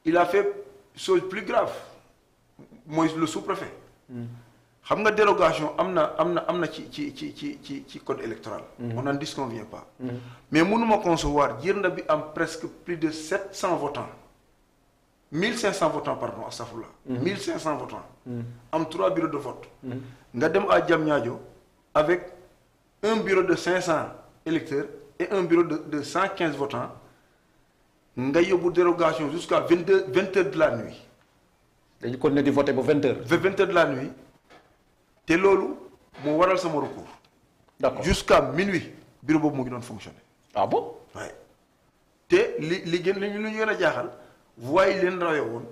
il a fait chose plus grave mooy le sous-préfet mm. xam nga dérogation am na am na am na ci ci ci ci ci ci code électoral. Mhm. on n'en disconvient pas. Mhm. mais mënuma concevoir na bi am presque plus de sept cent votants mille cinq cent votants pardon astafurlah. Mhm. mille cinq cent votants. am trois bureaux de vote. nga dem à Diamniadio avec un bureau de cinq cent électeurs et un bureau de de cent quinze votants nga yóbbu dérogation jusqu'à vingt deux vingt heures de la nuit. dañu continuer di voter ba vingt heures. ba vingt heures de la nuit. te loolu mu waral sama recours. d'accord jusqu'à minuit bureau boobu mu ngi doon fonctionner. ah bon waaye te li li gën li ñu gën a jaaxal voies yi leen rawee woon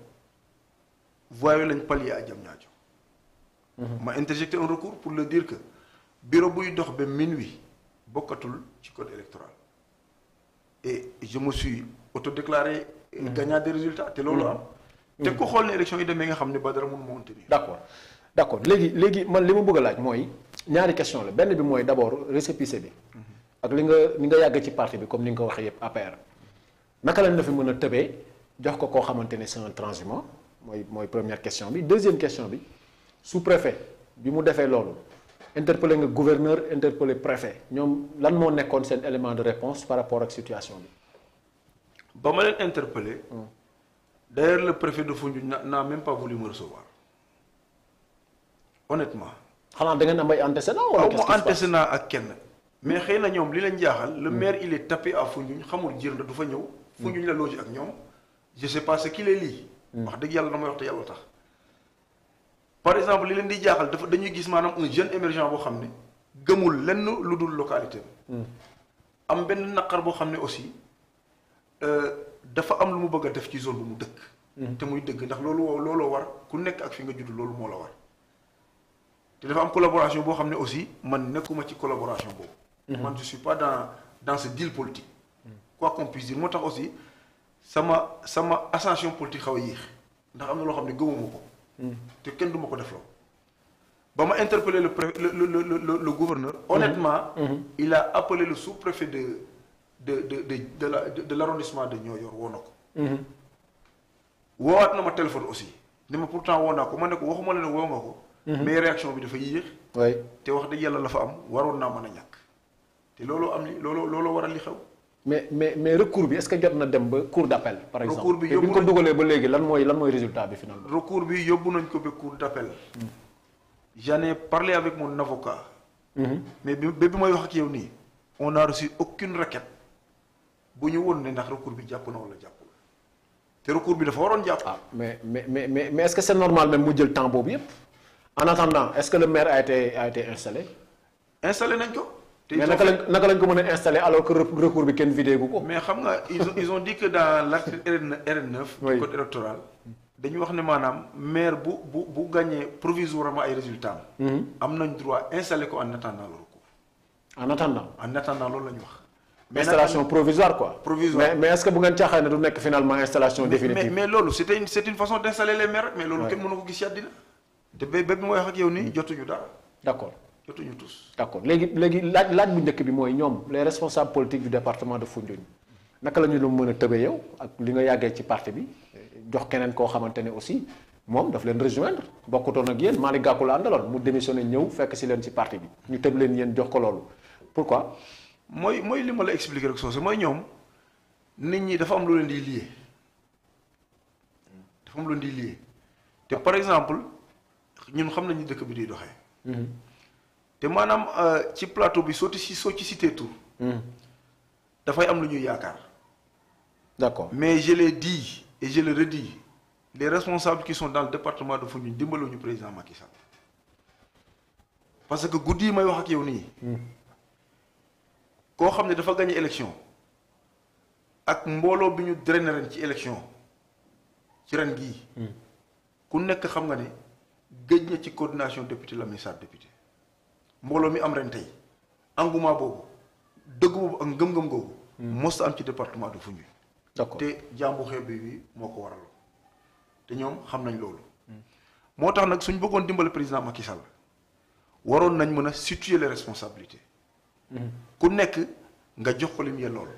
voies yi lañ pallier à Diamniadio. Mhm. ma interjecté un recours pour le dire que bureau buy dox ba minuit bokkatul ci code électoral et je me suis autodéclaré. Euh, mhm. gagnant des résultats te loolu mhm. am. te ku xool ne élection yi demee nga xam ne ba dara mun moo tenir. d'accord. d' accord léegi léegi man li ma bëgg laaj mooy ñaari question la benn bi mooy d' abord récépissé bi ak li nga li nga yàgg ci parti bi comme ni nga ko waxee yëpp APR naka lañ la fi mën a tëbee jox ko koo xamante ne c'est un transhumant mooy mooy première question bi deuxième question bi sous-préfet bi mu defee loolu interpellé nga gouverneur interpellé préfet ñoom lan moo nekkoon seen élément de réponse par rapport ak situation bi ba ma leen interpellé hmm. d'ailleurs le de Foundiougne n'a même pas voulu me recevoir honnêtement. xanaa da ngeen am ay antécédents wala qu'est-ce qui se ak kenn. mais xëy na ñoom li leen jaaxal. le hmm. maire il est tapé à Foundiougne xamul Djirnda du fa ñëw. Hmm. Foundiougne la looji ak ñoom. je sais pas ce qui les hmm. wax dëgg yàlla damay wax tax. par exemple li leen di jaaxal dafa dañuy gis maanaam un jeune émergent boo xam ne gëmul lenn lu dul localité am benn naqar boo xam ne aussi euh, dafa am lu mu bëgg a def ci zone bu mu dëkk. te muy dëgg ndax loolu looloo war ku nekk ak fi nga judd loolu moo la war. te dafa am collaboration boo xam ne aussi man nekkuma ci collaboration boobu. Mhm. man je suis pas dans dans ce deal politique. quoi qu'on puisse dire moo tax aussi sama sama ascension politique xaw a yéex ndax am na loo xam ne gëmuma ko. Mhm. te kenn duma ko def loo ba ma interpellé le pré le le le le gouverneur. Mhm. il a appelé le sous-préfet de de de de de la de l'arrondissement de Nioro woo na ko. woowaat na ma téléphone aussi ni ma pourtant woo naa ko ma ne ko waxuma la ne woo nga Mhm. mais réaction bi dafa yéex. oui te wax dëgg yàlla la fa am waroon naa mën a ñàkk te loolu am li looloo loolu waral li xew. mais mais mais recours bi est que jot na dem ba cour d'appel. par exemple recours bi yóbbu nañ ko ba léegi lan mooy lan mooy résultat bi finalement. recours bi yóbbu nañ ko ba cour d'appel. Hmm. j'en ai parlé avec mon avocat. Hmm. mais bi bépp mooy wax ak yow nii. on n'a reçu aucune requête bu ñu woon ne ndax recours bi jàpp na wala jàpp te recours bi dafa waroon jàpp. Ah, mais mais mais mais est-ce que c'est normal même boobu yépp en attendant est-ce que le maire a été a été installé. installé nañ ko. te mais naka lañ naka lañ ko mën a installé alors que recours bi kenn vidé gu ko. mais xam nga ils ont ils dans l'acte R9. oui code électoral. dañu wax ne maanaam maire bu bu bu gagné provisoirement ay résultats am mhm. ko en attendant le loolu la wax. installation provisoire quoi. provisoire mais est bu ngeen caaxaan ne du nekk finalement installation définitive. mais loolu c'est une façon d'installer te ba ba bi mooy wax ak yow nii jotuñu dara. d' accord jotuñu tous. d' accord léegi léegi laaj laaj bu njëkk bi mooy ñoom les responsables politiques du département de Foundiougne naka la ñu doon mën a tëbee yow ak li nga yàggee ci parti bi jox keneen koo xamante ne aussi moom daf leen rejoindre bokkutoon ak yéen Malick Gakou la àndaloon mu démissionné ñëw fekk si leen ci parti bi ñu tëb leen yéen jox ko loolu pourquoi. mooy mooy li ma la expliqué rek soose mooy ñoom nit ñi dafa am lu leen di lié dafa am exemple. ñun xam nañu dëkk bi di doxee. Mm-hmm. te maanaam euh, ci plateau bi soo ci soo ci cité tur. Mm-hmm. dafay am lu ñuy yaakaar. d'accord mais je di dit et je le redis daal responsables qui sont dans le département de Foundiougne dimbalu ñu président Macky Sall. parce que guddi may wax ak yow nii. Mm-hmm. koo xam ne dafa gagné élection ak mbooloo bi ñu drainé ren ci élection ci ren gii. ku nekk xam nga ne. gëj na ci coordination député la muy saat député mbooloo mi am ren tey engouement boobu dëgg boobu ak ngëm-ngëm googu. Hmm. mos am ci département de Foundiougne. d'accord te jàmbu xeeb bi moo ko waraloon te ñoom xam nañ loolu. Hmm. moo tax nag suñ bëggoon dimbale président Macky Sall waroon nañ mën a situer le responsabilité hmm. ku nekk nga jox ko lim lool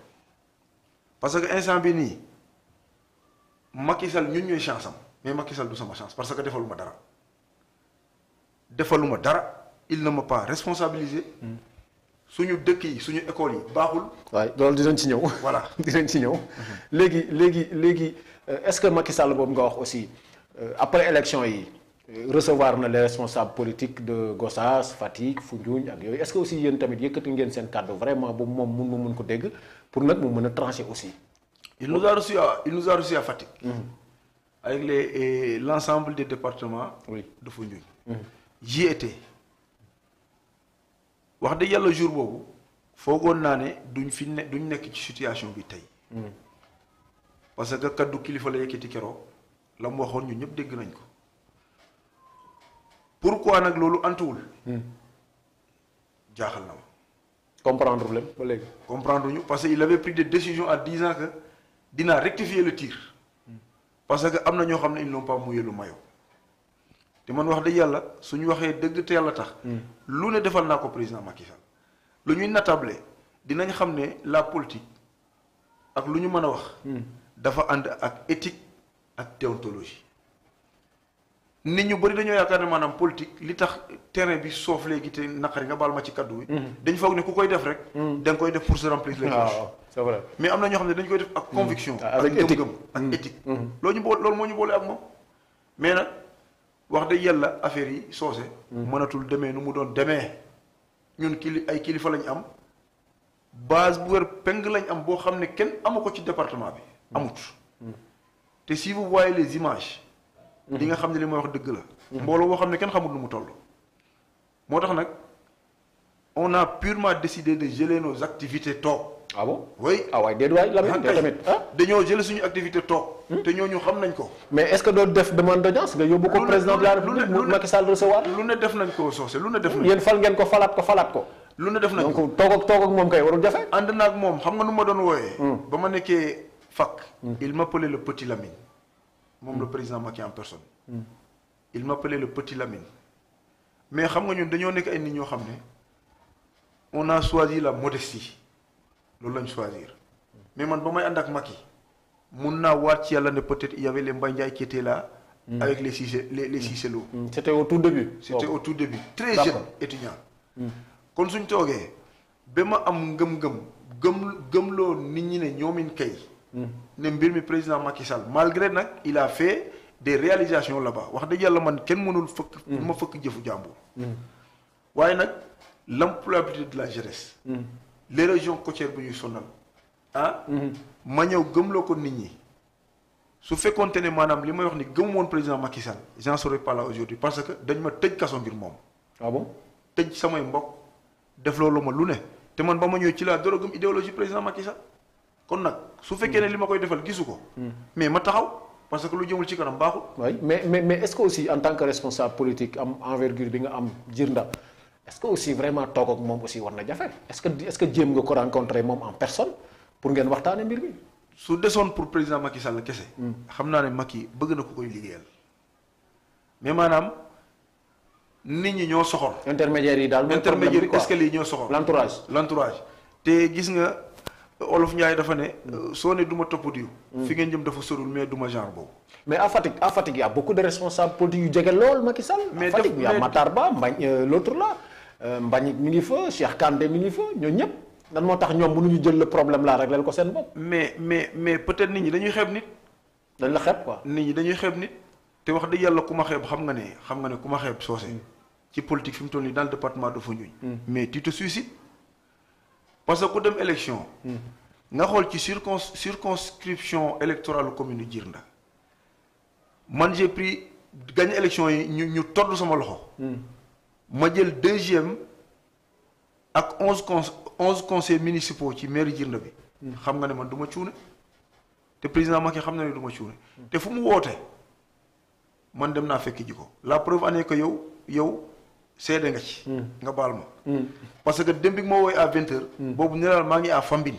parce que instant bi nii Macky Sall ñun ñooy chance am mais Macky Sall du sama chance parce que defaluma dara. defaluma dara il ne m'a pas responsabilisé. suñu dëkk yi suñu école yi baaxul. waaye loolu dinañ ci ñëw. voilà dinañ ci ñëw. léegi léegi léegi euh, est-ce que Macky Sall boobu nga wax aussi euh, après élection yi euh, recevoir na les responsables politique de Gossas Fatick Foundiougne ak yooyu est-ce que aussi yéen tamit yëkkati ngeen seen kàddu vraiment ba moom mun mu mun ko dégg pour nag mu mën a trancher aussi. il nous a reçu à il nous a reçu à Fatick. Mm-hmm. avec les l'ensemble des j'y wax dëgg yàlla jour boobu foogoon naa ne duñ fi ne duñ nekk ci situation bi tey. Hmm. parce que kaddu kilifa la yëkkati keroog la mu waxoon ñun ñëpp dégg nañ ko. pourquoi nag loolu antuwul. Hmm. jaaxal na ma. comprendre leen ba léegi. comprendre ñu parce que il avait pris des décisions en disant que dinaa rectifier le tir. Hmm. parce que am na ñoo xam ne ils n'ont pas mouillé le te man wax dëgg yàlla su ñu waxee dëgg te yàlla tax. Hmm. lu ne defal naa ko président Macky Sall. lu ñuy natable dinañ xam ne la politik ak lu ñu mën a wax. Hmm. dafa ànd ak éthique ak déontologie. nit ñu bëri dañoo yaakaar ne maanaam politique li tax tere bi soof léegi te naqari nga baal ma ci kaddu yi. Hmm. dañ foog ne ku koy def rek. da koy def pour se remplir les ah, mais am na ñoo xam ne dañ koy def ak. conviction ah, ak gëm loolu moo ñu boole ak moom mais wax dëgg yàlla affaire yi soose. Mm-hmm. mënatul demee nu mu doon demee ñun kili ay kilifa lañu am base bu wér peng lañ am boo xam ne kenn amu ko ci département bi. Mm-hmm. amut mm-hmm. te si vous voyez les images. li nga xam ne li may wax dëgg la. mbooloo boo xam ne kenn xamut nu mu toll. moo tax nag on a purement décidé de geler nos activités toog. ah bon oui ah waay déedéet waay Lamine ah, tamit ah dañoo jël suñu activité toog. Hmm? te ñoo ñu xam nañ ko. mais est-ce que doo def demande d'audience nga yóbbu ko président de la république mu Macky Sall recevoir. lu ne def nañ ko soose lu ne def nañ ko. yéen lu ne def nañ ko donc toog ak moom kay warul jafe. ànd naag moom xam nga nu ma doon wooyee. Hmm. ba ma nekkee fac. Hmm. il m'appelait le petit Lamine. moom le président Macky personne. il m'appelait le petit Lamine. mais xam nga ñun dañoo nekk ay nit ñoo xam ne on a choisi la modestie. loolu lañ choisir mais man ba may ànd ak Macky mun naa waat ci yàlla ne peut-être il y avait les Mbaye Ndiaye qui étaient là. Mm. avec les Cissé les les mm. Cissé Lo. Mm. c'était au tout début. c'était tout début très jeune étudiant. kon suñ toogee ba ma am ngëm-ngëm gëm gëmloo nit ñi ne ñoomin kay. ne mbir mi président Macky Sall malgré nag il a fait des réalisations la ba wax dëgg yàlla man kenn mënul fëkk. ma fëkk jëfu jàmbur. waaye nag l'employabilité de la jeunesse. l'érosion côtière bu ñuy sonal ah. Mhm. ma ñëw gëmloo ko nit ñi su fekkoonte ne maanaam li may wax ni gëm woon président Macky Sall j'en serais pas aujourd'hui parce que dañ ma tëj kaso ngir moom. ah bon tëj samay mbokk def loolu ma lu ne te man ba ma ñëw ci laa door a gëm idéologie président Macky Sall kon nag su fekkee ne li ma koy defal gisu ko. Mhm. mais ma taxaw. parce que lu jëmul ci kanam baaxul. oui mais mais mais est-ce que aussi en tant que responsable politique am envergure bi nga am jirnda est-ce que aussi vraiment toog ak moom aussi war na jafe est-ce que est-ce que jéem nga ko rencontrer moom en personne pour ngeen waxtaane mbir mi. su desoon pour président Macky Sall kese. Hmm. xam naa ne Macky bëgg na ko koy liggéeyal mais maanaam nit ñi ñoo soxor. intermédiaire yi daal intermédiaire yi est-ce que lii ñoo soxor. l'entourage l'entourage te gis nga euh, Olof Ndiaye dafa ne. Hmm. Euh, soo du ma topp diw hmm. fi ngeen jëm dafa sorul mais du ma genre boobu. mais à Fatick à Fatick a beaucoup de responsables politiques yu jege lool Macky Sall. mais daf a Matar Ba Mbañ euh, l'autre là. Euh, Mbagnick mi ngi fa Cheikh Kandé mi ngi fa ñoo ñëpp nan moo tax ñoom mënuñu jël problème laa réglé ko seen bopp. mais mais mais peut-être nit ñi dañuy xeeb nit. dañ la xeeb quoi. nit ñi dañuy xeeb nit. te wax dëgg yàlla ku ma xeeb xam nga ne xam nga ne ku ma xeeb soose. Mm. ci politique fi mu toll nii dans le département de mm. mais tu te parce que ku dem élection. Mm. nga xool ci circon circonscription électorale commune Djirnda man j'ai pris gagné élection yi ñu ñu todd sama loxo. ma jël deuxième ak onze con onze conseils municipaux ci mairie Djirnda bi. Hmm. xam nga ne man du ma cuune. te président Macky xam na ne duma ma cuune. Hmm. te fu mu wootee man dem naa fekk ji ko la preuve année que yow yow seede nga ci. Hmm. nga baal ma. parce que dem bi ma woowee à vingt heures. boobu nee maa ngi à Fambine.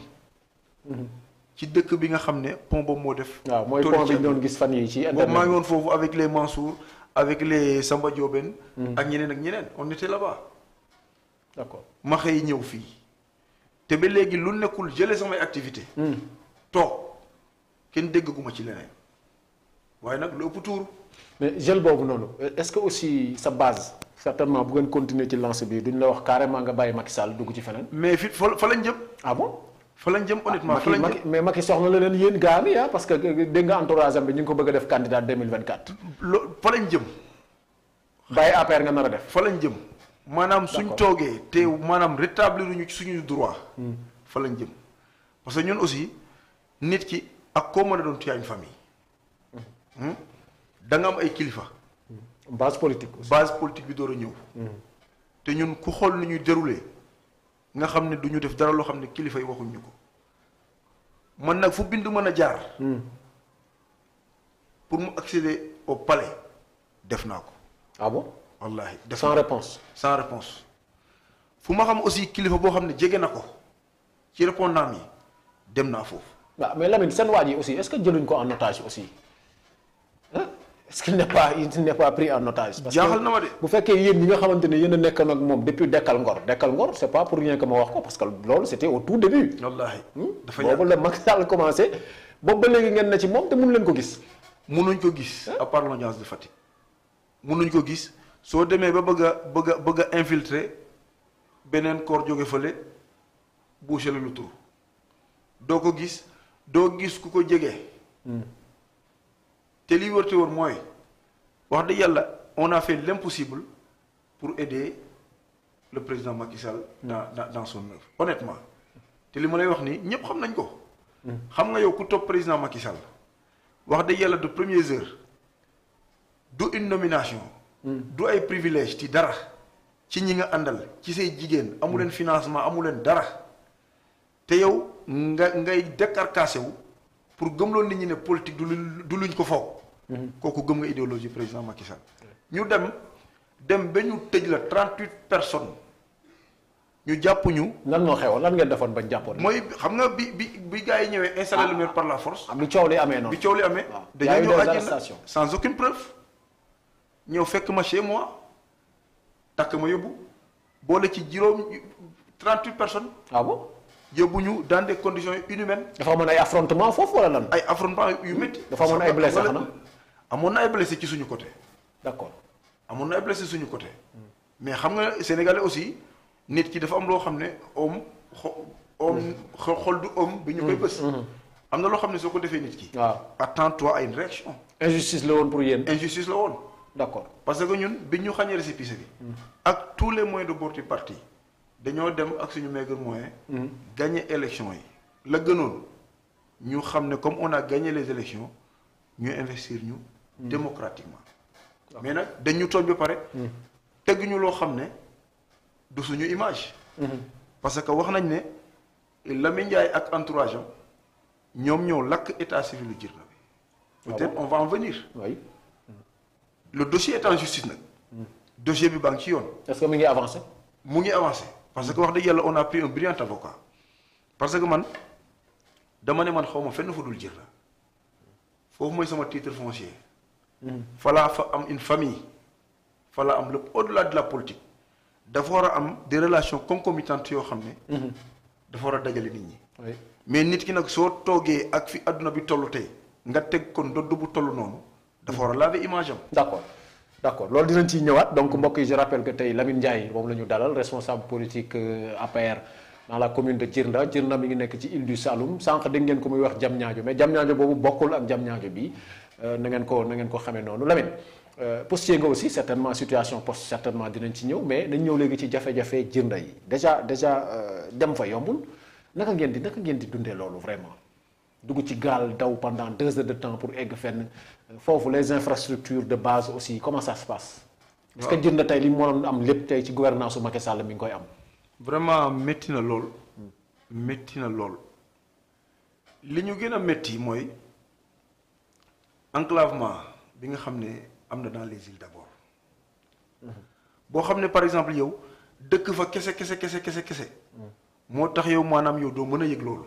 ci dëkk bi nga xam ne pont boobu moo def. waaw mooy pont bi ñu gis fan yi ci internet maa ngi woon foofu avec les Mansour avec les Samba Diobène. Hmm. ak ñeneen ak ñeneen on était là-bas. d'accord ma xëy ñëw fii te ba léegi lu nekkul jëlee samay activité hmm. toog kenn déggaguma ci leneen waaye nag lu ëpp tuur. mais jël boobu noonu est-ce que aussi sa base. certainement bu ngeen continuer ci lance bi duñ la wax carrément nga bàyyi Macky Sall dugg ci feneen. mais fi fa lañ jëm. ah bon fa lañ jëm honnêtement ah, fa lañ jëm mais Macky soxla la leen yéen gaa yi ah parce que dégg nga entourage am bi ñu ngi ko bëgg a nga nar a def. fa lañ jëm maanaam suñ toogee te maanaam rétablir ñu ci suñu droit. Hmm. fa lañ jëm parce que ñun aussi nit ki ak koo mën a doon tuyaañ famille. Hmm. Hmm? da nga am ay kilifa. base politique base politique bi door a ñëw. te ñun ku xool nu ñuy dérouler. nga xam ne du ñu def dara loo xam ne kilifa yi waxuñ ñu ko man nag fu bind mën a jaar. Hmm. pour mu accéder au def naa ko. ah bon wallaahi. def sans réponse sans réponse fu ma xam aussi kilifa boo xam ne jege na ko ci répondant yi dem naa foofu. waaw ah, mais Lamine seen waaj yi aussi est-ce que jëluñ ko en otage aussi. est-ce qu'il n'est pas il n'est pas pris en otage. parce que bu fekkee yéen ñi nga xamante ne yéen nekk nekkoon ak moom depuis Dekkal Ngor Dekkal Ngor c'est pas pour rien ma wax ko parce loolu c'était tout début. Hmm? boobu la Macky Sall commencé boobu ba léegi ngeen na ci moom te mënu leen ko gis. mënuñ ko gis. à part l'audience de Fatick. mënuñ ko gis soo demee ba bëgg a bëgg a bëgg a beneen corps jóge fële boucher la lu tur doo ko gis doo gis ku ko jege. Hmm. te li wër te wër mooy wax dëgg yàlla on a fait l'impossible pour aider le président Macky Sall. dans dans son œuvre honnêtement te li ma lay wax nii ñëpp xam nañ ko. xam nga yow ku topp président Macky wax dëgg yàlla de premier heures du une du ay privilège ci dara ci ñi nga àndal ci say jigéen amu leen financement amu leen dara te yow nga ngay décarcassé wu. pour gëm gëmloon nit ñi ne politique du luñ du ko foog. Mhm. kooku gëm nga idéologie président Macky Sall. ñu dem dem ba ñu tëj la 38 personnes ñu jàpp ñu. lan moo xewoon lan ngeen defoon bañ jàppoon. mooy xam nga bi bi bi gars yi ñëwee installé ah. le maire par la force. Ah, bi coow li amee noonu bi coow li amee. Ah. dañoo ñëw àjjana sans aucune preuve. ñëw fekk ma chez moi takk ma yóbbu boole ci juróom 38 personnes. ah bon yóbbu ñu dans des conditions inhumaines. dafa amoon ay affrontement foofu wala lan. ay affrontement yu métti. dafa amoon ay blessé ci suñu côté. d'accord amoon na ay blessé suñu côté. mais xam nga sénégalais aussi nit ki dafa am loo xam ne homme xo homme xol du homme. bi ñu koy mm, bës. Mm, mm. am na loo xam ne soo ko defee nit ki. waaw attends-toi à une injustice la woon pour yéen. injustice la woon. d'accord parce que ñun bi ñu xàññee récépissé bi. ak tous les moins de bord parti. dañoo dem ak suñu maigre moyen. Hmm. gagné élection yi. la gënoon ñu xam ne comme on a gagné les élections ñu investir ñu. Hmm. démocratiquement. mais nag dañ ñu tooñ ba pare. Hmm. teg ñu loo xam ne du suñu image. parce que wax nañ ne Lamine Ndiaye ak entourage ñoom ñoo lakk état civil lu jir na ah peut-être on va en venir. oui. le dossier est en justice nag. dossier bi baa ci yoon. est-ce que mu ngi avancé. mu ngi avancé. parce que wax dëgg yàlla on a pris un brillant avocat parce que man dama ne man xaw ma fenn fu dul jër la foofu mooy sama titre foncier. Hmm. falaa fa am une famille. falaa am lépp au-delà de la politique. dafa war a am des relations concomitantes yoo xam ne. Hmm. dafa war a dajale nit ñi. mais nit ki nag soo toogee ak fi àdduna bi toll tey nga teg kon ndodd bu toll noonu. dafa hmm. war a laver image am. d'accord loolu dinañ ciy ñëwaat donc mbokk yi je rappelle que tey Lamine Ndiaye moom la ñu dalal responsable politique euh, APR dans la commune de Djirnda Djirnda mi ngi nekk ci île du Saloum sànq dégg ngeen ko muy wax Diamniadio mais Diamniadio boobu bokkul ak Diamniadio bi euh, na ngeen ko na ngeen ko xamee noonu Lamine euh, postier nga aussi certainement situation post certainement dinañ ci ñëw mais nañ ñëw léegi ci jafe-jafe Djirnda yi déjà déjà dem fa yombul naka ngeen di naka ngeen di dundee loolu vraiment dugg ci gaal daw pendant deux heures fenn foofu les infrastructures de base aussi comment ça se passe. est que jënd tey li moo waroon am lépp tey ci gouvernance su Macky Sall mi ngi koy am. vraiment métti na lool. métti na lool. li ñu gën a métti mooy enclavement bi nga xam ne am na dans les îles d'abord. boo xam ne par exemple yow dëkk fa kese kese kese kese kese. moo tax yow maanaam yow doo mën a yëg loolu.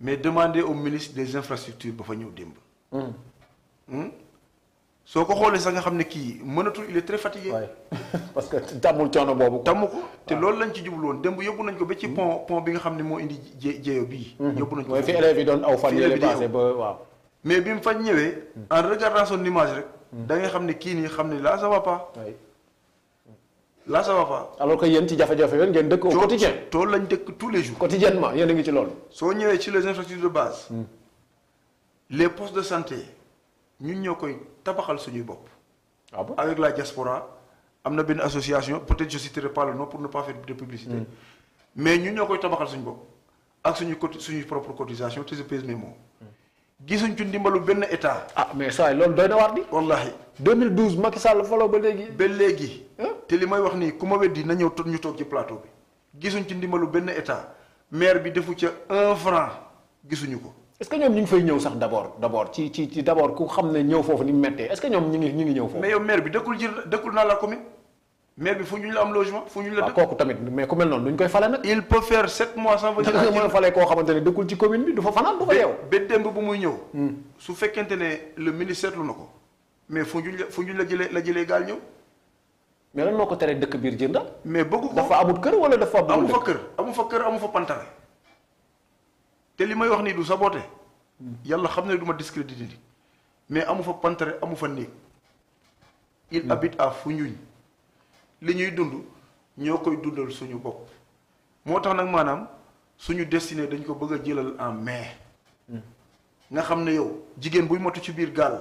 mais demander au ministre des infrastructures ba fa ñëw démb. Mm. Hmm? soo ko xoolee sax nga xam ne kii mënatul il est très fatigué. parce que tàmmul coono boobu. tàmmu ko te loolu lañ ci jublu woon démb yóbbu nañ ko ba ci hmm. pont pont bi nga xam ne moo indi jé jéeyo bii. Hmm. yóbbu nañ ko fi élèves yi doon aw fan yële passé ba waaw. mais bi mu fa ñëwee. en regardant son image rek. da nga xam ne kii nii xam ne là ça va pas. là ça va pas. alors que yéen ci jafe-jafe yéen ngeen dëkk. au tool lañ dëkk tous les jours. quotidiennement yéen a ngi ci loolu. soo ñëwee ci les infrastructures de base. les postes de santé. ñun ñoo koy tabaxal suñuy bopp. Ah avec la diaspora am na benn association peut-être je citerai pas le nom pour ne pas faire de publicité. Mm. mais ñu ñoo koy tabaxal suñu bopp ak suñu coti suñuy propre cotisation te je pèse mes mots. Mm. gisuñ ci ndimbalu benn état. ah mais saa yi loolu doy na waar di. wallaahi 2012 Macky Sall faloo ba léegi. ba léegi. te li may wax nii ku ma weddi na ñu toog ci plateau bi. gisuñ ci ndimbalu benn état maire bi defu ca un gisuñu ko. est-ce que ñoom ñu ngi fay ñëw sax d'abord d'abord ci ci ci d'abord ku xam ne ñëw foofu ni mu est-ce que ñoom ñu ngi ñëw foofu. mais yow maire bi dëkkul ji dëkkul naa la commune maire bi fu ñu la am logement fu ñu la ah, tamit mais ku mel noonu duñ koy fale nag. il peut a fale koo xamante ne dëkkul ci commune bi du fa fanaan du fa yeew. ba démb muy ñëw. Hmm. su fekkente ne le ministre seetlu na ko mais fu ñu la fu ñu la jëlee la jëlee gaal ñëw. mais lan moo ko teree dëkk biir jënda. mais bëgg ko dafa amul kër wala dafa amul fa amu fa kër amu fa pantare te li may wax nii du saboté yàlla xam ne du ma discrédité nit mais amu fa pantere amu fa néeg il hmm. habite fu Foundiougne li ñuy dund ñoo koy dundal suñu bopp moo tax nag maanaam suñu destiné dañ ko bëgg a jëlal en main hmm. nga xam ne yow jigéen buy matu ci biir gaal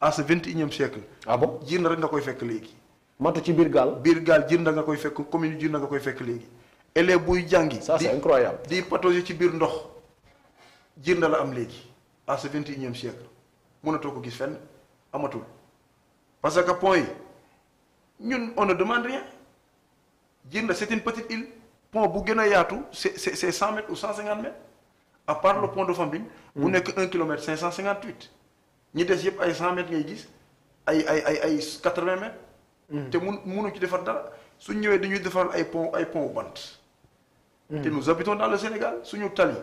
à ce vingt et unième siècle ah bon jiir na rek nga koy fekk léegi matu ci biir gaal biir gaal jiir na nga koy fekk commune jiir na nga koy fekk léegi élève buy jàngi ça c'est incroyable di patauger ci biir ndox jirnda la am léegi à ce vingt et unième siècle mënatoo ko gis fenn amatul parce que pont yi ñun on ne demande rien jirnda c' est une petite île pont bu gën a yaatu c'est c'est c'est cent mètres ou cent cinquante à part le pont de Fambine bu mm. nekk un kilomètre cinq cent cinquante huit ñi des yëpp ay cent mètres ngay gis ay ay ay ay quatre vingt mètres mm. te mu mënu ci defar dara suñ ñëwee dañuy defar ay pont ay pont bant mm. te nous habitons dans le Sénégal suñu tali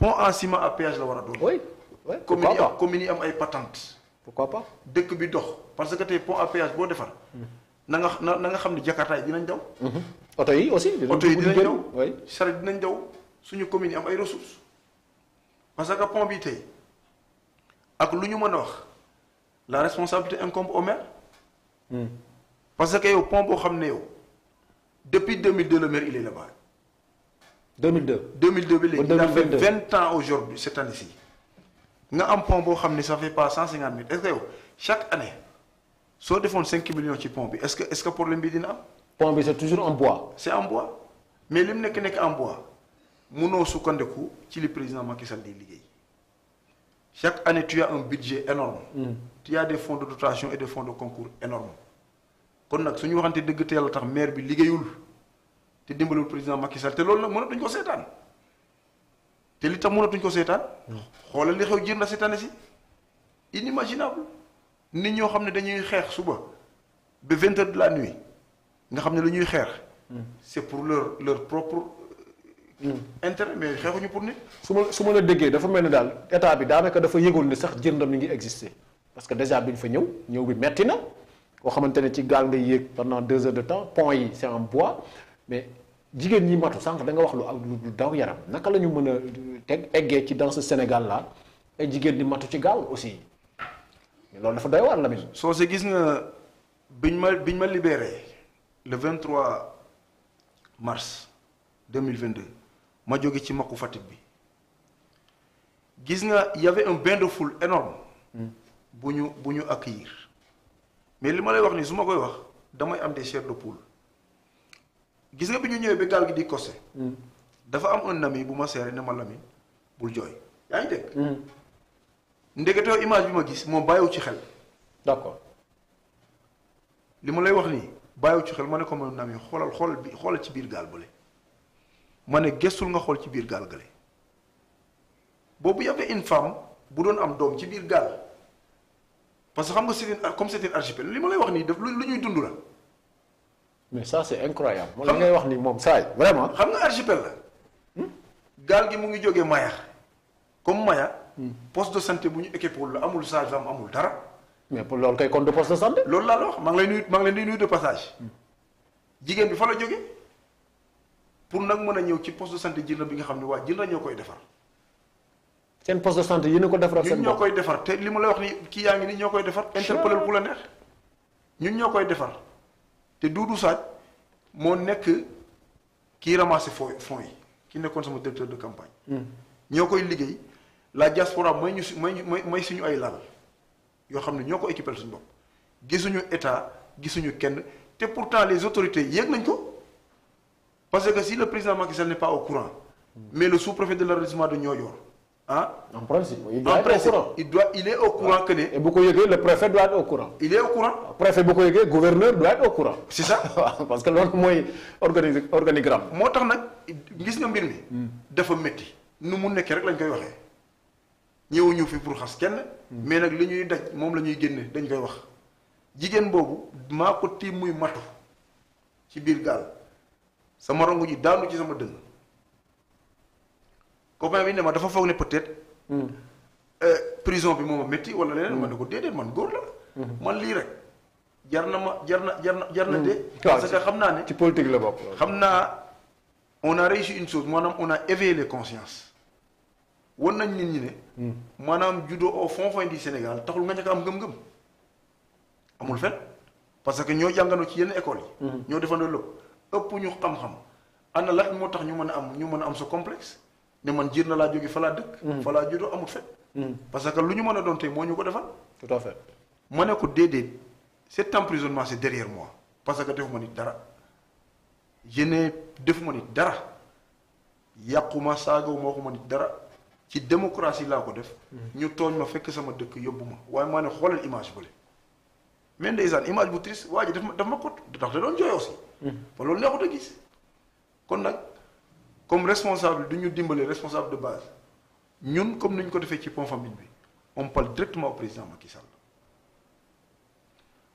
pont en ciment à la war a doon. oui oui commune yi am ay patente. pourquoi pas dëkk bi dox parce que tey pont à boo defar. Hmm. nanga nga na na nga xam ne jakarta dinañ daw. Hmm. oto yi aussi dinañ oto yi dinañ daw charrette dinañ daw suñu commune yi am ay ressources. parce que pont bi tey ak lu ñu mën a wax la responsabilité incombe au hmm. parce que yow pont boo xam ne yow depuis 2002 le maire il est là-bas. 2002 2002 ba léegi il a fait 20 ans aujourd'hui cette année-ci nga am pont boo xam ni ça fait pas 150 mètres est ce que yow chaque année soo defoon 5 millions ci pont bi est ce que est ce que problème bi dina am. pont bi c'est toujours en bois. c'est en bois mais li mu nekk nekk en bois munoo sukkandiku ci li président Macky Sall di liggéey chaque année tu as un budget énorme mm. tu as des fonds de dotation et des fonds de concours énormes kon nag suñu waxante dëgg te yàlla tax maire bi liggéeyul. te dimbalul président Macky te loolu nag mënatuñ ko seetaan te li tax mënatuñ ko seetaan. xoolal li xew jir na seetaane si inimaginable nit ñoo xam ne dañuy xeex suba ba vingt heures de la nuit nga xam ne lañuy xeex. Mm. c'est pour leur leur propre. Mm. intérêt mais xeexuñu pour nit. su ma su ma la déggee dafa mel ni daal état bi daanaka dafa yëgul ni sax jëndam mi ngi exister parce que déjà bi ñu fa ñëw ñëw bi metti na koo xamante ne ci gaal nga yéeg pendant deux heures de temps pont yi c'est en mais. jigéen ñi matu sànq da nga wax lu lu daw yaram naka la ñu mën a teg eggee ci dans ce Sénégal là ay jigéen ñi matu ci gaaw aussi loolu dafa doy waar la mit soo se gis nga biñ ma biñ ma libéré le 23 mars 2022 ma jóge ci makku Fatick bi gis nga yave un bain de foule énorme hmm. bu ñu bu ñu accueillir mais li ma lay wax nii su ma koy wax damay am de chairs de poule gis nga bi ñu ñëwee bi gaal gi di kose hmm. dafa am un ami bu ma seeree ne ma lami bul jooy yaa ngi dégg hmm. ndeketoo image bi ma gis moom bàyyiwu ci xel d'accord li ma lay wax nii bàyyiwu ci xel ma ne ko ma nami xoolal xool bi xoolal ci biir gaal bële ma ne gestul nga xool ci biir gaal gële boobu y avait une femme bu doon am doom ci biir gaal parce que xam nga c'est comme c'est un archipel li ma lay wax nii daf lu ñuy dund la mais ça c'est incroyable. xam nga ngay wax ni moom saay vraiment. xam nga archipel la. gaal gi mu ngi jóge Maya. comme Maya. Hmm. poste de santé bu ñu équipé la amul sage-femme amul dara. mais pour loolu kay kon de poste de santé. loolu laal la wax maa ngi lay nuyu maa ngi lay nuyu de passage. Hmm. jigéen bi fa la jóge pour nag mën a ñëw ci poste de santé jël bi nga xam ne waa jël na ñoo koy defar. seen poste de santé yéen a ko defaral seen ñoo koy defar te li ma lay wax ni kii yaa ngi ni ñoo koy defar. interpellé bu la neex ñun ñoo koy defar. te Doudou Saaj moo nekk kii ramassé fo fonds yi ki nekkoon sama directeur de campagne. Hmm. ñoo koy liggéey la diaspora may ñu si may ñu suñu ay lal yoo xam ne ñoo ko équipé suñu bopp gisuñu état gisuñu kenn te pourtant les autorités yéeg nañ ko parce que si le président Macky Sall n'est pas au courant. Hmm. mais le sous-préfet de l'arrondissement de Niodior ah en principe il doit en être principe, bu ko yëgee le préfet doit être au courant. il est au courant. préfet bu ko yëgee gouverneur doit être au courant. c'est parce que loolu mooy organi organigramme. moo tax nag ngis nga mbir mi. Hmm. dafa métti nu mu nekkee rek lañ koy waxee ñëwuñu fi pour xas kenn. Hmm. mais nag li ñuy daj moom la ñuy génne dañ koy wax jigéen boobu maa ko tiim muy matu ci biir gaal sama rongo ji daanu ci sama dënn. copain bi ne ma dafa foog ne peut-être. Hmm. Euh, prison bi moo ma métti wala leneen. Hmm. man ne ko déedéet man góor la. Hmm. man lii rek jar na ma jar na jar na jar na de. parce que xam naa ne ci politique la bokk. xam naa on a réussi une chose maanaam on a éveillé les wan nañ nit ñi ne. maanaam judo au fond fin du Sénégal taxul nga ñàkk am gëm-gëm amul fen parce que ñoo jàngandoo ci yenn école yi. ñoo defandoo lépp ëpp ñu xam-xam ana lan moo tax ñu mën a am ñu mën a am sa complexe. ne man jiir na laa jóge fa laa dëkk. Mm. fa laa juddoo amul fet mm. parce que lu ñu mën a doon tey moo ñu ko defal. tout à ma ne ko déedéet cet emprisonnement c'est derrière mois parce que defuma nit dara yéene defuma nit dara yàquma saagawuma waxuma nit dara ci démocratie laa ko def. Mm. ñu tooñ ma fekk sama dëkk yóbbu ma waaye maa ne xoolal image bële. mais ndeysaan image bu triste waa ji daf ma daf ma kot ndax da doon jooy aussi. ba loolu neexut a gis kon nag. comme responsable du ñu dimbale responsable de base ñun comme ni ñu ko defee ci pont famille bi on parle directement au président Macky Sall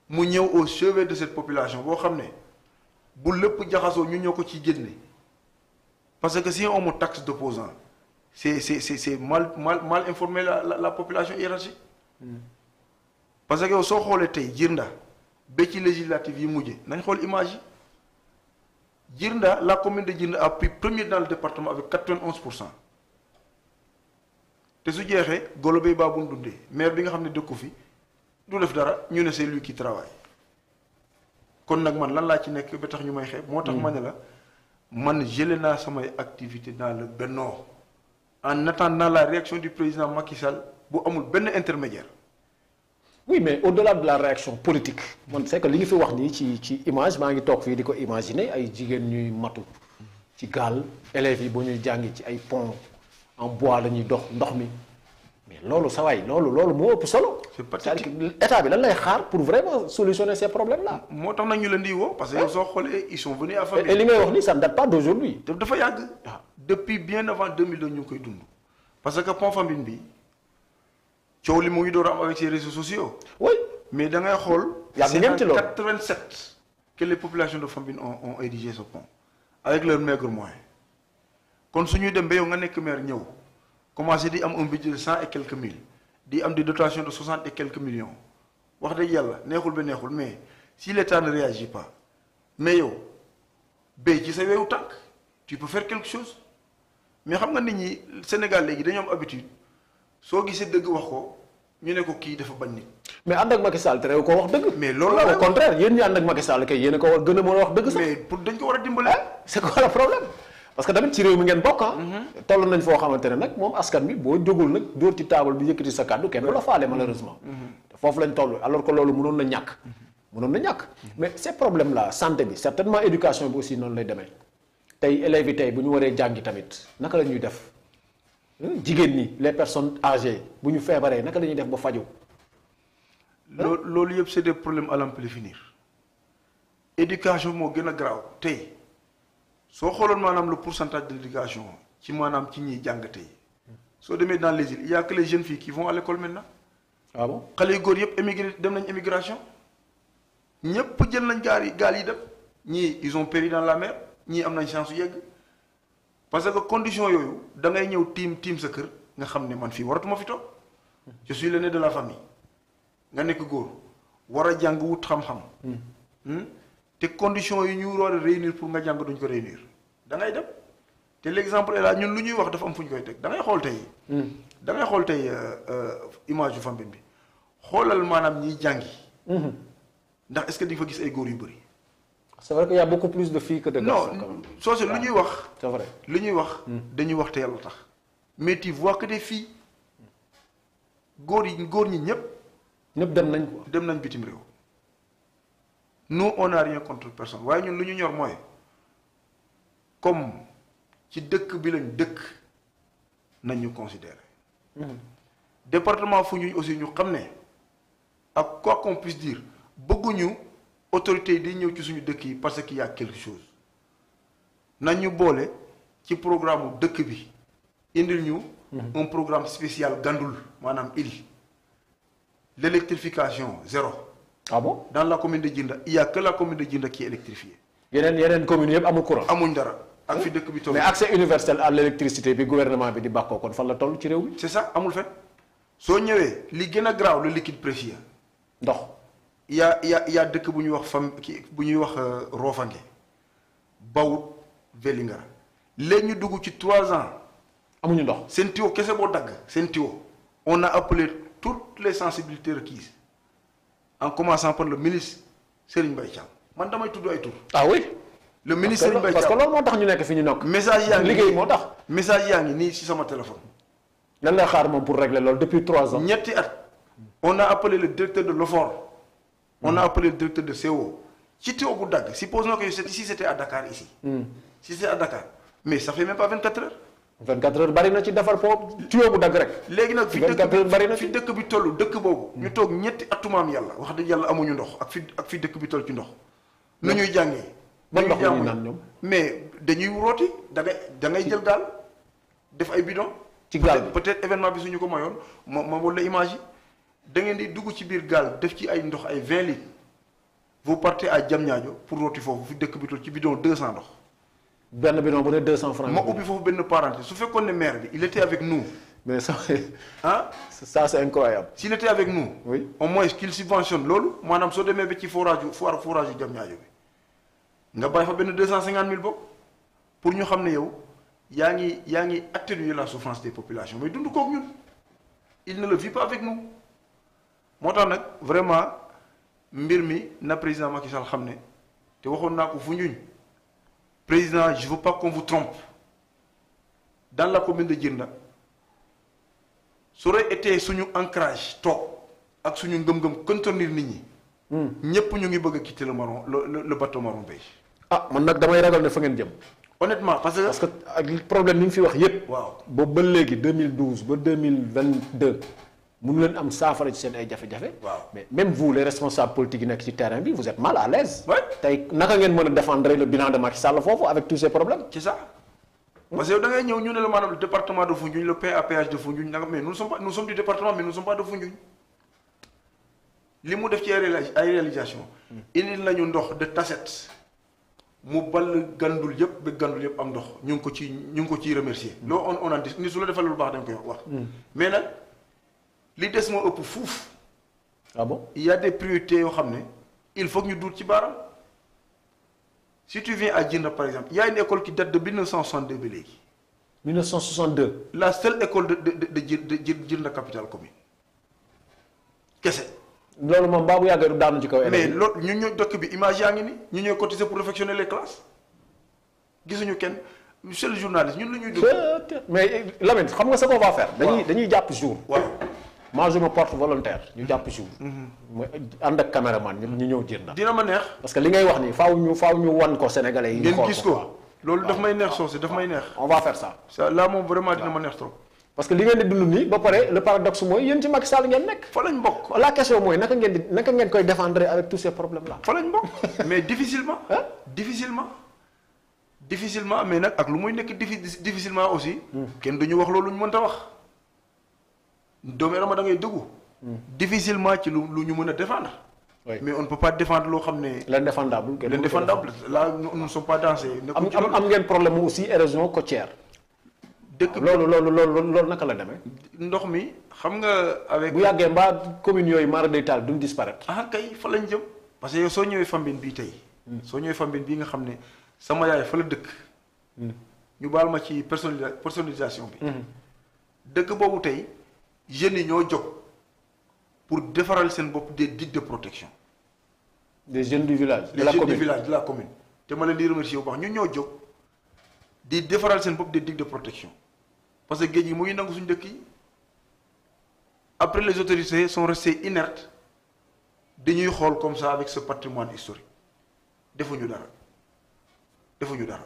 mu ñëw au chevet de cette population boo xam ne bu lépp jaxasoo ñu ñoo ko ci génne parce que si on me taxe d'opposant c'est c'est c'est c'est mal mal mal informer la la, la population hiérarchique mm. parce que yow soo xoolee tey jirnda ba ci législative yi mujje nañ xool image yi Djirnda, la commune de Djirnda a pris premier dans le département avec 91%. te su jeexee golo bay baa bu mu dundee maire bi nga xam ne dëkku fi du def dara ñu ne c'est lui kii travaille kon nag man lan laa ci nekk ba tax ñu may xeeb. moo tax ma ne la man gelé naa samay activité dans le Benno en attendant la réaction du président Macky Sall bu amul benn intermédiaire oui mais au-delà de la réaction politique man c'est que li nga fi wax nii ci ci image maa ngi toog fii di ko imaginer ay jigéen ñuy matu ci gaal élèves yi bu ñuy jàngi ci ay pont en bois la ñuy dox ndox mi loolu sa waay loolu loolu moo ëpp solo. c'est-à-dire bi lan lay xaar pour vraiment solutionner ces problèmes là. moo tax nañu leen di woo. parce que ah. soo xoolee ils sont venus à li ngay wax nii ça ne date pas d'aujourd'hui. dafa yàgg. Ah. depuis ñu ngi koy dund parce que pont Famine bi. coow li mu ngi door am avec les sociaux. oui mais da ngay xool. yaa ngi ñeenti loolu 87 que les populations de Fambine ont ont érigé ce pont avec leurs maigres moyens kon su dem ba nga nekk maire ñëw commencé di am un cent et quelques di am des dotations de soixante et quelques millions wax dëgg yàlla neexul ba neexul mais si l'État ne réagit pas mais yow béy ci sa weewu tànk tu peux faire quelque chose mais xam nga nit ñi Sénégal léegi dañoo am habitude. soo gisee dëgg wax ko ñu ne ko kii dafa bañ nit. mais ànd ak Macky Sall te réew koo wax dëgg. mais loolu la au contraire yéen ñi ànd ak Macky Sall kay yéen ko war gën a wax dëgg pour dañ ko war a dimbale. c'est quoi le problème. parce que tamit ci réew mi ngeen bokk ah. Mm-hmm. toll nañ foo xamante moom askan bi boo jógul nag dóor ci table bi yëkkati sa kàddu kenn du la faale malheureusement. Mm-hmm. foofu lañ toll alors que loolu mënoon na ñàkk. Mm-hmm. mënoon na ñàkk mais ces problèmes là santé bi certainement éducation bi aussi noonu lay demee tey élèves yi tey bu ñu waree jàngi tamit naka la ñuy def Hmm, jigéen ñi les personnes age bu ñu feebaree naka la def ba faju hmm? loo loolu yëpp c'est des problèmes à l'en finir éducation moo gën a garaaw tey soo xooloon maanaam pour pourcentage de l'éducation ci maanaam ci ñiy jàng tey soo demee dans les îles il y a les jeunes filles qui vont à l'école maintenant. ah bon xale yu góor yëpp émigré dem nañ émigration ñëpp jël nañ gaal yi gaal yi dem ñii ils ont péri dans la mer ñii am nañ chance yu yegg. parce que condition yooyu da ñëw tiim tiim sa kër nga xam ne man fii waratuma fi toog je suis l'aîné de la famille nga nekk góor war a jàng wut xam-xam. Hmm. Hmm? te condition yi ñu war a réunir pour nga jàng duñ ko réunir da ngay dem te l'exemple est là ñun lu ñuy wax dafa am fu ñu koy teg da ngay xool tey. Hmm. da xool tey euh, euh, image yu Fambine bi xoolal maanaam ñiy jàngi. ndax est-ce que di fa gis ay góor yu bëri. c'est y a beaucoup plus de filles que de garçons. soo si lu ñuy ah, wax. c'est vrai lu ñuy wax. Hmm. dañuy wax te yàlla tax. mais tu vois que des filles góor yi góor ñi ñëpp. ñëpp dem nañ ko dem nañ bitim réew. nous on contre personne waaye ñun lu ñu ñor comme ci dëkk bi lañ dëkk nañ ñu considérer. Hmm. département fu ñuy aussi ñu xam ne ak quoi qu'on bëgguñu. autorités yi di ñëw ci suñu dëkk yi parce que y a quelque chose nañ ñu boole ci programme dëkk bi indil ñu. Mhm. un programme spécial gandul maanaam ili l'électrification zéro. ah bon dans la commune de Djinda il y a que la commune de Djinda qui est électrifiée. yeneen yeneen communes yëpp amul courant. amuñ dara ak fi hmm? dëkk bi toll. mais accès universel à l'électricité bi gouvernement bi di bàkkoo kon fan la toll ci réew mi. c'est ça amul fen soo ñëwee li gën a graaw le liquide ndox. yaa yaa yaa dëkk bu ñuy wax fam ki bu ñuy wax euh, Roofange Bawut Vélingara léegi ñu dugg ci trois ans. amuñu ndox seen tuyau kese boo dagg seen tuyau. on na appelé toutes les sensibilités requises en commençant par le ministre Serigne Mbaye Thiam man damay tudd ay tur. ah oui. le ministre Serigne Mbaye Thiam parce que loolu moo tax ñu nekk fi ñu nokk message yaa ngi moo tax. message yaa ngi nii si sama téléphone. lan xaar moom pour régler loolu depuis trois ans. ñetti at on a apple le directeur de l'OFOR. on a appelé le directeur de CO. ci tuyau bu dagg supposons que si c'était à Dakar ici. Hmm. si c'était à Dakar mais ça fait même pas 24 heures. 24 heures bari na ci defar foofu tuyau bu dagg rek. léegi nag fi dëkk bari na fi dëkk bi tollu dëkk boobu. ñu toog ñetti atumaam yàlla wax dëgg yàlla amuñu ndox ak fi ak fi dëkk bi toll ci ndox. na ñuy jàngee. ban ndox la ñuy naan ñoom mais dañuy rooti da ngay da ngay jël daal def ay bidon. ci gaal peut-être événemen bi suñu ko mayoon ma ma wala image da ngeen di dugg ci biir gaal def ci ay ndox ay 20 litres vous partez à Diamniadio pour rooti foofu fi dëkk bi toll ci bidon cent ndox. benn bidon bu dee 200 francs. ma ubbi foofu benn parenté su fekkoon ne maire bi il était avec nous. mais ça ah. ça c'est incroyable. s'il était avec nous. oui au moins qu'il subvention loolu maanaam soo demee ba ci forage yu foire forage yu Diamniadio bi nga bàyyi fa benn cent 250 000 bopp pour ñu xam ne yow yaa ngi yaa ngi atténuer la souffrance des populations dund koog ñun il ne le vit moo tax nag vraiment mbir mi na président Macky Sall xam ne te waxoon naa ko fu ñuñ président je veux pas qu'on vous trompe dans la commune de Djirnda su re été suñu encrage toog ak suñu ngëm-ngëm contenir nit ñi. Hmm. ñëpp ñu ngi bëgg a quitter le marron le le bateau marron beige. ah man nag damay ragal ne fa ngeen jëm. honnêtement parce que. parce que ak problème yi ñu fi wax yépp waaw boobu ba léegi 2012 ba 2022. mënu leen am saafara ci seen ay jafe-jafe. mais même vous les responsables politiques nekk ci terrain bi vous êtes mal à l'aise tey naka ngeen mën a défendre le bilan de Macky Sall foofu avec tous ces problèmes. c'est ça parce que ñëw ñu ne la maanaam le département de Foundiougne le PAPH de Foundiougne nanga mais nous sommes pas nous de Foundiougne li mu def ci ay réalisation hmm. indil nañu ndox de taset mu ball gandul yëpp ba gandul yëpp am ndox ñu ngi ko ci ñu ngi ko ciy remercier. Hmm. loo on on a ni su la defal lu baax dañ koy wax. Hmm. mais li des moo ëpp fuuf. ah bon il y des priorités yoo xam ne il faut ñu duut ci baaram si tu viens à na par exemple il y a une école qui date de 1962 ba léegi. 1962. la seule école de de de de na capitale commune kese. loolu moom baabu yàgg du daanu ci kawee mais loolu ñu ñoo dëkk bi image yaa ngi ni ñu ñu cotiser pour réfectionner les classes gisuñu kenn monsieur le ñun la ñuy. mais Lamine xam nga ce qu'on va faire. dañuy dañuy jàpp jour. moi porte volontaire ñu jàpp si mhm. mooy ànd ak caméraman ñu ñëw jënd. dina ma neex. parce que li ngay wax nii faaw ñu faaw ñu wan ko sénégalais yi. ngeen gis ko loolu daf may neex soosey daf may neex. on va faire ça. ça là moom vraiment dina ma neex trop. parce li ngeen di dund nii ba pare le paradoxe mooy yéen ci Macky Sall ngeen nekk. fa lañ bokk la question mooy naka ngeen di naka ngeen koy défendre avec tous ces problèmes là. fa lañ bokk mais difficilement. Hmm. wax loolu ñu doomu ma da ngay dëggu. Hmm. difficilement ci lu lu ñu mën a défendre. mais on ne peut pas défendre loo xam ne. l'indéfendable l'indéfendable là nous ne sommes pas dansés. am am ngeen problème aussi érosion côtière. dëkk loolu loolu loolu loolu naka la demee. ndox mi xam nga. avec bu yàggee mbaa communes yooyu mara day taal duñ disparaître. ah kay fa lañ jëm. parce que soo ñëwee Fambine bii tey. Hmm. soo ñëwee Fambine bi nga xam ne sama yaay fa la dëkk. Hmm. ñu baal ma ci personnalisation bi. dëkk boobu tey. jeunes yi ñoo jóg pour defaral seen bopp des digues de protection. des jeunes du village. de la commune des jeunes du village de la commune. te ma leen di remercier bu baax ñun ñoo jóg di defaral seen bopp des digues de protection parce que géej gi mu ngi nangu suñu dëkk yi après les autorités sont restées inertes dañuy xool comme ça avec ce patrimoine historique defuñu dara defuñu dara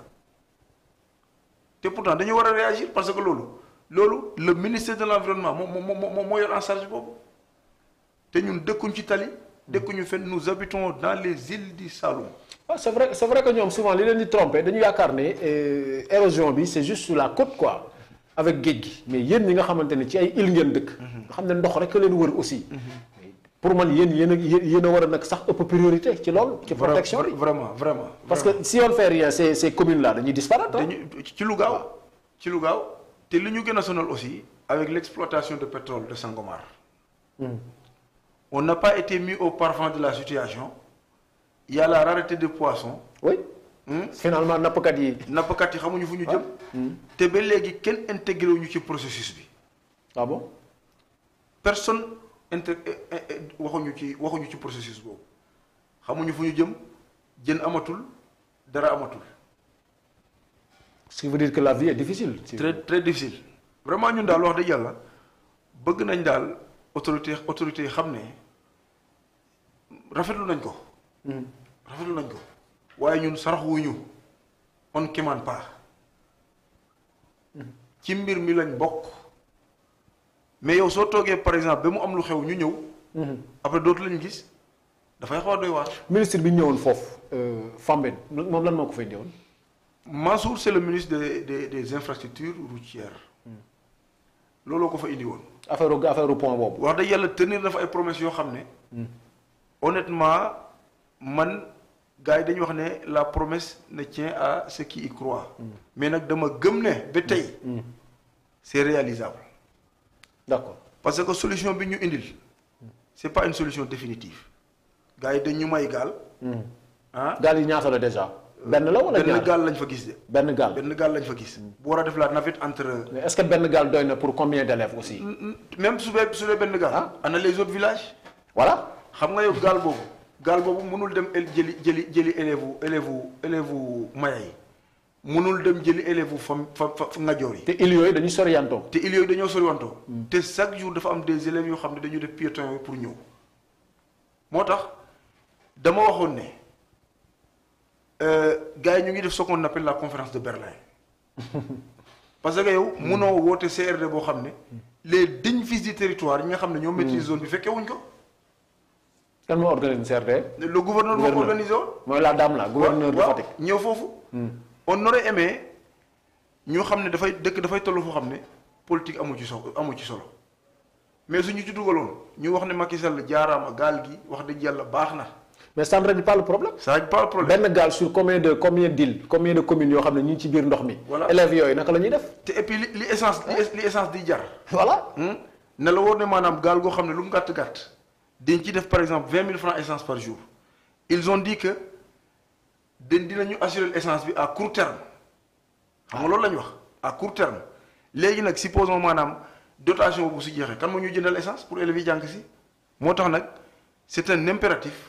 te pourtant dañu war a réagir parce que loolu. loolu le ministère de l'environnement moom moo moo moo moo yor en charge boobu te ñun dëkkuñ ci tali. dëkkuñu fenn nous habitons dans les îles du Saloum. waaw ah, c'est vrai c'est vrai que ñoom souvent li leen di tromper dañu yaakaar ne euh, érosion bi la côte quoi avec géej gi mais yéen ñi nga xamante ne ci ay îles ngeen dëkk. nga xam ne ndox rek leen wër aussi. pour man yéen yéen a yéen a war a nag sax ëpp priorité ci loolu. ci protection bi vraiment vraiment. parce que si on fait rien ces ces communes là dañuy disparaître. dañuy te li ñu gën a sonal aussi avec l'exploitation de pétrole de Sangomar mmh. on n'a pas été mis au parfum de la situation il la rareté de poissons oui mmh. finalement nappkat yi nappkat yi xamuñu fu ñu ah. jëm hmm. te ba léegi kenn intégré wuñu ci processus bi ah bon personne inte eh, eh, eh, waxuñu ci waxuñu ci boobu xamuñu fu ñu jëm jën amatul dara amatul ce qui veut dire que la vie est difficile. très très difficile vraiment ñun daal wax dëgg yàlla bëgg nañ daal autorité autorité xam ne rafetlu nañ ko. Hmm. rafetlu nañ ko waaye ñun saraxuwuñu on commande pas hmm. ci mbir mi lañ bokk mais yow soo toogee par exemple ba mu am lu xew ñu ñëw. Hmm. après dootu lañ gis dafay xaw a doy waar. ministre bi ñëwoon foofu euh, Fambène moom lan moo ko fay ñëwoon. Mansour c'est le ministre des des des infrastructures routières. looloo ko fa indi woon. affaire affaire point boobu. wax dëgg yàlla tenir na ay promesses yoo xam ne. Hmm. honnêtement man gars yi dañuy wax ne la promesse ne tient à ceux qui y croient. Hmm. mais nag dama gëm ne ba tey. Hmm. c'est réalisable. d'accord parce que solution bi ñu indil. c'est pas une solution définitive. gars yi dañ ñu may gaal. ah gaal yi ñaata déjà. benn la gaal lañ fa gis de. benn gaal benn gaal lañ fa gis. bu war a def la navette entre. mais est-ce que benn gaal doy na pour combien d'élèves aussi. même su dee su dee benn gaal. Ah. ana les autres villages. voilà xam nga yow gaal boobu. gaal boobu mënul dem jëli jëli jëli élèves élèves élèves maya yi mënul dem jëli u fa fa fa ngajoor yi. te ilio yi dañuy soriwantoo. te îles yooyu dañoo soriwantoo. Hmm. te chaque jour dafa am des élèves yoo xam ne dañu def piéton pour ñëw tax dama waxoon ne. Euh, gars yi ñu ngi def ce qu'on la conférence de Berlin parce que yow munoo woote CRD boo xam ne les dignes fils du territoire ñi nga xam ne ñoo maîtrise hmm. zone bi fekkee wuñ ko. kan moo organisé CRD. le gouverneur moo ko organisé woon. mooy la dame la gouverneur de Fatick. ñëw foofu. Hmm. on aurait amee ñoo xam ne dafay dëkk dafay toll foo xam ne politique amu ci so amu ci solo mais suñu ci dugaloon ñu wax ne Macky Sall jaaraama gaal gi wax dëgg yàlla baax na. mais ça ne règle pas le problème. benn gaal sur combien de combien de communes yoo xam ne ñu ngi ci biir ndox mi. voilà élèves yooyu naka la ñuy def. te et puis li li essence li essence di jar. voilà. Hmm? ne la wóor ne maanaam gaal goo xam ne lu mu gàtt gàtt dañ ciy def par exemple vingt mille francs essence par jour ils ont dit que dañ dinañu assurer essence bi à court terme. xam nga loolu la ñu wax à court terme léegi nag supposons maanaam dotation bu su jeexee kan moo ñu jëndal essence pour élèves jàng si moo tax nag c'est un impératif.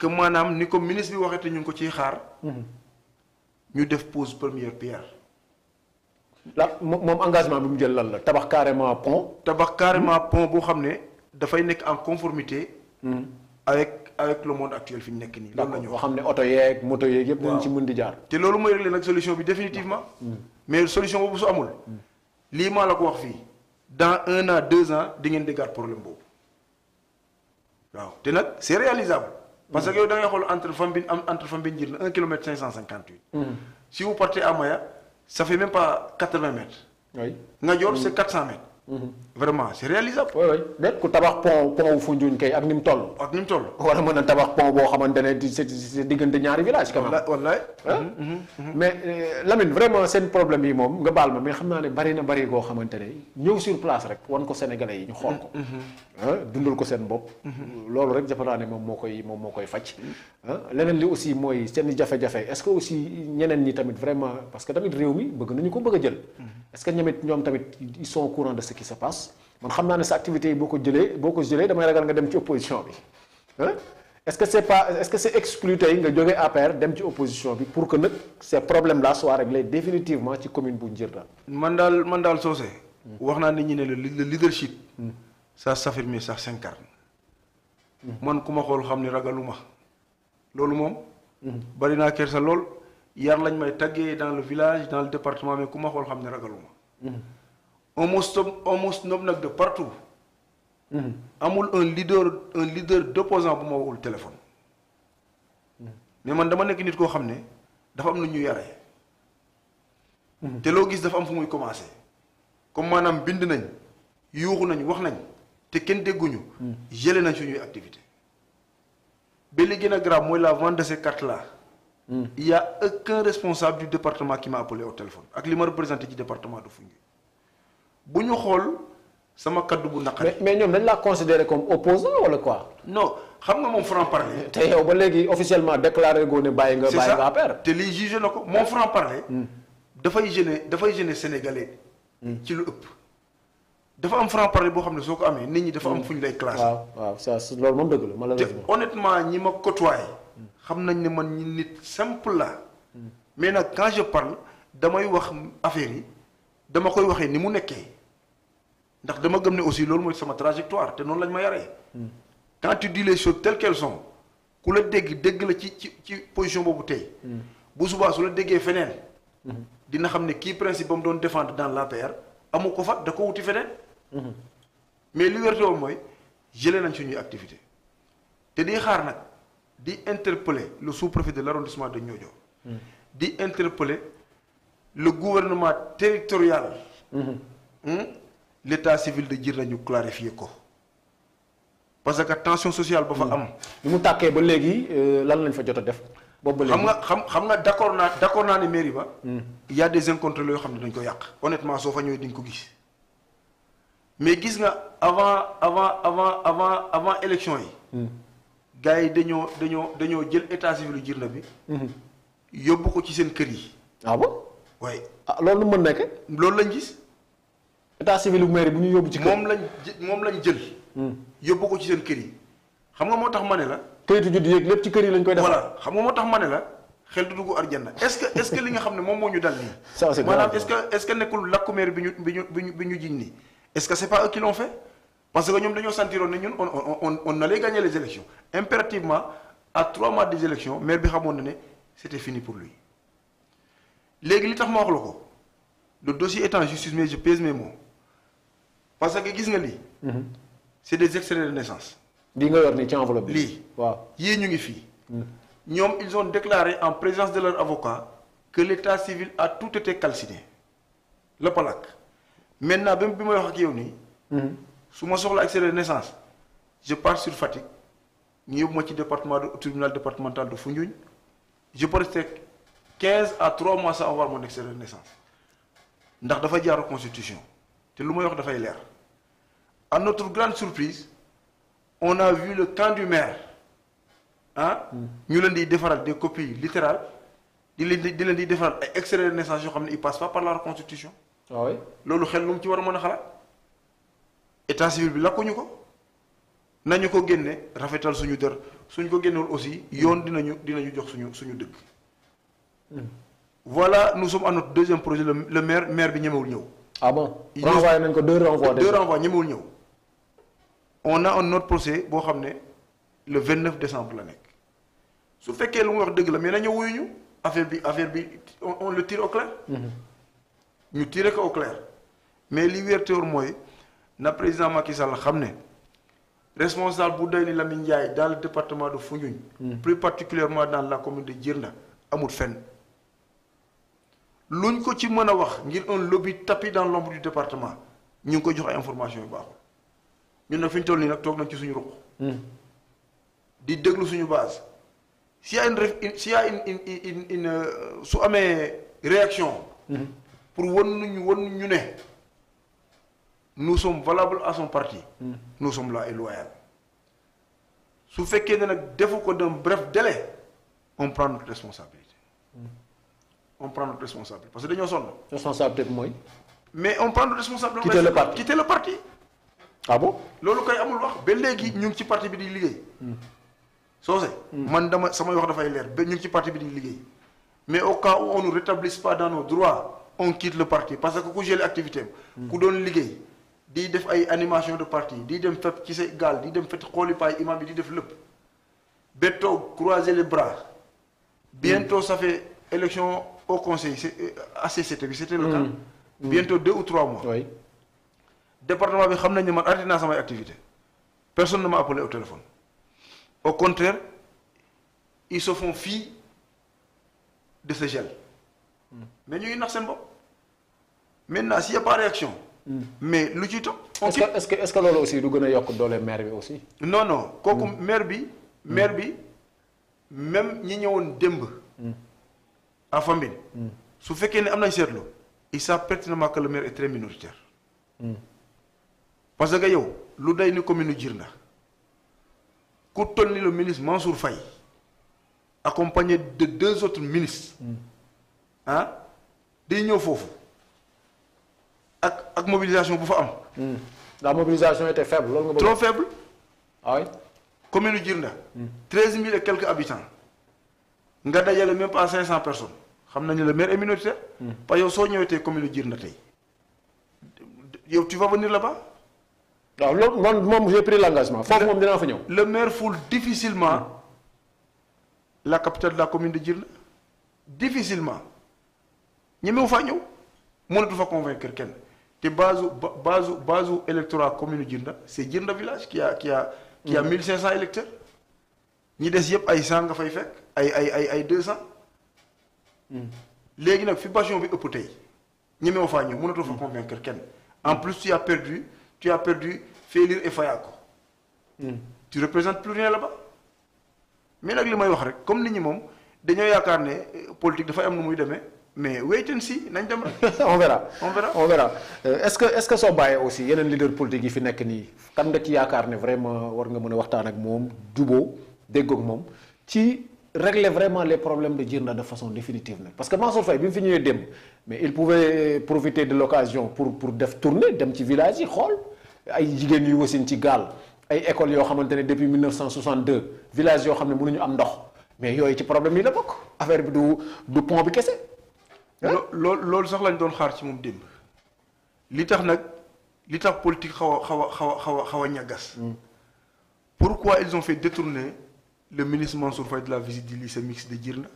que maanaam ni ko ministre bi waxee te ñu ngi ko ciy xaar. Mhm. ñu def pose première pierre. la moom engagement bi mu jël lan la tabax carrément pont. tabax carrément mhm. pont boo xam ne dafay nekk en conformité. Mhm. avec avec le monde actuel fi mu nekk nii. loolu la ñu wax xam ne oto yeeg moto yeeg yëpp. dañ ci mën di jaar. te loolu mooy régler nag solution bi définitivement. mais solution boobu su amul. lii maa la ko wax fii dans un an deux ans di ngeen déggaat problème boobu waaw te parce que yow da ngay xool entre Fambine am entre Fambine Djirnda un kilomètre cinq cent cinquante huit. Mhm. si vous partez à Maya ça fait même pas quatre vingt mètres. oui Ngadior c'est mhm. quatre cent mètres. vraiment c'est réalisable. oui oui léegi ku tabax pont pont wu Foundiougne kay ak ni mu toll. ak ni mu toll. war a mën a tabax pont boo xamante ne di di diggante ñaari village quand même. wallaay ah. mhm, mhm, mhm. mais euh, Lamine vraiment seen problème yi moom nga baal ma mais xam naa ne bari na bari boo xamante ne ñëw sur place rek wan ko Sénégalais yi ñu xool ko. Ah, dundal ko seen bopp. loolu rek jàpp naa ne moom moo koy moom moo koy faj. Ah, leneen li aussi mooy seen jafe-jafe est-ce que aussi ñeneen ñi tamit vraiment parce que tamit réew mi bëgg nañu ko bëgg a jël. est-ce que ñoom it ñoom tamit ils sont courant de ce qui se passe man xam naa ne sa activité yi boo ko jëlee boo ko jëlee damay ragal nga dem ci opposition bi est-ce que c'est pas est-ce que c'est exclu tey nga jógee APR dem ci opposition bi pour que nag ces problèmes là soient réglés définitivement ci commune bu Djirda. man daal man daal Socé. wax naa nit ñu ne le le leadership. Hmm. ça s'affirme ça s'incarne. man ku ma xool xam ni ragaluma. loolu moom. Hmm. bari naa kersa lool. yar lañ may taggee dans le village dans le département mais ku ma xool xam ne ragaluma mm-hmm. on me snob on me snob nag de partout mm-hmm. amul un leader un leader d'opposant bu ma waxul téléphone mm-hmm. mais man dama nekk nit koo xam ne dafa am na ñu yaree te loo gis dafa am fu muy commencé comme maanaam bind nañ yuuxu nañ wax nañ te kenn dégguñu gelé nañ suñuy activité ba li gën a grave mooy la vente de ces cartes la il y a aucun responsable du département qui m'a appelé au téléphone ak li ma représenté ci département de Foundiougne bu ñu xool sama kaddu bu naqari. mais mais ñoom dañ laa considéré comme opposant wala quoi. non xam nga moom franc parler. te yow ba léegi officiellement déclaré goo ne bàyyi nga. bàyyi nga affaire te lii jugé na ko moom franc parler. Hmm. dafay gêner dafay gêner sénégalais. Hmm. ci lu ëpp. dafa am franc parler boo xam ne soo ko amee nit ñi dafa am hmm. fu ñu lay classé. waaw waaw moom dëgg la malheureusement. te xam nañ ne man ñi nit simple la mais nag quand je parle damay wax affaire yi dama koy waxee ni mu nekkee ndax dama gëm ne aussi loolu mooy sama trajectoire te noonu lañ ma yaree. quand tu les choses telles qu'elles ku la dégg dégg la ci ci ci position boobu tey. bu subaa su la déggee feneen. dina xam ne kii principe ba mu doon défendre dans la l'APR amul ko fa da ko wuti feneen. Mhm. mais li wérte woon mooy jëlee nañ suñuy activité te di xaar nag. di interpeller le sous-préfet de l'arrondissement de Niodior. Mm. di interpeller le gouvernement territorial. Mm-hmm. Hmm? l'état civil de Djirnda ñu clarifier ko. parce que tension sociale ba fa mm. am. bi mu tàkkee ba léegi euh, lan lañ fa jot a def. boobu ba léegi xam nga xam xam nga d'accord naa d'accord naa ne mairie ba. Mm. y a des incontrôlés yoo xam ne dañ ko yàq. honnêtement soo fa ñëwee di ko gis mais gis nga avant avant avant avant avant élection yi. gars yi dañoo dañoo dañoo jël état jir jirna bi. Mhm. yóbbu ko ci seen kër yi. ah bon waaye. ah loolu mën nekk. loolu lañ gis. état civil bu maire bi ñu yóbbu ci kër moom lañ moom lañ jël. Hmm. yóbbu ko ci seen kër yi xam nga moo tax ma ne la. këyitu juddu yeeg lépp ci kër yi lañ koy def. voilà xam nga moo tax ma la xel du dugg arjana est-ce que li nga xam ne moom moo ñu dal nii. maanaam est-ce que est-ce que nekkul bi ñu bi ñu bi ñu jiñ nii est-ce que c'est pas parce que ñoom dañoo sentiroon ne ñun on on on allait gagner les élections impérativement à trois mois des élections maire bi xamoon na ne c'était fini pour lui léegi li tax ma wax la ko le dossier est en justice mais je pèse mes parce que gis nga lii. Mhm. c'est des extraits de naissance. lii nga yor nii ci enveloppe bi lii. waaw yii ñu ngi fii. Mhm. ñoom ils ont déclaré en présence de leur avocat que l'état civil a tout été calciné le PALAC maintenant bi bi may wax ak yow mhm. su ma soxla accès de naissance je pars sur Fatick ñu yóbbu ma ci département de tribunal départemental de Foundiougne je peux quinze à trois mois sans avoir mon accès de naissance ndax dafa jaar constitution te lu may wax dafay leer à notre grande surprise on a vu le camp du maire ah. ñu leen di defaral des copies littérales di leen di di leen di defaral ay extraits de naissance yoo xam ne il passe pas par la constitution. waaw ah loolu xel lu ci war a mën a xalaat. état civil bi lakkuñu ko nañu ko génne rafetal suñu dër suñ ko génnewul aussi yoon dinañu dinañu jox suñu suñu dëkk. Hmm. voilà nous sommes à notre deuxième projet le maire maire bi ñemewul ñëw. ah bon renvoyé nañ ko deux renvois deux renvois ñemewul ñëw. on a un autre procès boo xam ne le 29 décembre la nekk su fekkee lu mu wax dëgg la mais nañu wuyuñu affaire bi affaire bi on le tire au hmm. ñu tire ko au mais li wér te mooy. na président Macky Sall xam ne responsable bu doy ni Lamine Ndiaye dans le département de Foundiougne hmm. plus particulièrement dans la commune de Djirnda amul fenn luñ ko ci mën a wax ngir un lobby tapis dans l'ombre du département ñu ngi koy jox ay information yu baaxul ñun nag fi toll nii nag toog nañ ci suñu ruq hmm. di déglu suñu base si y a une s'il euh, su amee réaction hmm. pour wan ñu wan ñu ne nous sommes valables à son parti. Hmm. nous sommes là et loyal su fekkee ne nag defu ko d'un bref délai on prend notre responsabilité. Hmm. on prend notre responsabilité parce que dañoo sonn. responsabilité mooy. mais on prend notre responsabilité. quitter le parti quitter le parti. ah bon loolu koy amul wax ba léegi hmm. ñu ngi ci parti bi di liggéey. soose. man dama samay wax dafay leer ba ñu ci parti bi di liggéey mais au cas où on ne rétablisse pas dans nos on quitte le parti parce que ku jëlee activité am. ku doon liggéey. di def ay animation de parti di dem fépp ci sa gaal di dem feti xooli paay imam bi di def lépp ba toog les bras. bientôt ça fait élection au conseil euh, c' ACCT bi c' était le mm. cas. Mm. deux ou trois mois. département bi xam nañ ne man arrêté naa samay activité personne ne m'a appelé au téléphone. au contraire ils se font fi de ce mm. mais ñu ngi nax seen bopp. maintenant s' il y a réaction. mais lu ci topp. aussi est-ce que est-ce que loolu aussi du gën a yokk doole maire bi aussi. non non kooku mm. maire bi. maire bi même ñi ñëwoon démb. Mm. à Fambine. Mm. su fekkee ne am nañ seetlu ils savent pertinemment que le maire est très minoritaire. parce que yow lu day ni commune nu na ku toll ni le ministre Mansour Faye accompagné de deux autres ministres. ah day ñëw foofu. ak ak mobilisation bu fa am. Hmm. la mobilisation était faible loolu trop faible. waaw ah commune nu Djirnda. Hmm. treize mille et quelques habitants. nga dajale même pas cinq cent personnes xam nañu le maire est minoritaire. Hmm. soo ñëwee tey commune nu Djirnda tey yow fa vas venir là-bas. waaw loolu man moom j'ai pris l'engagement foofu moom dinaa fa ñëw. le maire foule difficilement mm. la capitale de la commune de Djirnda difficilement ñemewu faa ñëw mënatu fa convaincre kenn. te base base base électorat commune Djirnda c' est Djirnda village qui a qui a. qui a 1500 mm-hmm. électeurs ñi des yëpp ay 100 nga fay fekk ay ay ay ay 200. Mm-hmm. léegi nag fi bastion bi ëpp tey ñemewoo faa ñëw mënatoo fa mm-hmm. convaincre kenn en plus tu as perdu tu as perdu Félire et Fayako. tu représentes plus rien là-bas. mais nag li may wax rek comme nit ñi moom dañoo yaakaar ne eh, politique dafay am nu muy demee. mais wait and see nañ dem rek. on verra on verra on verra euh, est ce que est ce que soo bàyyee aussi yeneen leader politique yi fi nekk nii kan nga ci yaakaar ne vraiment war nga mën a waxtaan ak moom juboo déggoog moom ci régler vraiment les problèmes de Djirnda de façon définitive nag parce que Mansour Faye bi mu fi ñëwee démb mais il pouvait profiter de l'occasion pour pour def tournée dem ci village yi xool ay jigéen yu wasin ci gaal ay écoles yoo xamante ne depuis 1962 village yoo xam ne mënuñu am ndox mais yooyu ci problème yi la bokk affaire bi du du pont bi kese. loolu loolu sax lañu doon xaar ci moom démb li tax nag li tax politique xaw a xaw a xaw a xaw a xaw a ñagas. Mm. pourquoi ils on fait détourner le ministre Mansour Faye de la visite du lycée jiir na Djirna.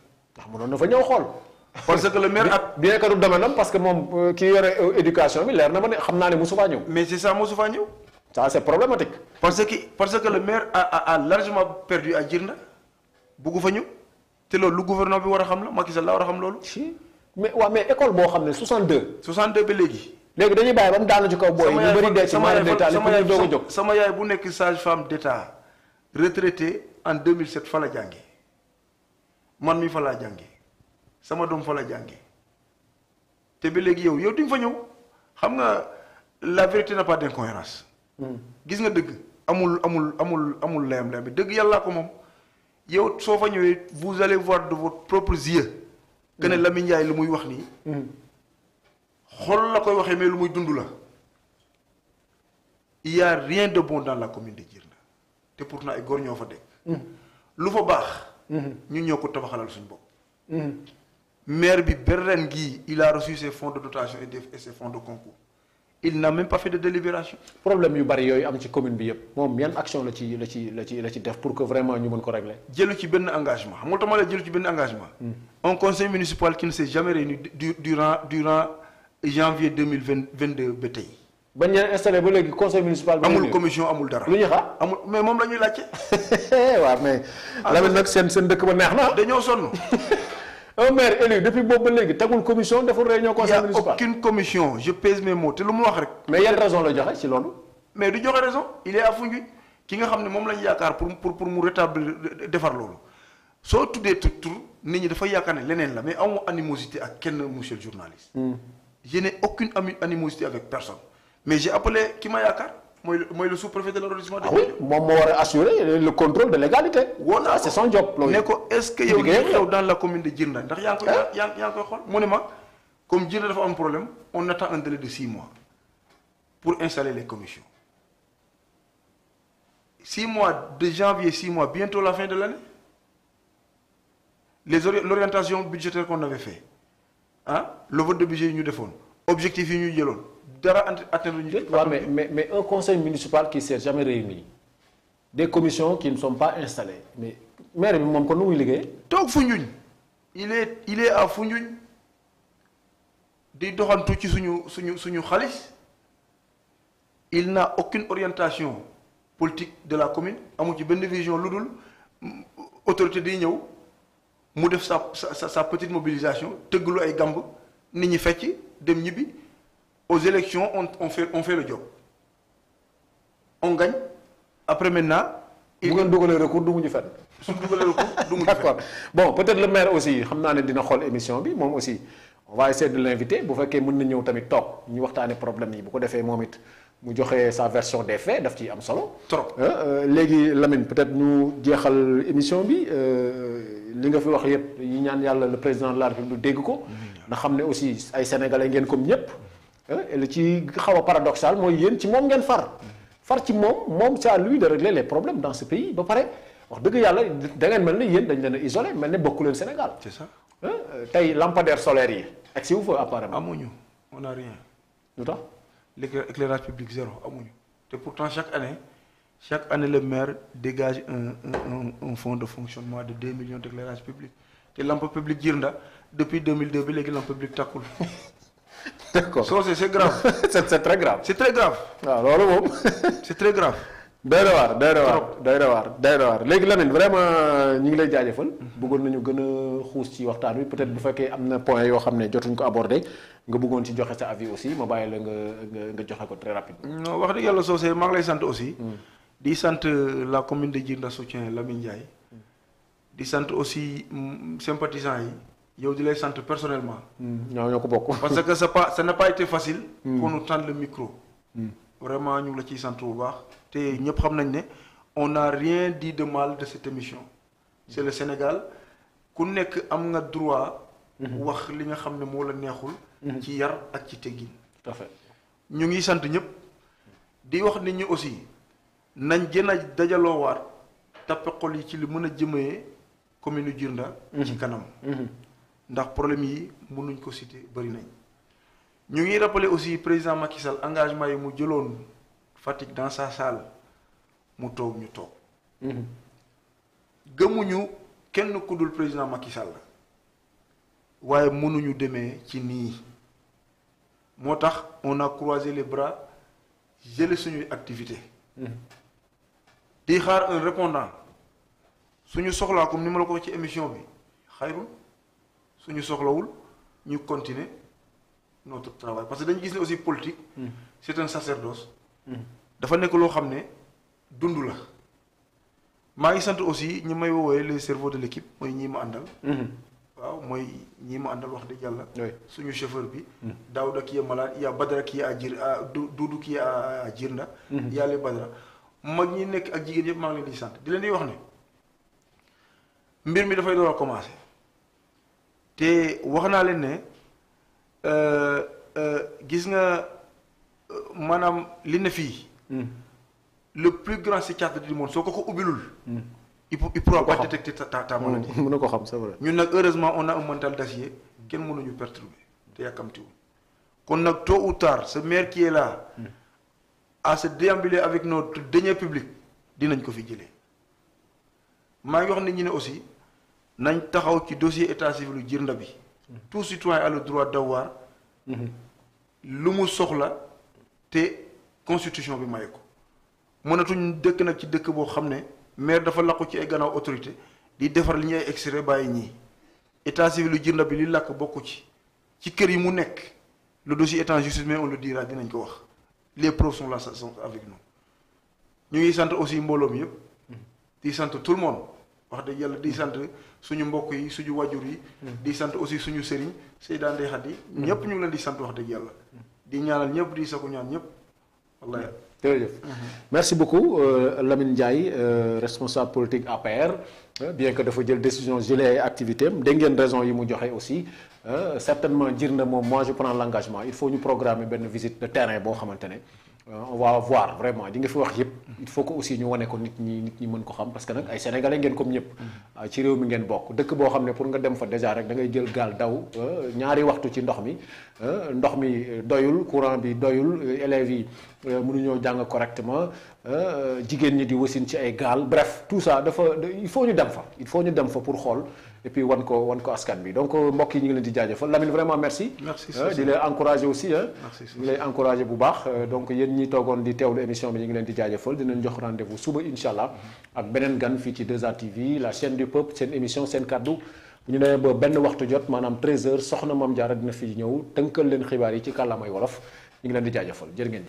ma doon na fa ñëw xool. parce que le maire ak bien que du domaine parce que moom euh, ki yore euh, éducation bi leer na ma ne xam naa ne mosu faa ñëw. mais c'est ça mosu faa ñëw. ça c'est problématique. parce que parce que le maire a a a largement perdu à Djirna bugg fa ñëw te loolu lu gouvernement bi war a xam la Macky Sall la war a xam loolu. mais waaw mais école boo xam ne 62. 62 ba léegi. léegi dañu bàyyi ba mu daanu ci kaw booy. ñu bëri dee ci maanaam d'état li ñu sama yaay bu nekk sage femme d'état retraité en 2007 fa la jànge man mi fa laa jànge sama doom fa la jànge te bi léegi yow yow di fa ñëw xam nga la vérité n'a pas d'incohérence hmm. gis nga dëgg amul amul amul amul layam layam bi dëgg yàllaa ko moom yow soo fa ñëwee vous allez voire de votre propre yeux que ne Lamine lu muy wax nii. xol la koy waxee mais lu muy dund la. il rien de bon dans la commune de na te pourtant ay góor ñoo fa dekk. lu fa baax. ñun ñoo ko tabaxalal suñu bopp. maire bi berren gii il a reçu ses fonds de dotation et ses fonds de concours. il n'a même pas fait de délibération. problème yu bari yooyu am ci commune bi yëpp moom yan action la ci la ci la ci la ci def pour que vraiment ñu mën ko régler. jëlu ci benn engagement xam tamit la jëlu ci benn engagement. Hmm. un conseil municipal qui ne s'est jamais réuni du durant durant janvier deux mille vingt deux ba tey. bañ leen installé ba léegi conseil municipal. amul commission amul dara. lu ñu xaar amul mais moom la ñuy laajte. waaw mais. ah nag seen seen dëkk ba neex na. un maire élu depuis boobu ba léegi tegul commission deful réunion conseil municipal. y a aucune te lu mu wax rek. mais yan raison la joxe ci loolu. mais du joxe raison il est à Foundiougne ki nga xam ne moom lañu yaakaar pour pour pour mu rétablir defar loolu soo tuddee tur tur nit ñi dafa yaakaar ne leneen la mais amoo animosité ak kenn monsieur le journaliste. Hmm. je n'ai aucune ami animosité avec personne mais j'ai appelé ki ma yaakaar. mooy mooy le sous-préfet de l'arrondissement de. ah oui moom a assurer le contrôle de l'égalité. woo ah, son job. loolu ko est-ce que yow li xew dans la commune de Djirnda ndax yaa ngi yaa ngi koy xool ma comme Djirnda dafa am problème on attend un délai de six mois pour installer les commissions six mois de janvier six mois bientôt la fin de l'année les l'orientation budgétaire qu'on avait fait ah le vote de budget yi ñu defoon objectif yi ñu jëloon. dara atteindre ñu leen. waaw mais mais mais conseil municipal qui s'est jamais des commissions qui ne sont pas installées mais maire bi moom kon nu muy liggéey. toog Foundiougne il est il est à Foundiougne di doxantu ci suñu suñu suñu xaalis il n'a aucune orientation politique de la commune amul ci benn vision lu dul autorité di ñëw mu def sa sa sa petite mobilisation tëggalu ay gamb nit ñi fecc dem ñibbi. aux élections, on, on, fait, on fait le job. On gagne. Après maintenant. il faut que ñu recours du du mu ñu fenn. d'accord bon peut-être aussi xam naa ne dina xool émission bi moom aussi on va essayer de l'inviter bu fekkee mën na ñëw tamit toog ñu waxtaanee problème yi bu ko defee moom it. mu joxe sa version des faits daf ci am solo. trop euh, euh, léegi Lamine peut-être ñu jeexal émission bi euh, li nga fi wax yépp yi ñaan yàlla le président de la République dégg ko. Mm-hmm. na xam ne aussi ay sénégalais ngeen comme ñépp. Eh, li ci xaw a paradoxal mooy yéen ci moom ngeen far far ci moom moom c'est à lui de régler les problème dans ce pays ba pare wax dëgg yàlla da mel ne yéen dañ leen a mel ni bokku leen Sénégal. c'est ça eh, tey der solaire yi ak si wu fa apparemment. amuñu on a rien. lu tax l'éclairage public zéro amuñu te pourtant chaque année chaque année le maire dégage un un un fonds de fonctionnement de 2 millions d'éclairage public te lampe publique Djirnda depuis 2002 bi léegi lampe publique takkul. d'accord soo c'est grave. c'est c'est très grave. c'est très grave. waaw loolu moom. c'est très grave. doy na waar doy na waar doy waar doy na waar léegi Lamine vraiment ñu ngi lay jaajëfal. bëggoon nañu gën a xuus ci waxtaan wi peut-être bu fekkee am na point yoo xam ne jotuñ ko abordé nga bëggoon ci joxe sa avis aussi ma bàyyi la nga nga joxe ko très rapide. non mm, wax dëgg yàlla soo see maa ngi lay sant aussi. Mm. di sant euh, la commune de Djirnda soutien Lamine Ndiaye. Mm. di sant aussi sympathisants yi. yow di lay sant personnellement. Mm, ñoo ñoo ko bokk. parce que c'est pas ça n'a pas été facile. pour mm. nous le micro. Mm. vraiment ñu ngi la ciy sant bu baax te ñëpp xam nañ ne on n'a rien dit de mal de cette émission. c'est le Sénégal ku nekk am nga droit. Mm-hmm. wax li nga xam ne moo la neexul. Mm-hmm. ci yar ak ci teggin. tout fait ñu ngi sant ñëpp di wax nit ñi aussi nañ gën a dajaloowaat tappe xol yi ci li mën a jëmee commune Djirnda. Mm-hmm. ci kanam. ndax problème yi mënuñ ko citer bëri nañ ñu ngi rappeler aussi président Macky engagement yi mu jëloon Fatick dans sa mu toog ñu toog. Mhm. gëmuñu kenn ku dul président Macky Sall waaye mënuñu demee ci nii moo tax on a croisé les bras jële suñuy activité mhm. di xaar un répondant suñu soxlaa comme ni ma la ko ci émission bi xayrul suñu soxlawul ñu continuer notre travail parce que dañu gis ne aussi politique. Hmm. c'est un sacerdoce. Hmm. dafa nekk loo xam ne dund la. maa ngi sant aussi ñi may woowee les cerveaux de l'équipe mooy ñii ma àndal. Hmm. waaw mooy ñii ma àndal wax dëgg yàlla. suñu chauffeur bi. Daouda kii ya malade yaa Badara kii ya à jir à ah, Doudou kii ya à Jirnda. yàlla Badara mag ñi nekk ak jigéen yëpp maa ngi leen di sant di leen di wax ne mbir mi dafay door a commencer. te wax naa leen ne euh, euh, gis nga euh, maanaam li ne fii. Hmm. le plus grand psychiatre du monde soo ko ko ubbilul. Hmm. il il pourra pas détecter ta ta maladie. Hmm. mën na ko xam c'est vrai. ñun nag heureusement on a un mental d'acier kenn mënuñu perturber te yàkkamtiwul kon nag tôt ou tard ce maire qui est là. à se déambuler avec notre deniers publics dinañ ko fi jëlee maa ngi wax nit ñi ne aussi. nañ taxaw ci dossier état civil u Djirnda bi tout citoyen a le droit d'avoir lu mu soxla te constitution bi may ko mënatuñ dëkk nag ci dëkk boo xam ne maire dafa làqu ci ay gannaaw autorité di defar li ñu ay extrait bàyyi ñii état civil u Djirnda bi li làkk bokku ci ci kër yi mu nekk lu dossier étant justice mais on le dira dinañ ko wax les preuves la là sont avec nous ñu ngi sant aussi mbooloo mi yëpp sant tout le monde wax dëgg yàlla di sant suñu mbokk yi suñu wajur yi. Mm. di sant aussi suñu sëriñ Seyda Ndeye Khady. Mm. ñëpp ñu ngi leen di sant wax dëgg yàlla. di ñaanal ñëpp di sakku ñaan ñëpp wallaay. jërëjëf mm-hmm. merci beaucoup euh, Lamine Ndiaye euh, responsable politique APR. Euh, bien que dafa jël décision gelé ay activité am dégg ngeen raison yi mu joxe aussi certainement jir na moom moi je prends il faut ñu programmer benn visite de terrain boo xamante ne. Euh, on va voir vraiment li nga fi wax yëpp il faut que aussi ñu wane ko nit ñi nit ñi mën ko xam parce que nag ay sénégalais ngeen comme ñëpp mm-hmm. ci réew mi ngeen bokk dëkk boo xam ne pour nga dem fa déjà rek da jël gaal daw euh, ñaari waxtu ci ndox mi euh, ndox mi doyul courant bi doyul élève yi mënuñoo jàng correctement jigéen ñi di wasin ci ay gaal bref tout ça dafa il faut ñu dem fa il faut ñu dem fa pour xool et wan ko wan ko askan bi donc mbokk yi ñu ngi leen di jaajëfal Lamine vraiment merci. merci euh, di lay encouragé aussi. merci di lay encouragé bu baax. Euh, donc yéen ñi toogoon di teewlu émission bi ñu ngi leen di jaajëfal dinañ jox rendez-vous suba incha allah ak beneen gan fii ci 2A TV la chaîne du peuple seen émission seen kaddu. bu ñu nee ba benn waxtu jot maanaam 13h soxna Mame Diarra dina fi ñëw tënkal leen xibaar yi ci kàllaamay wolof ñu ngi leen di jaajëfal jërë ngeen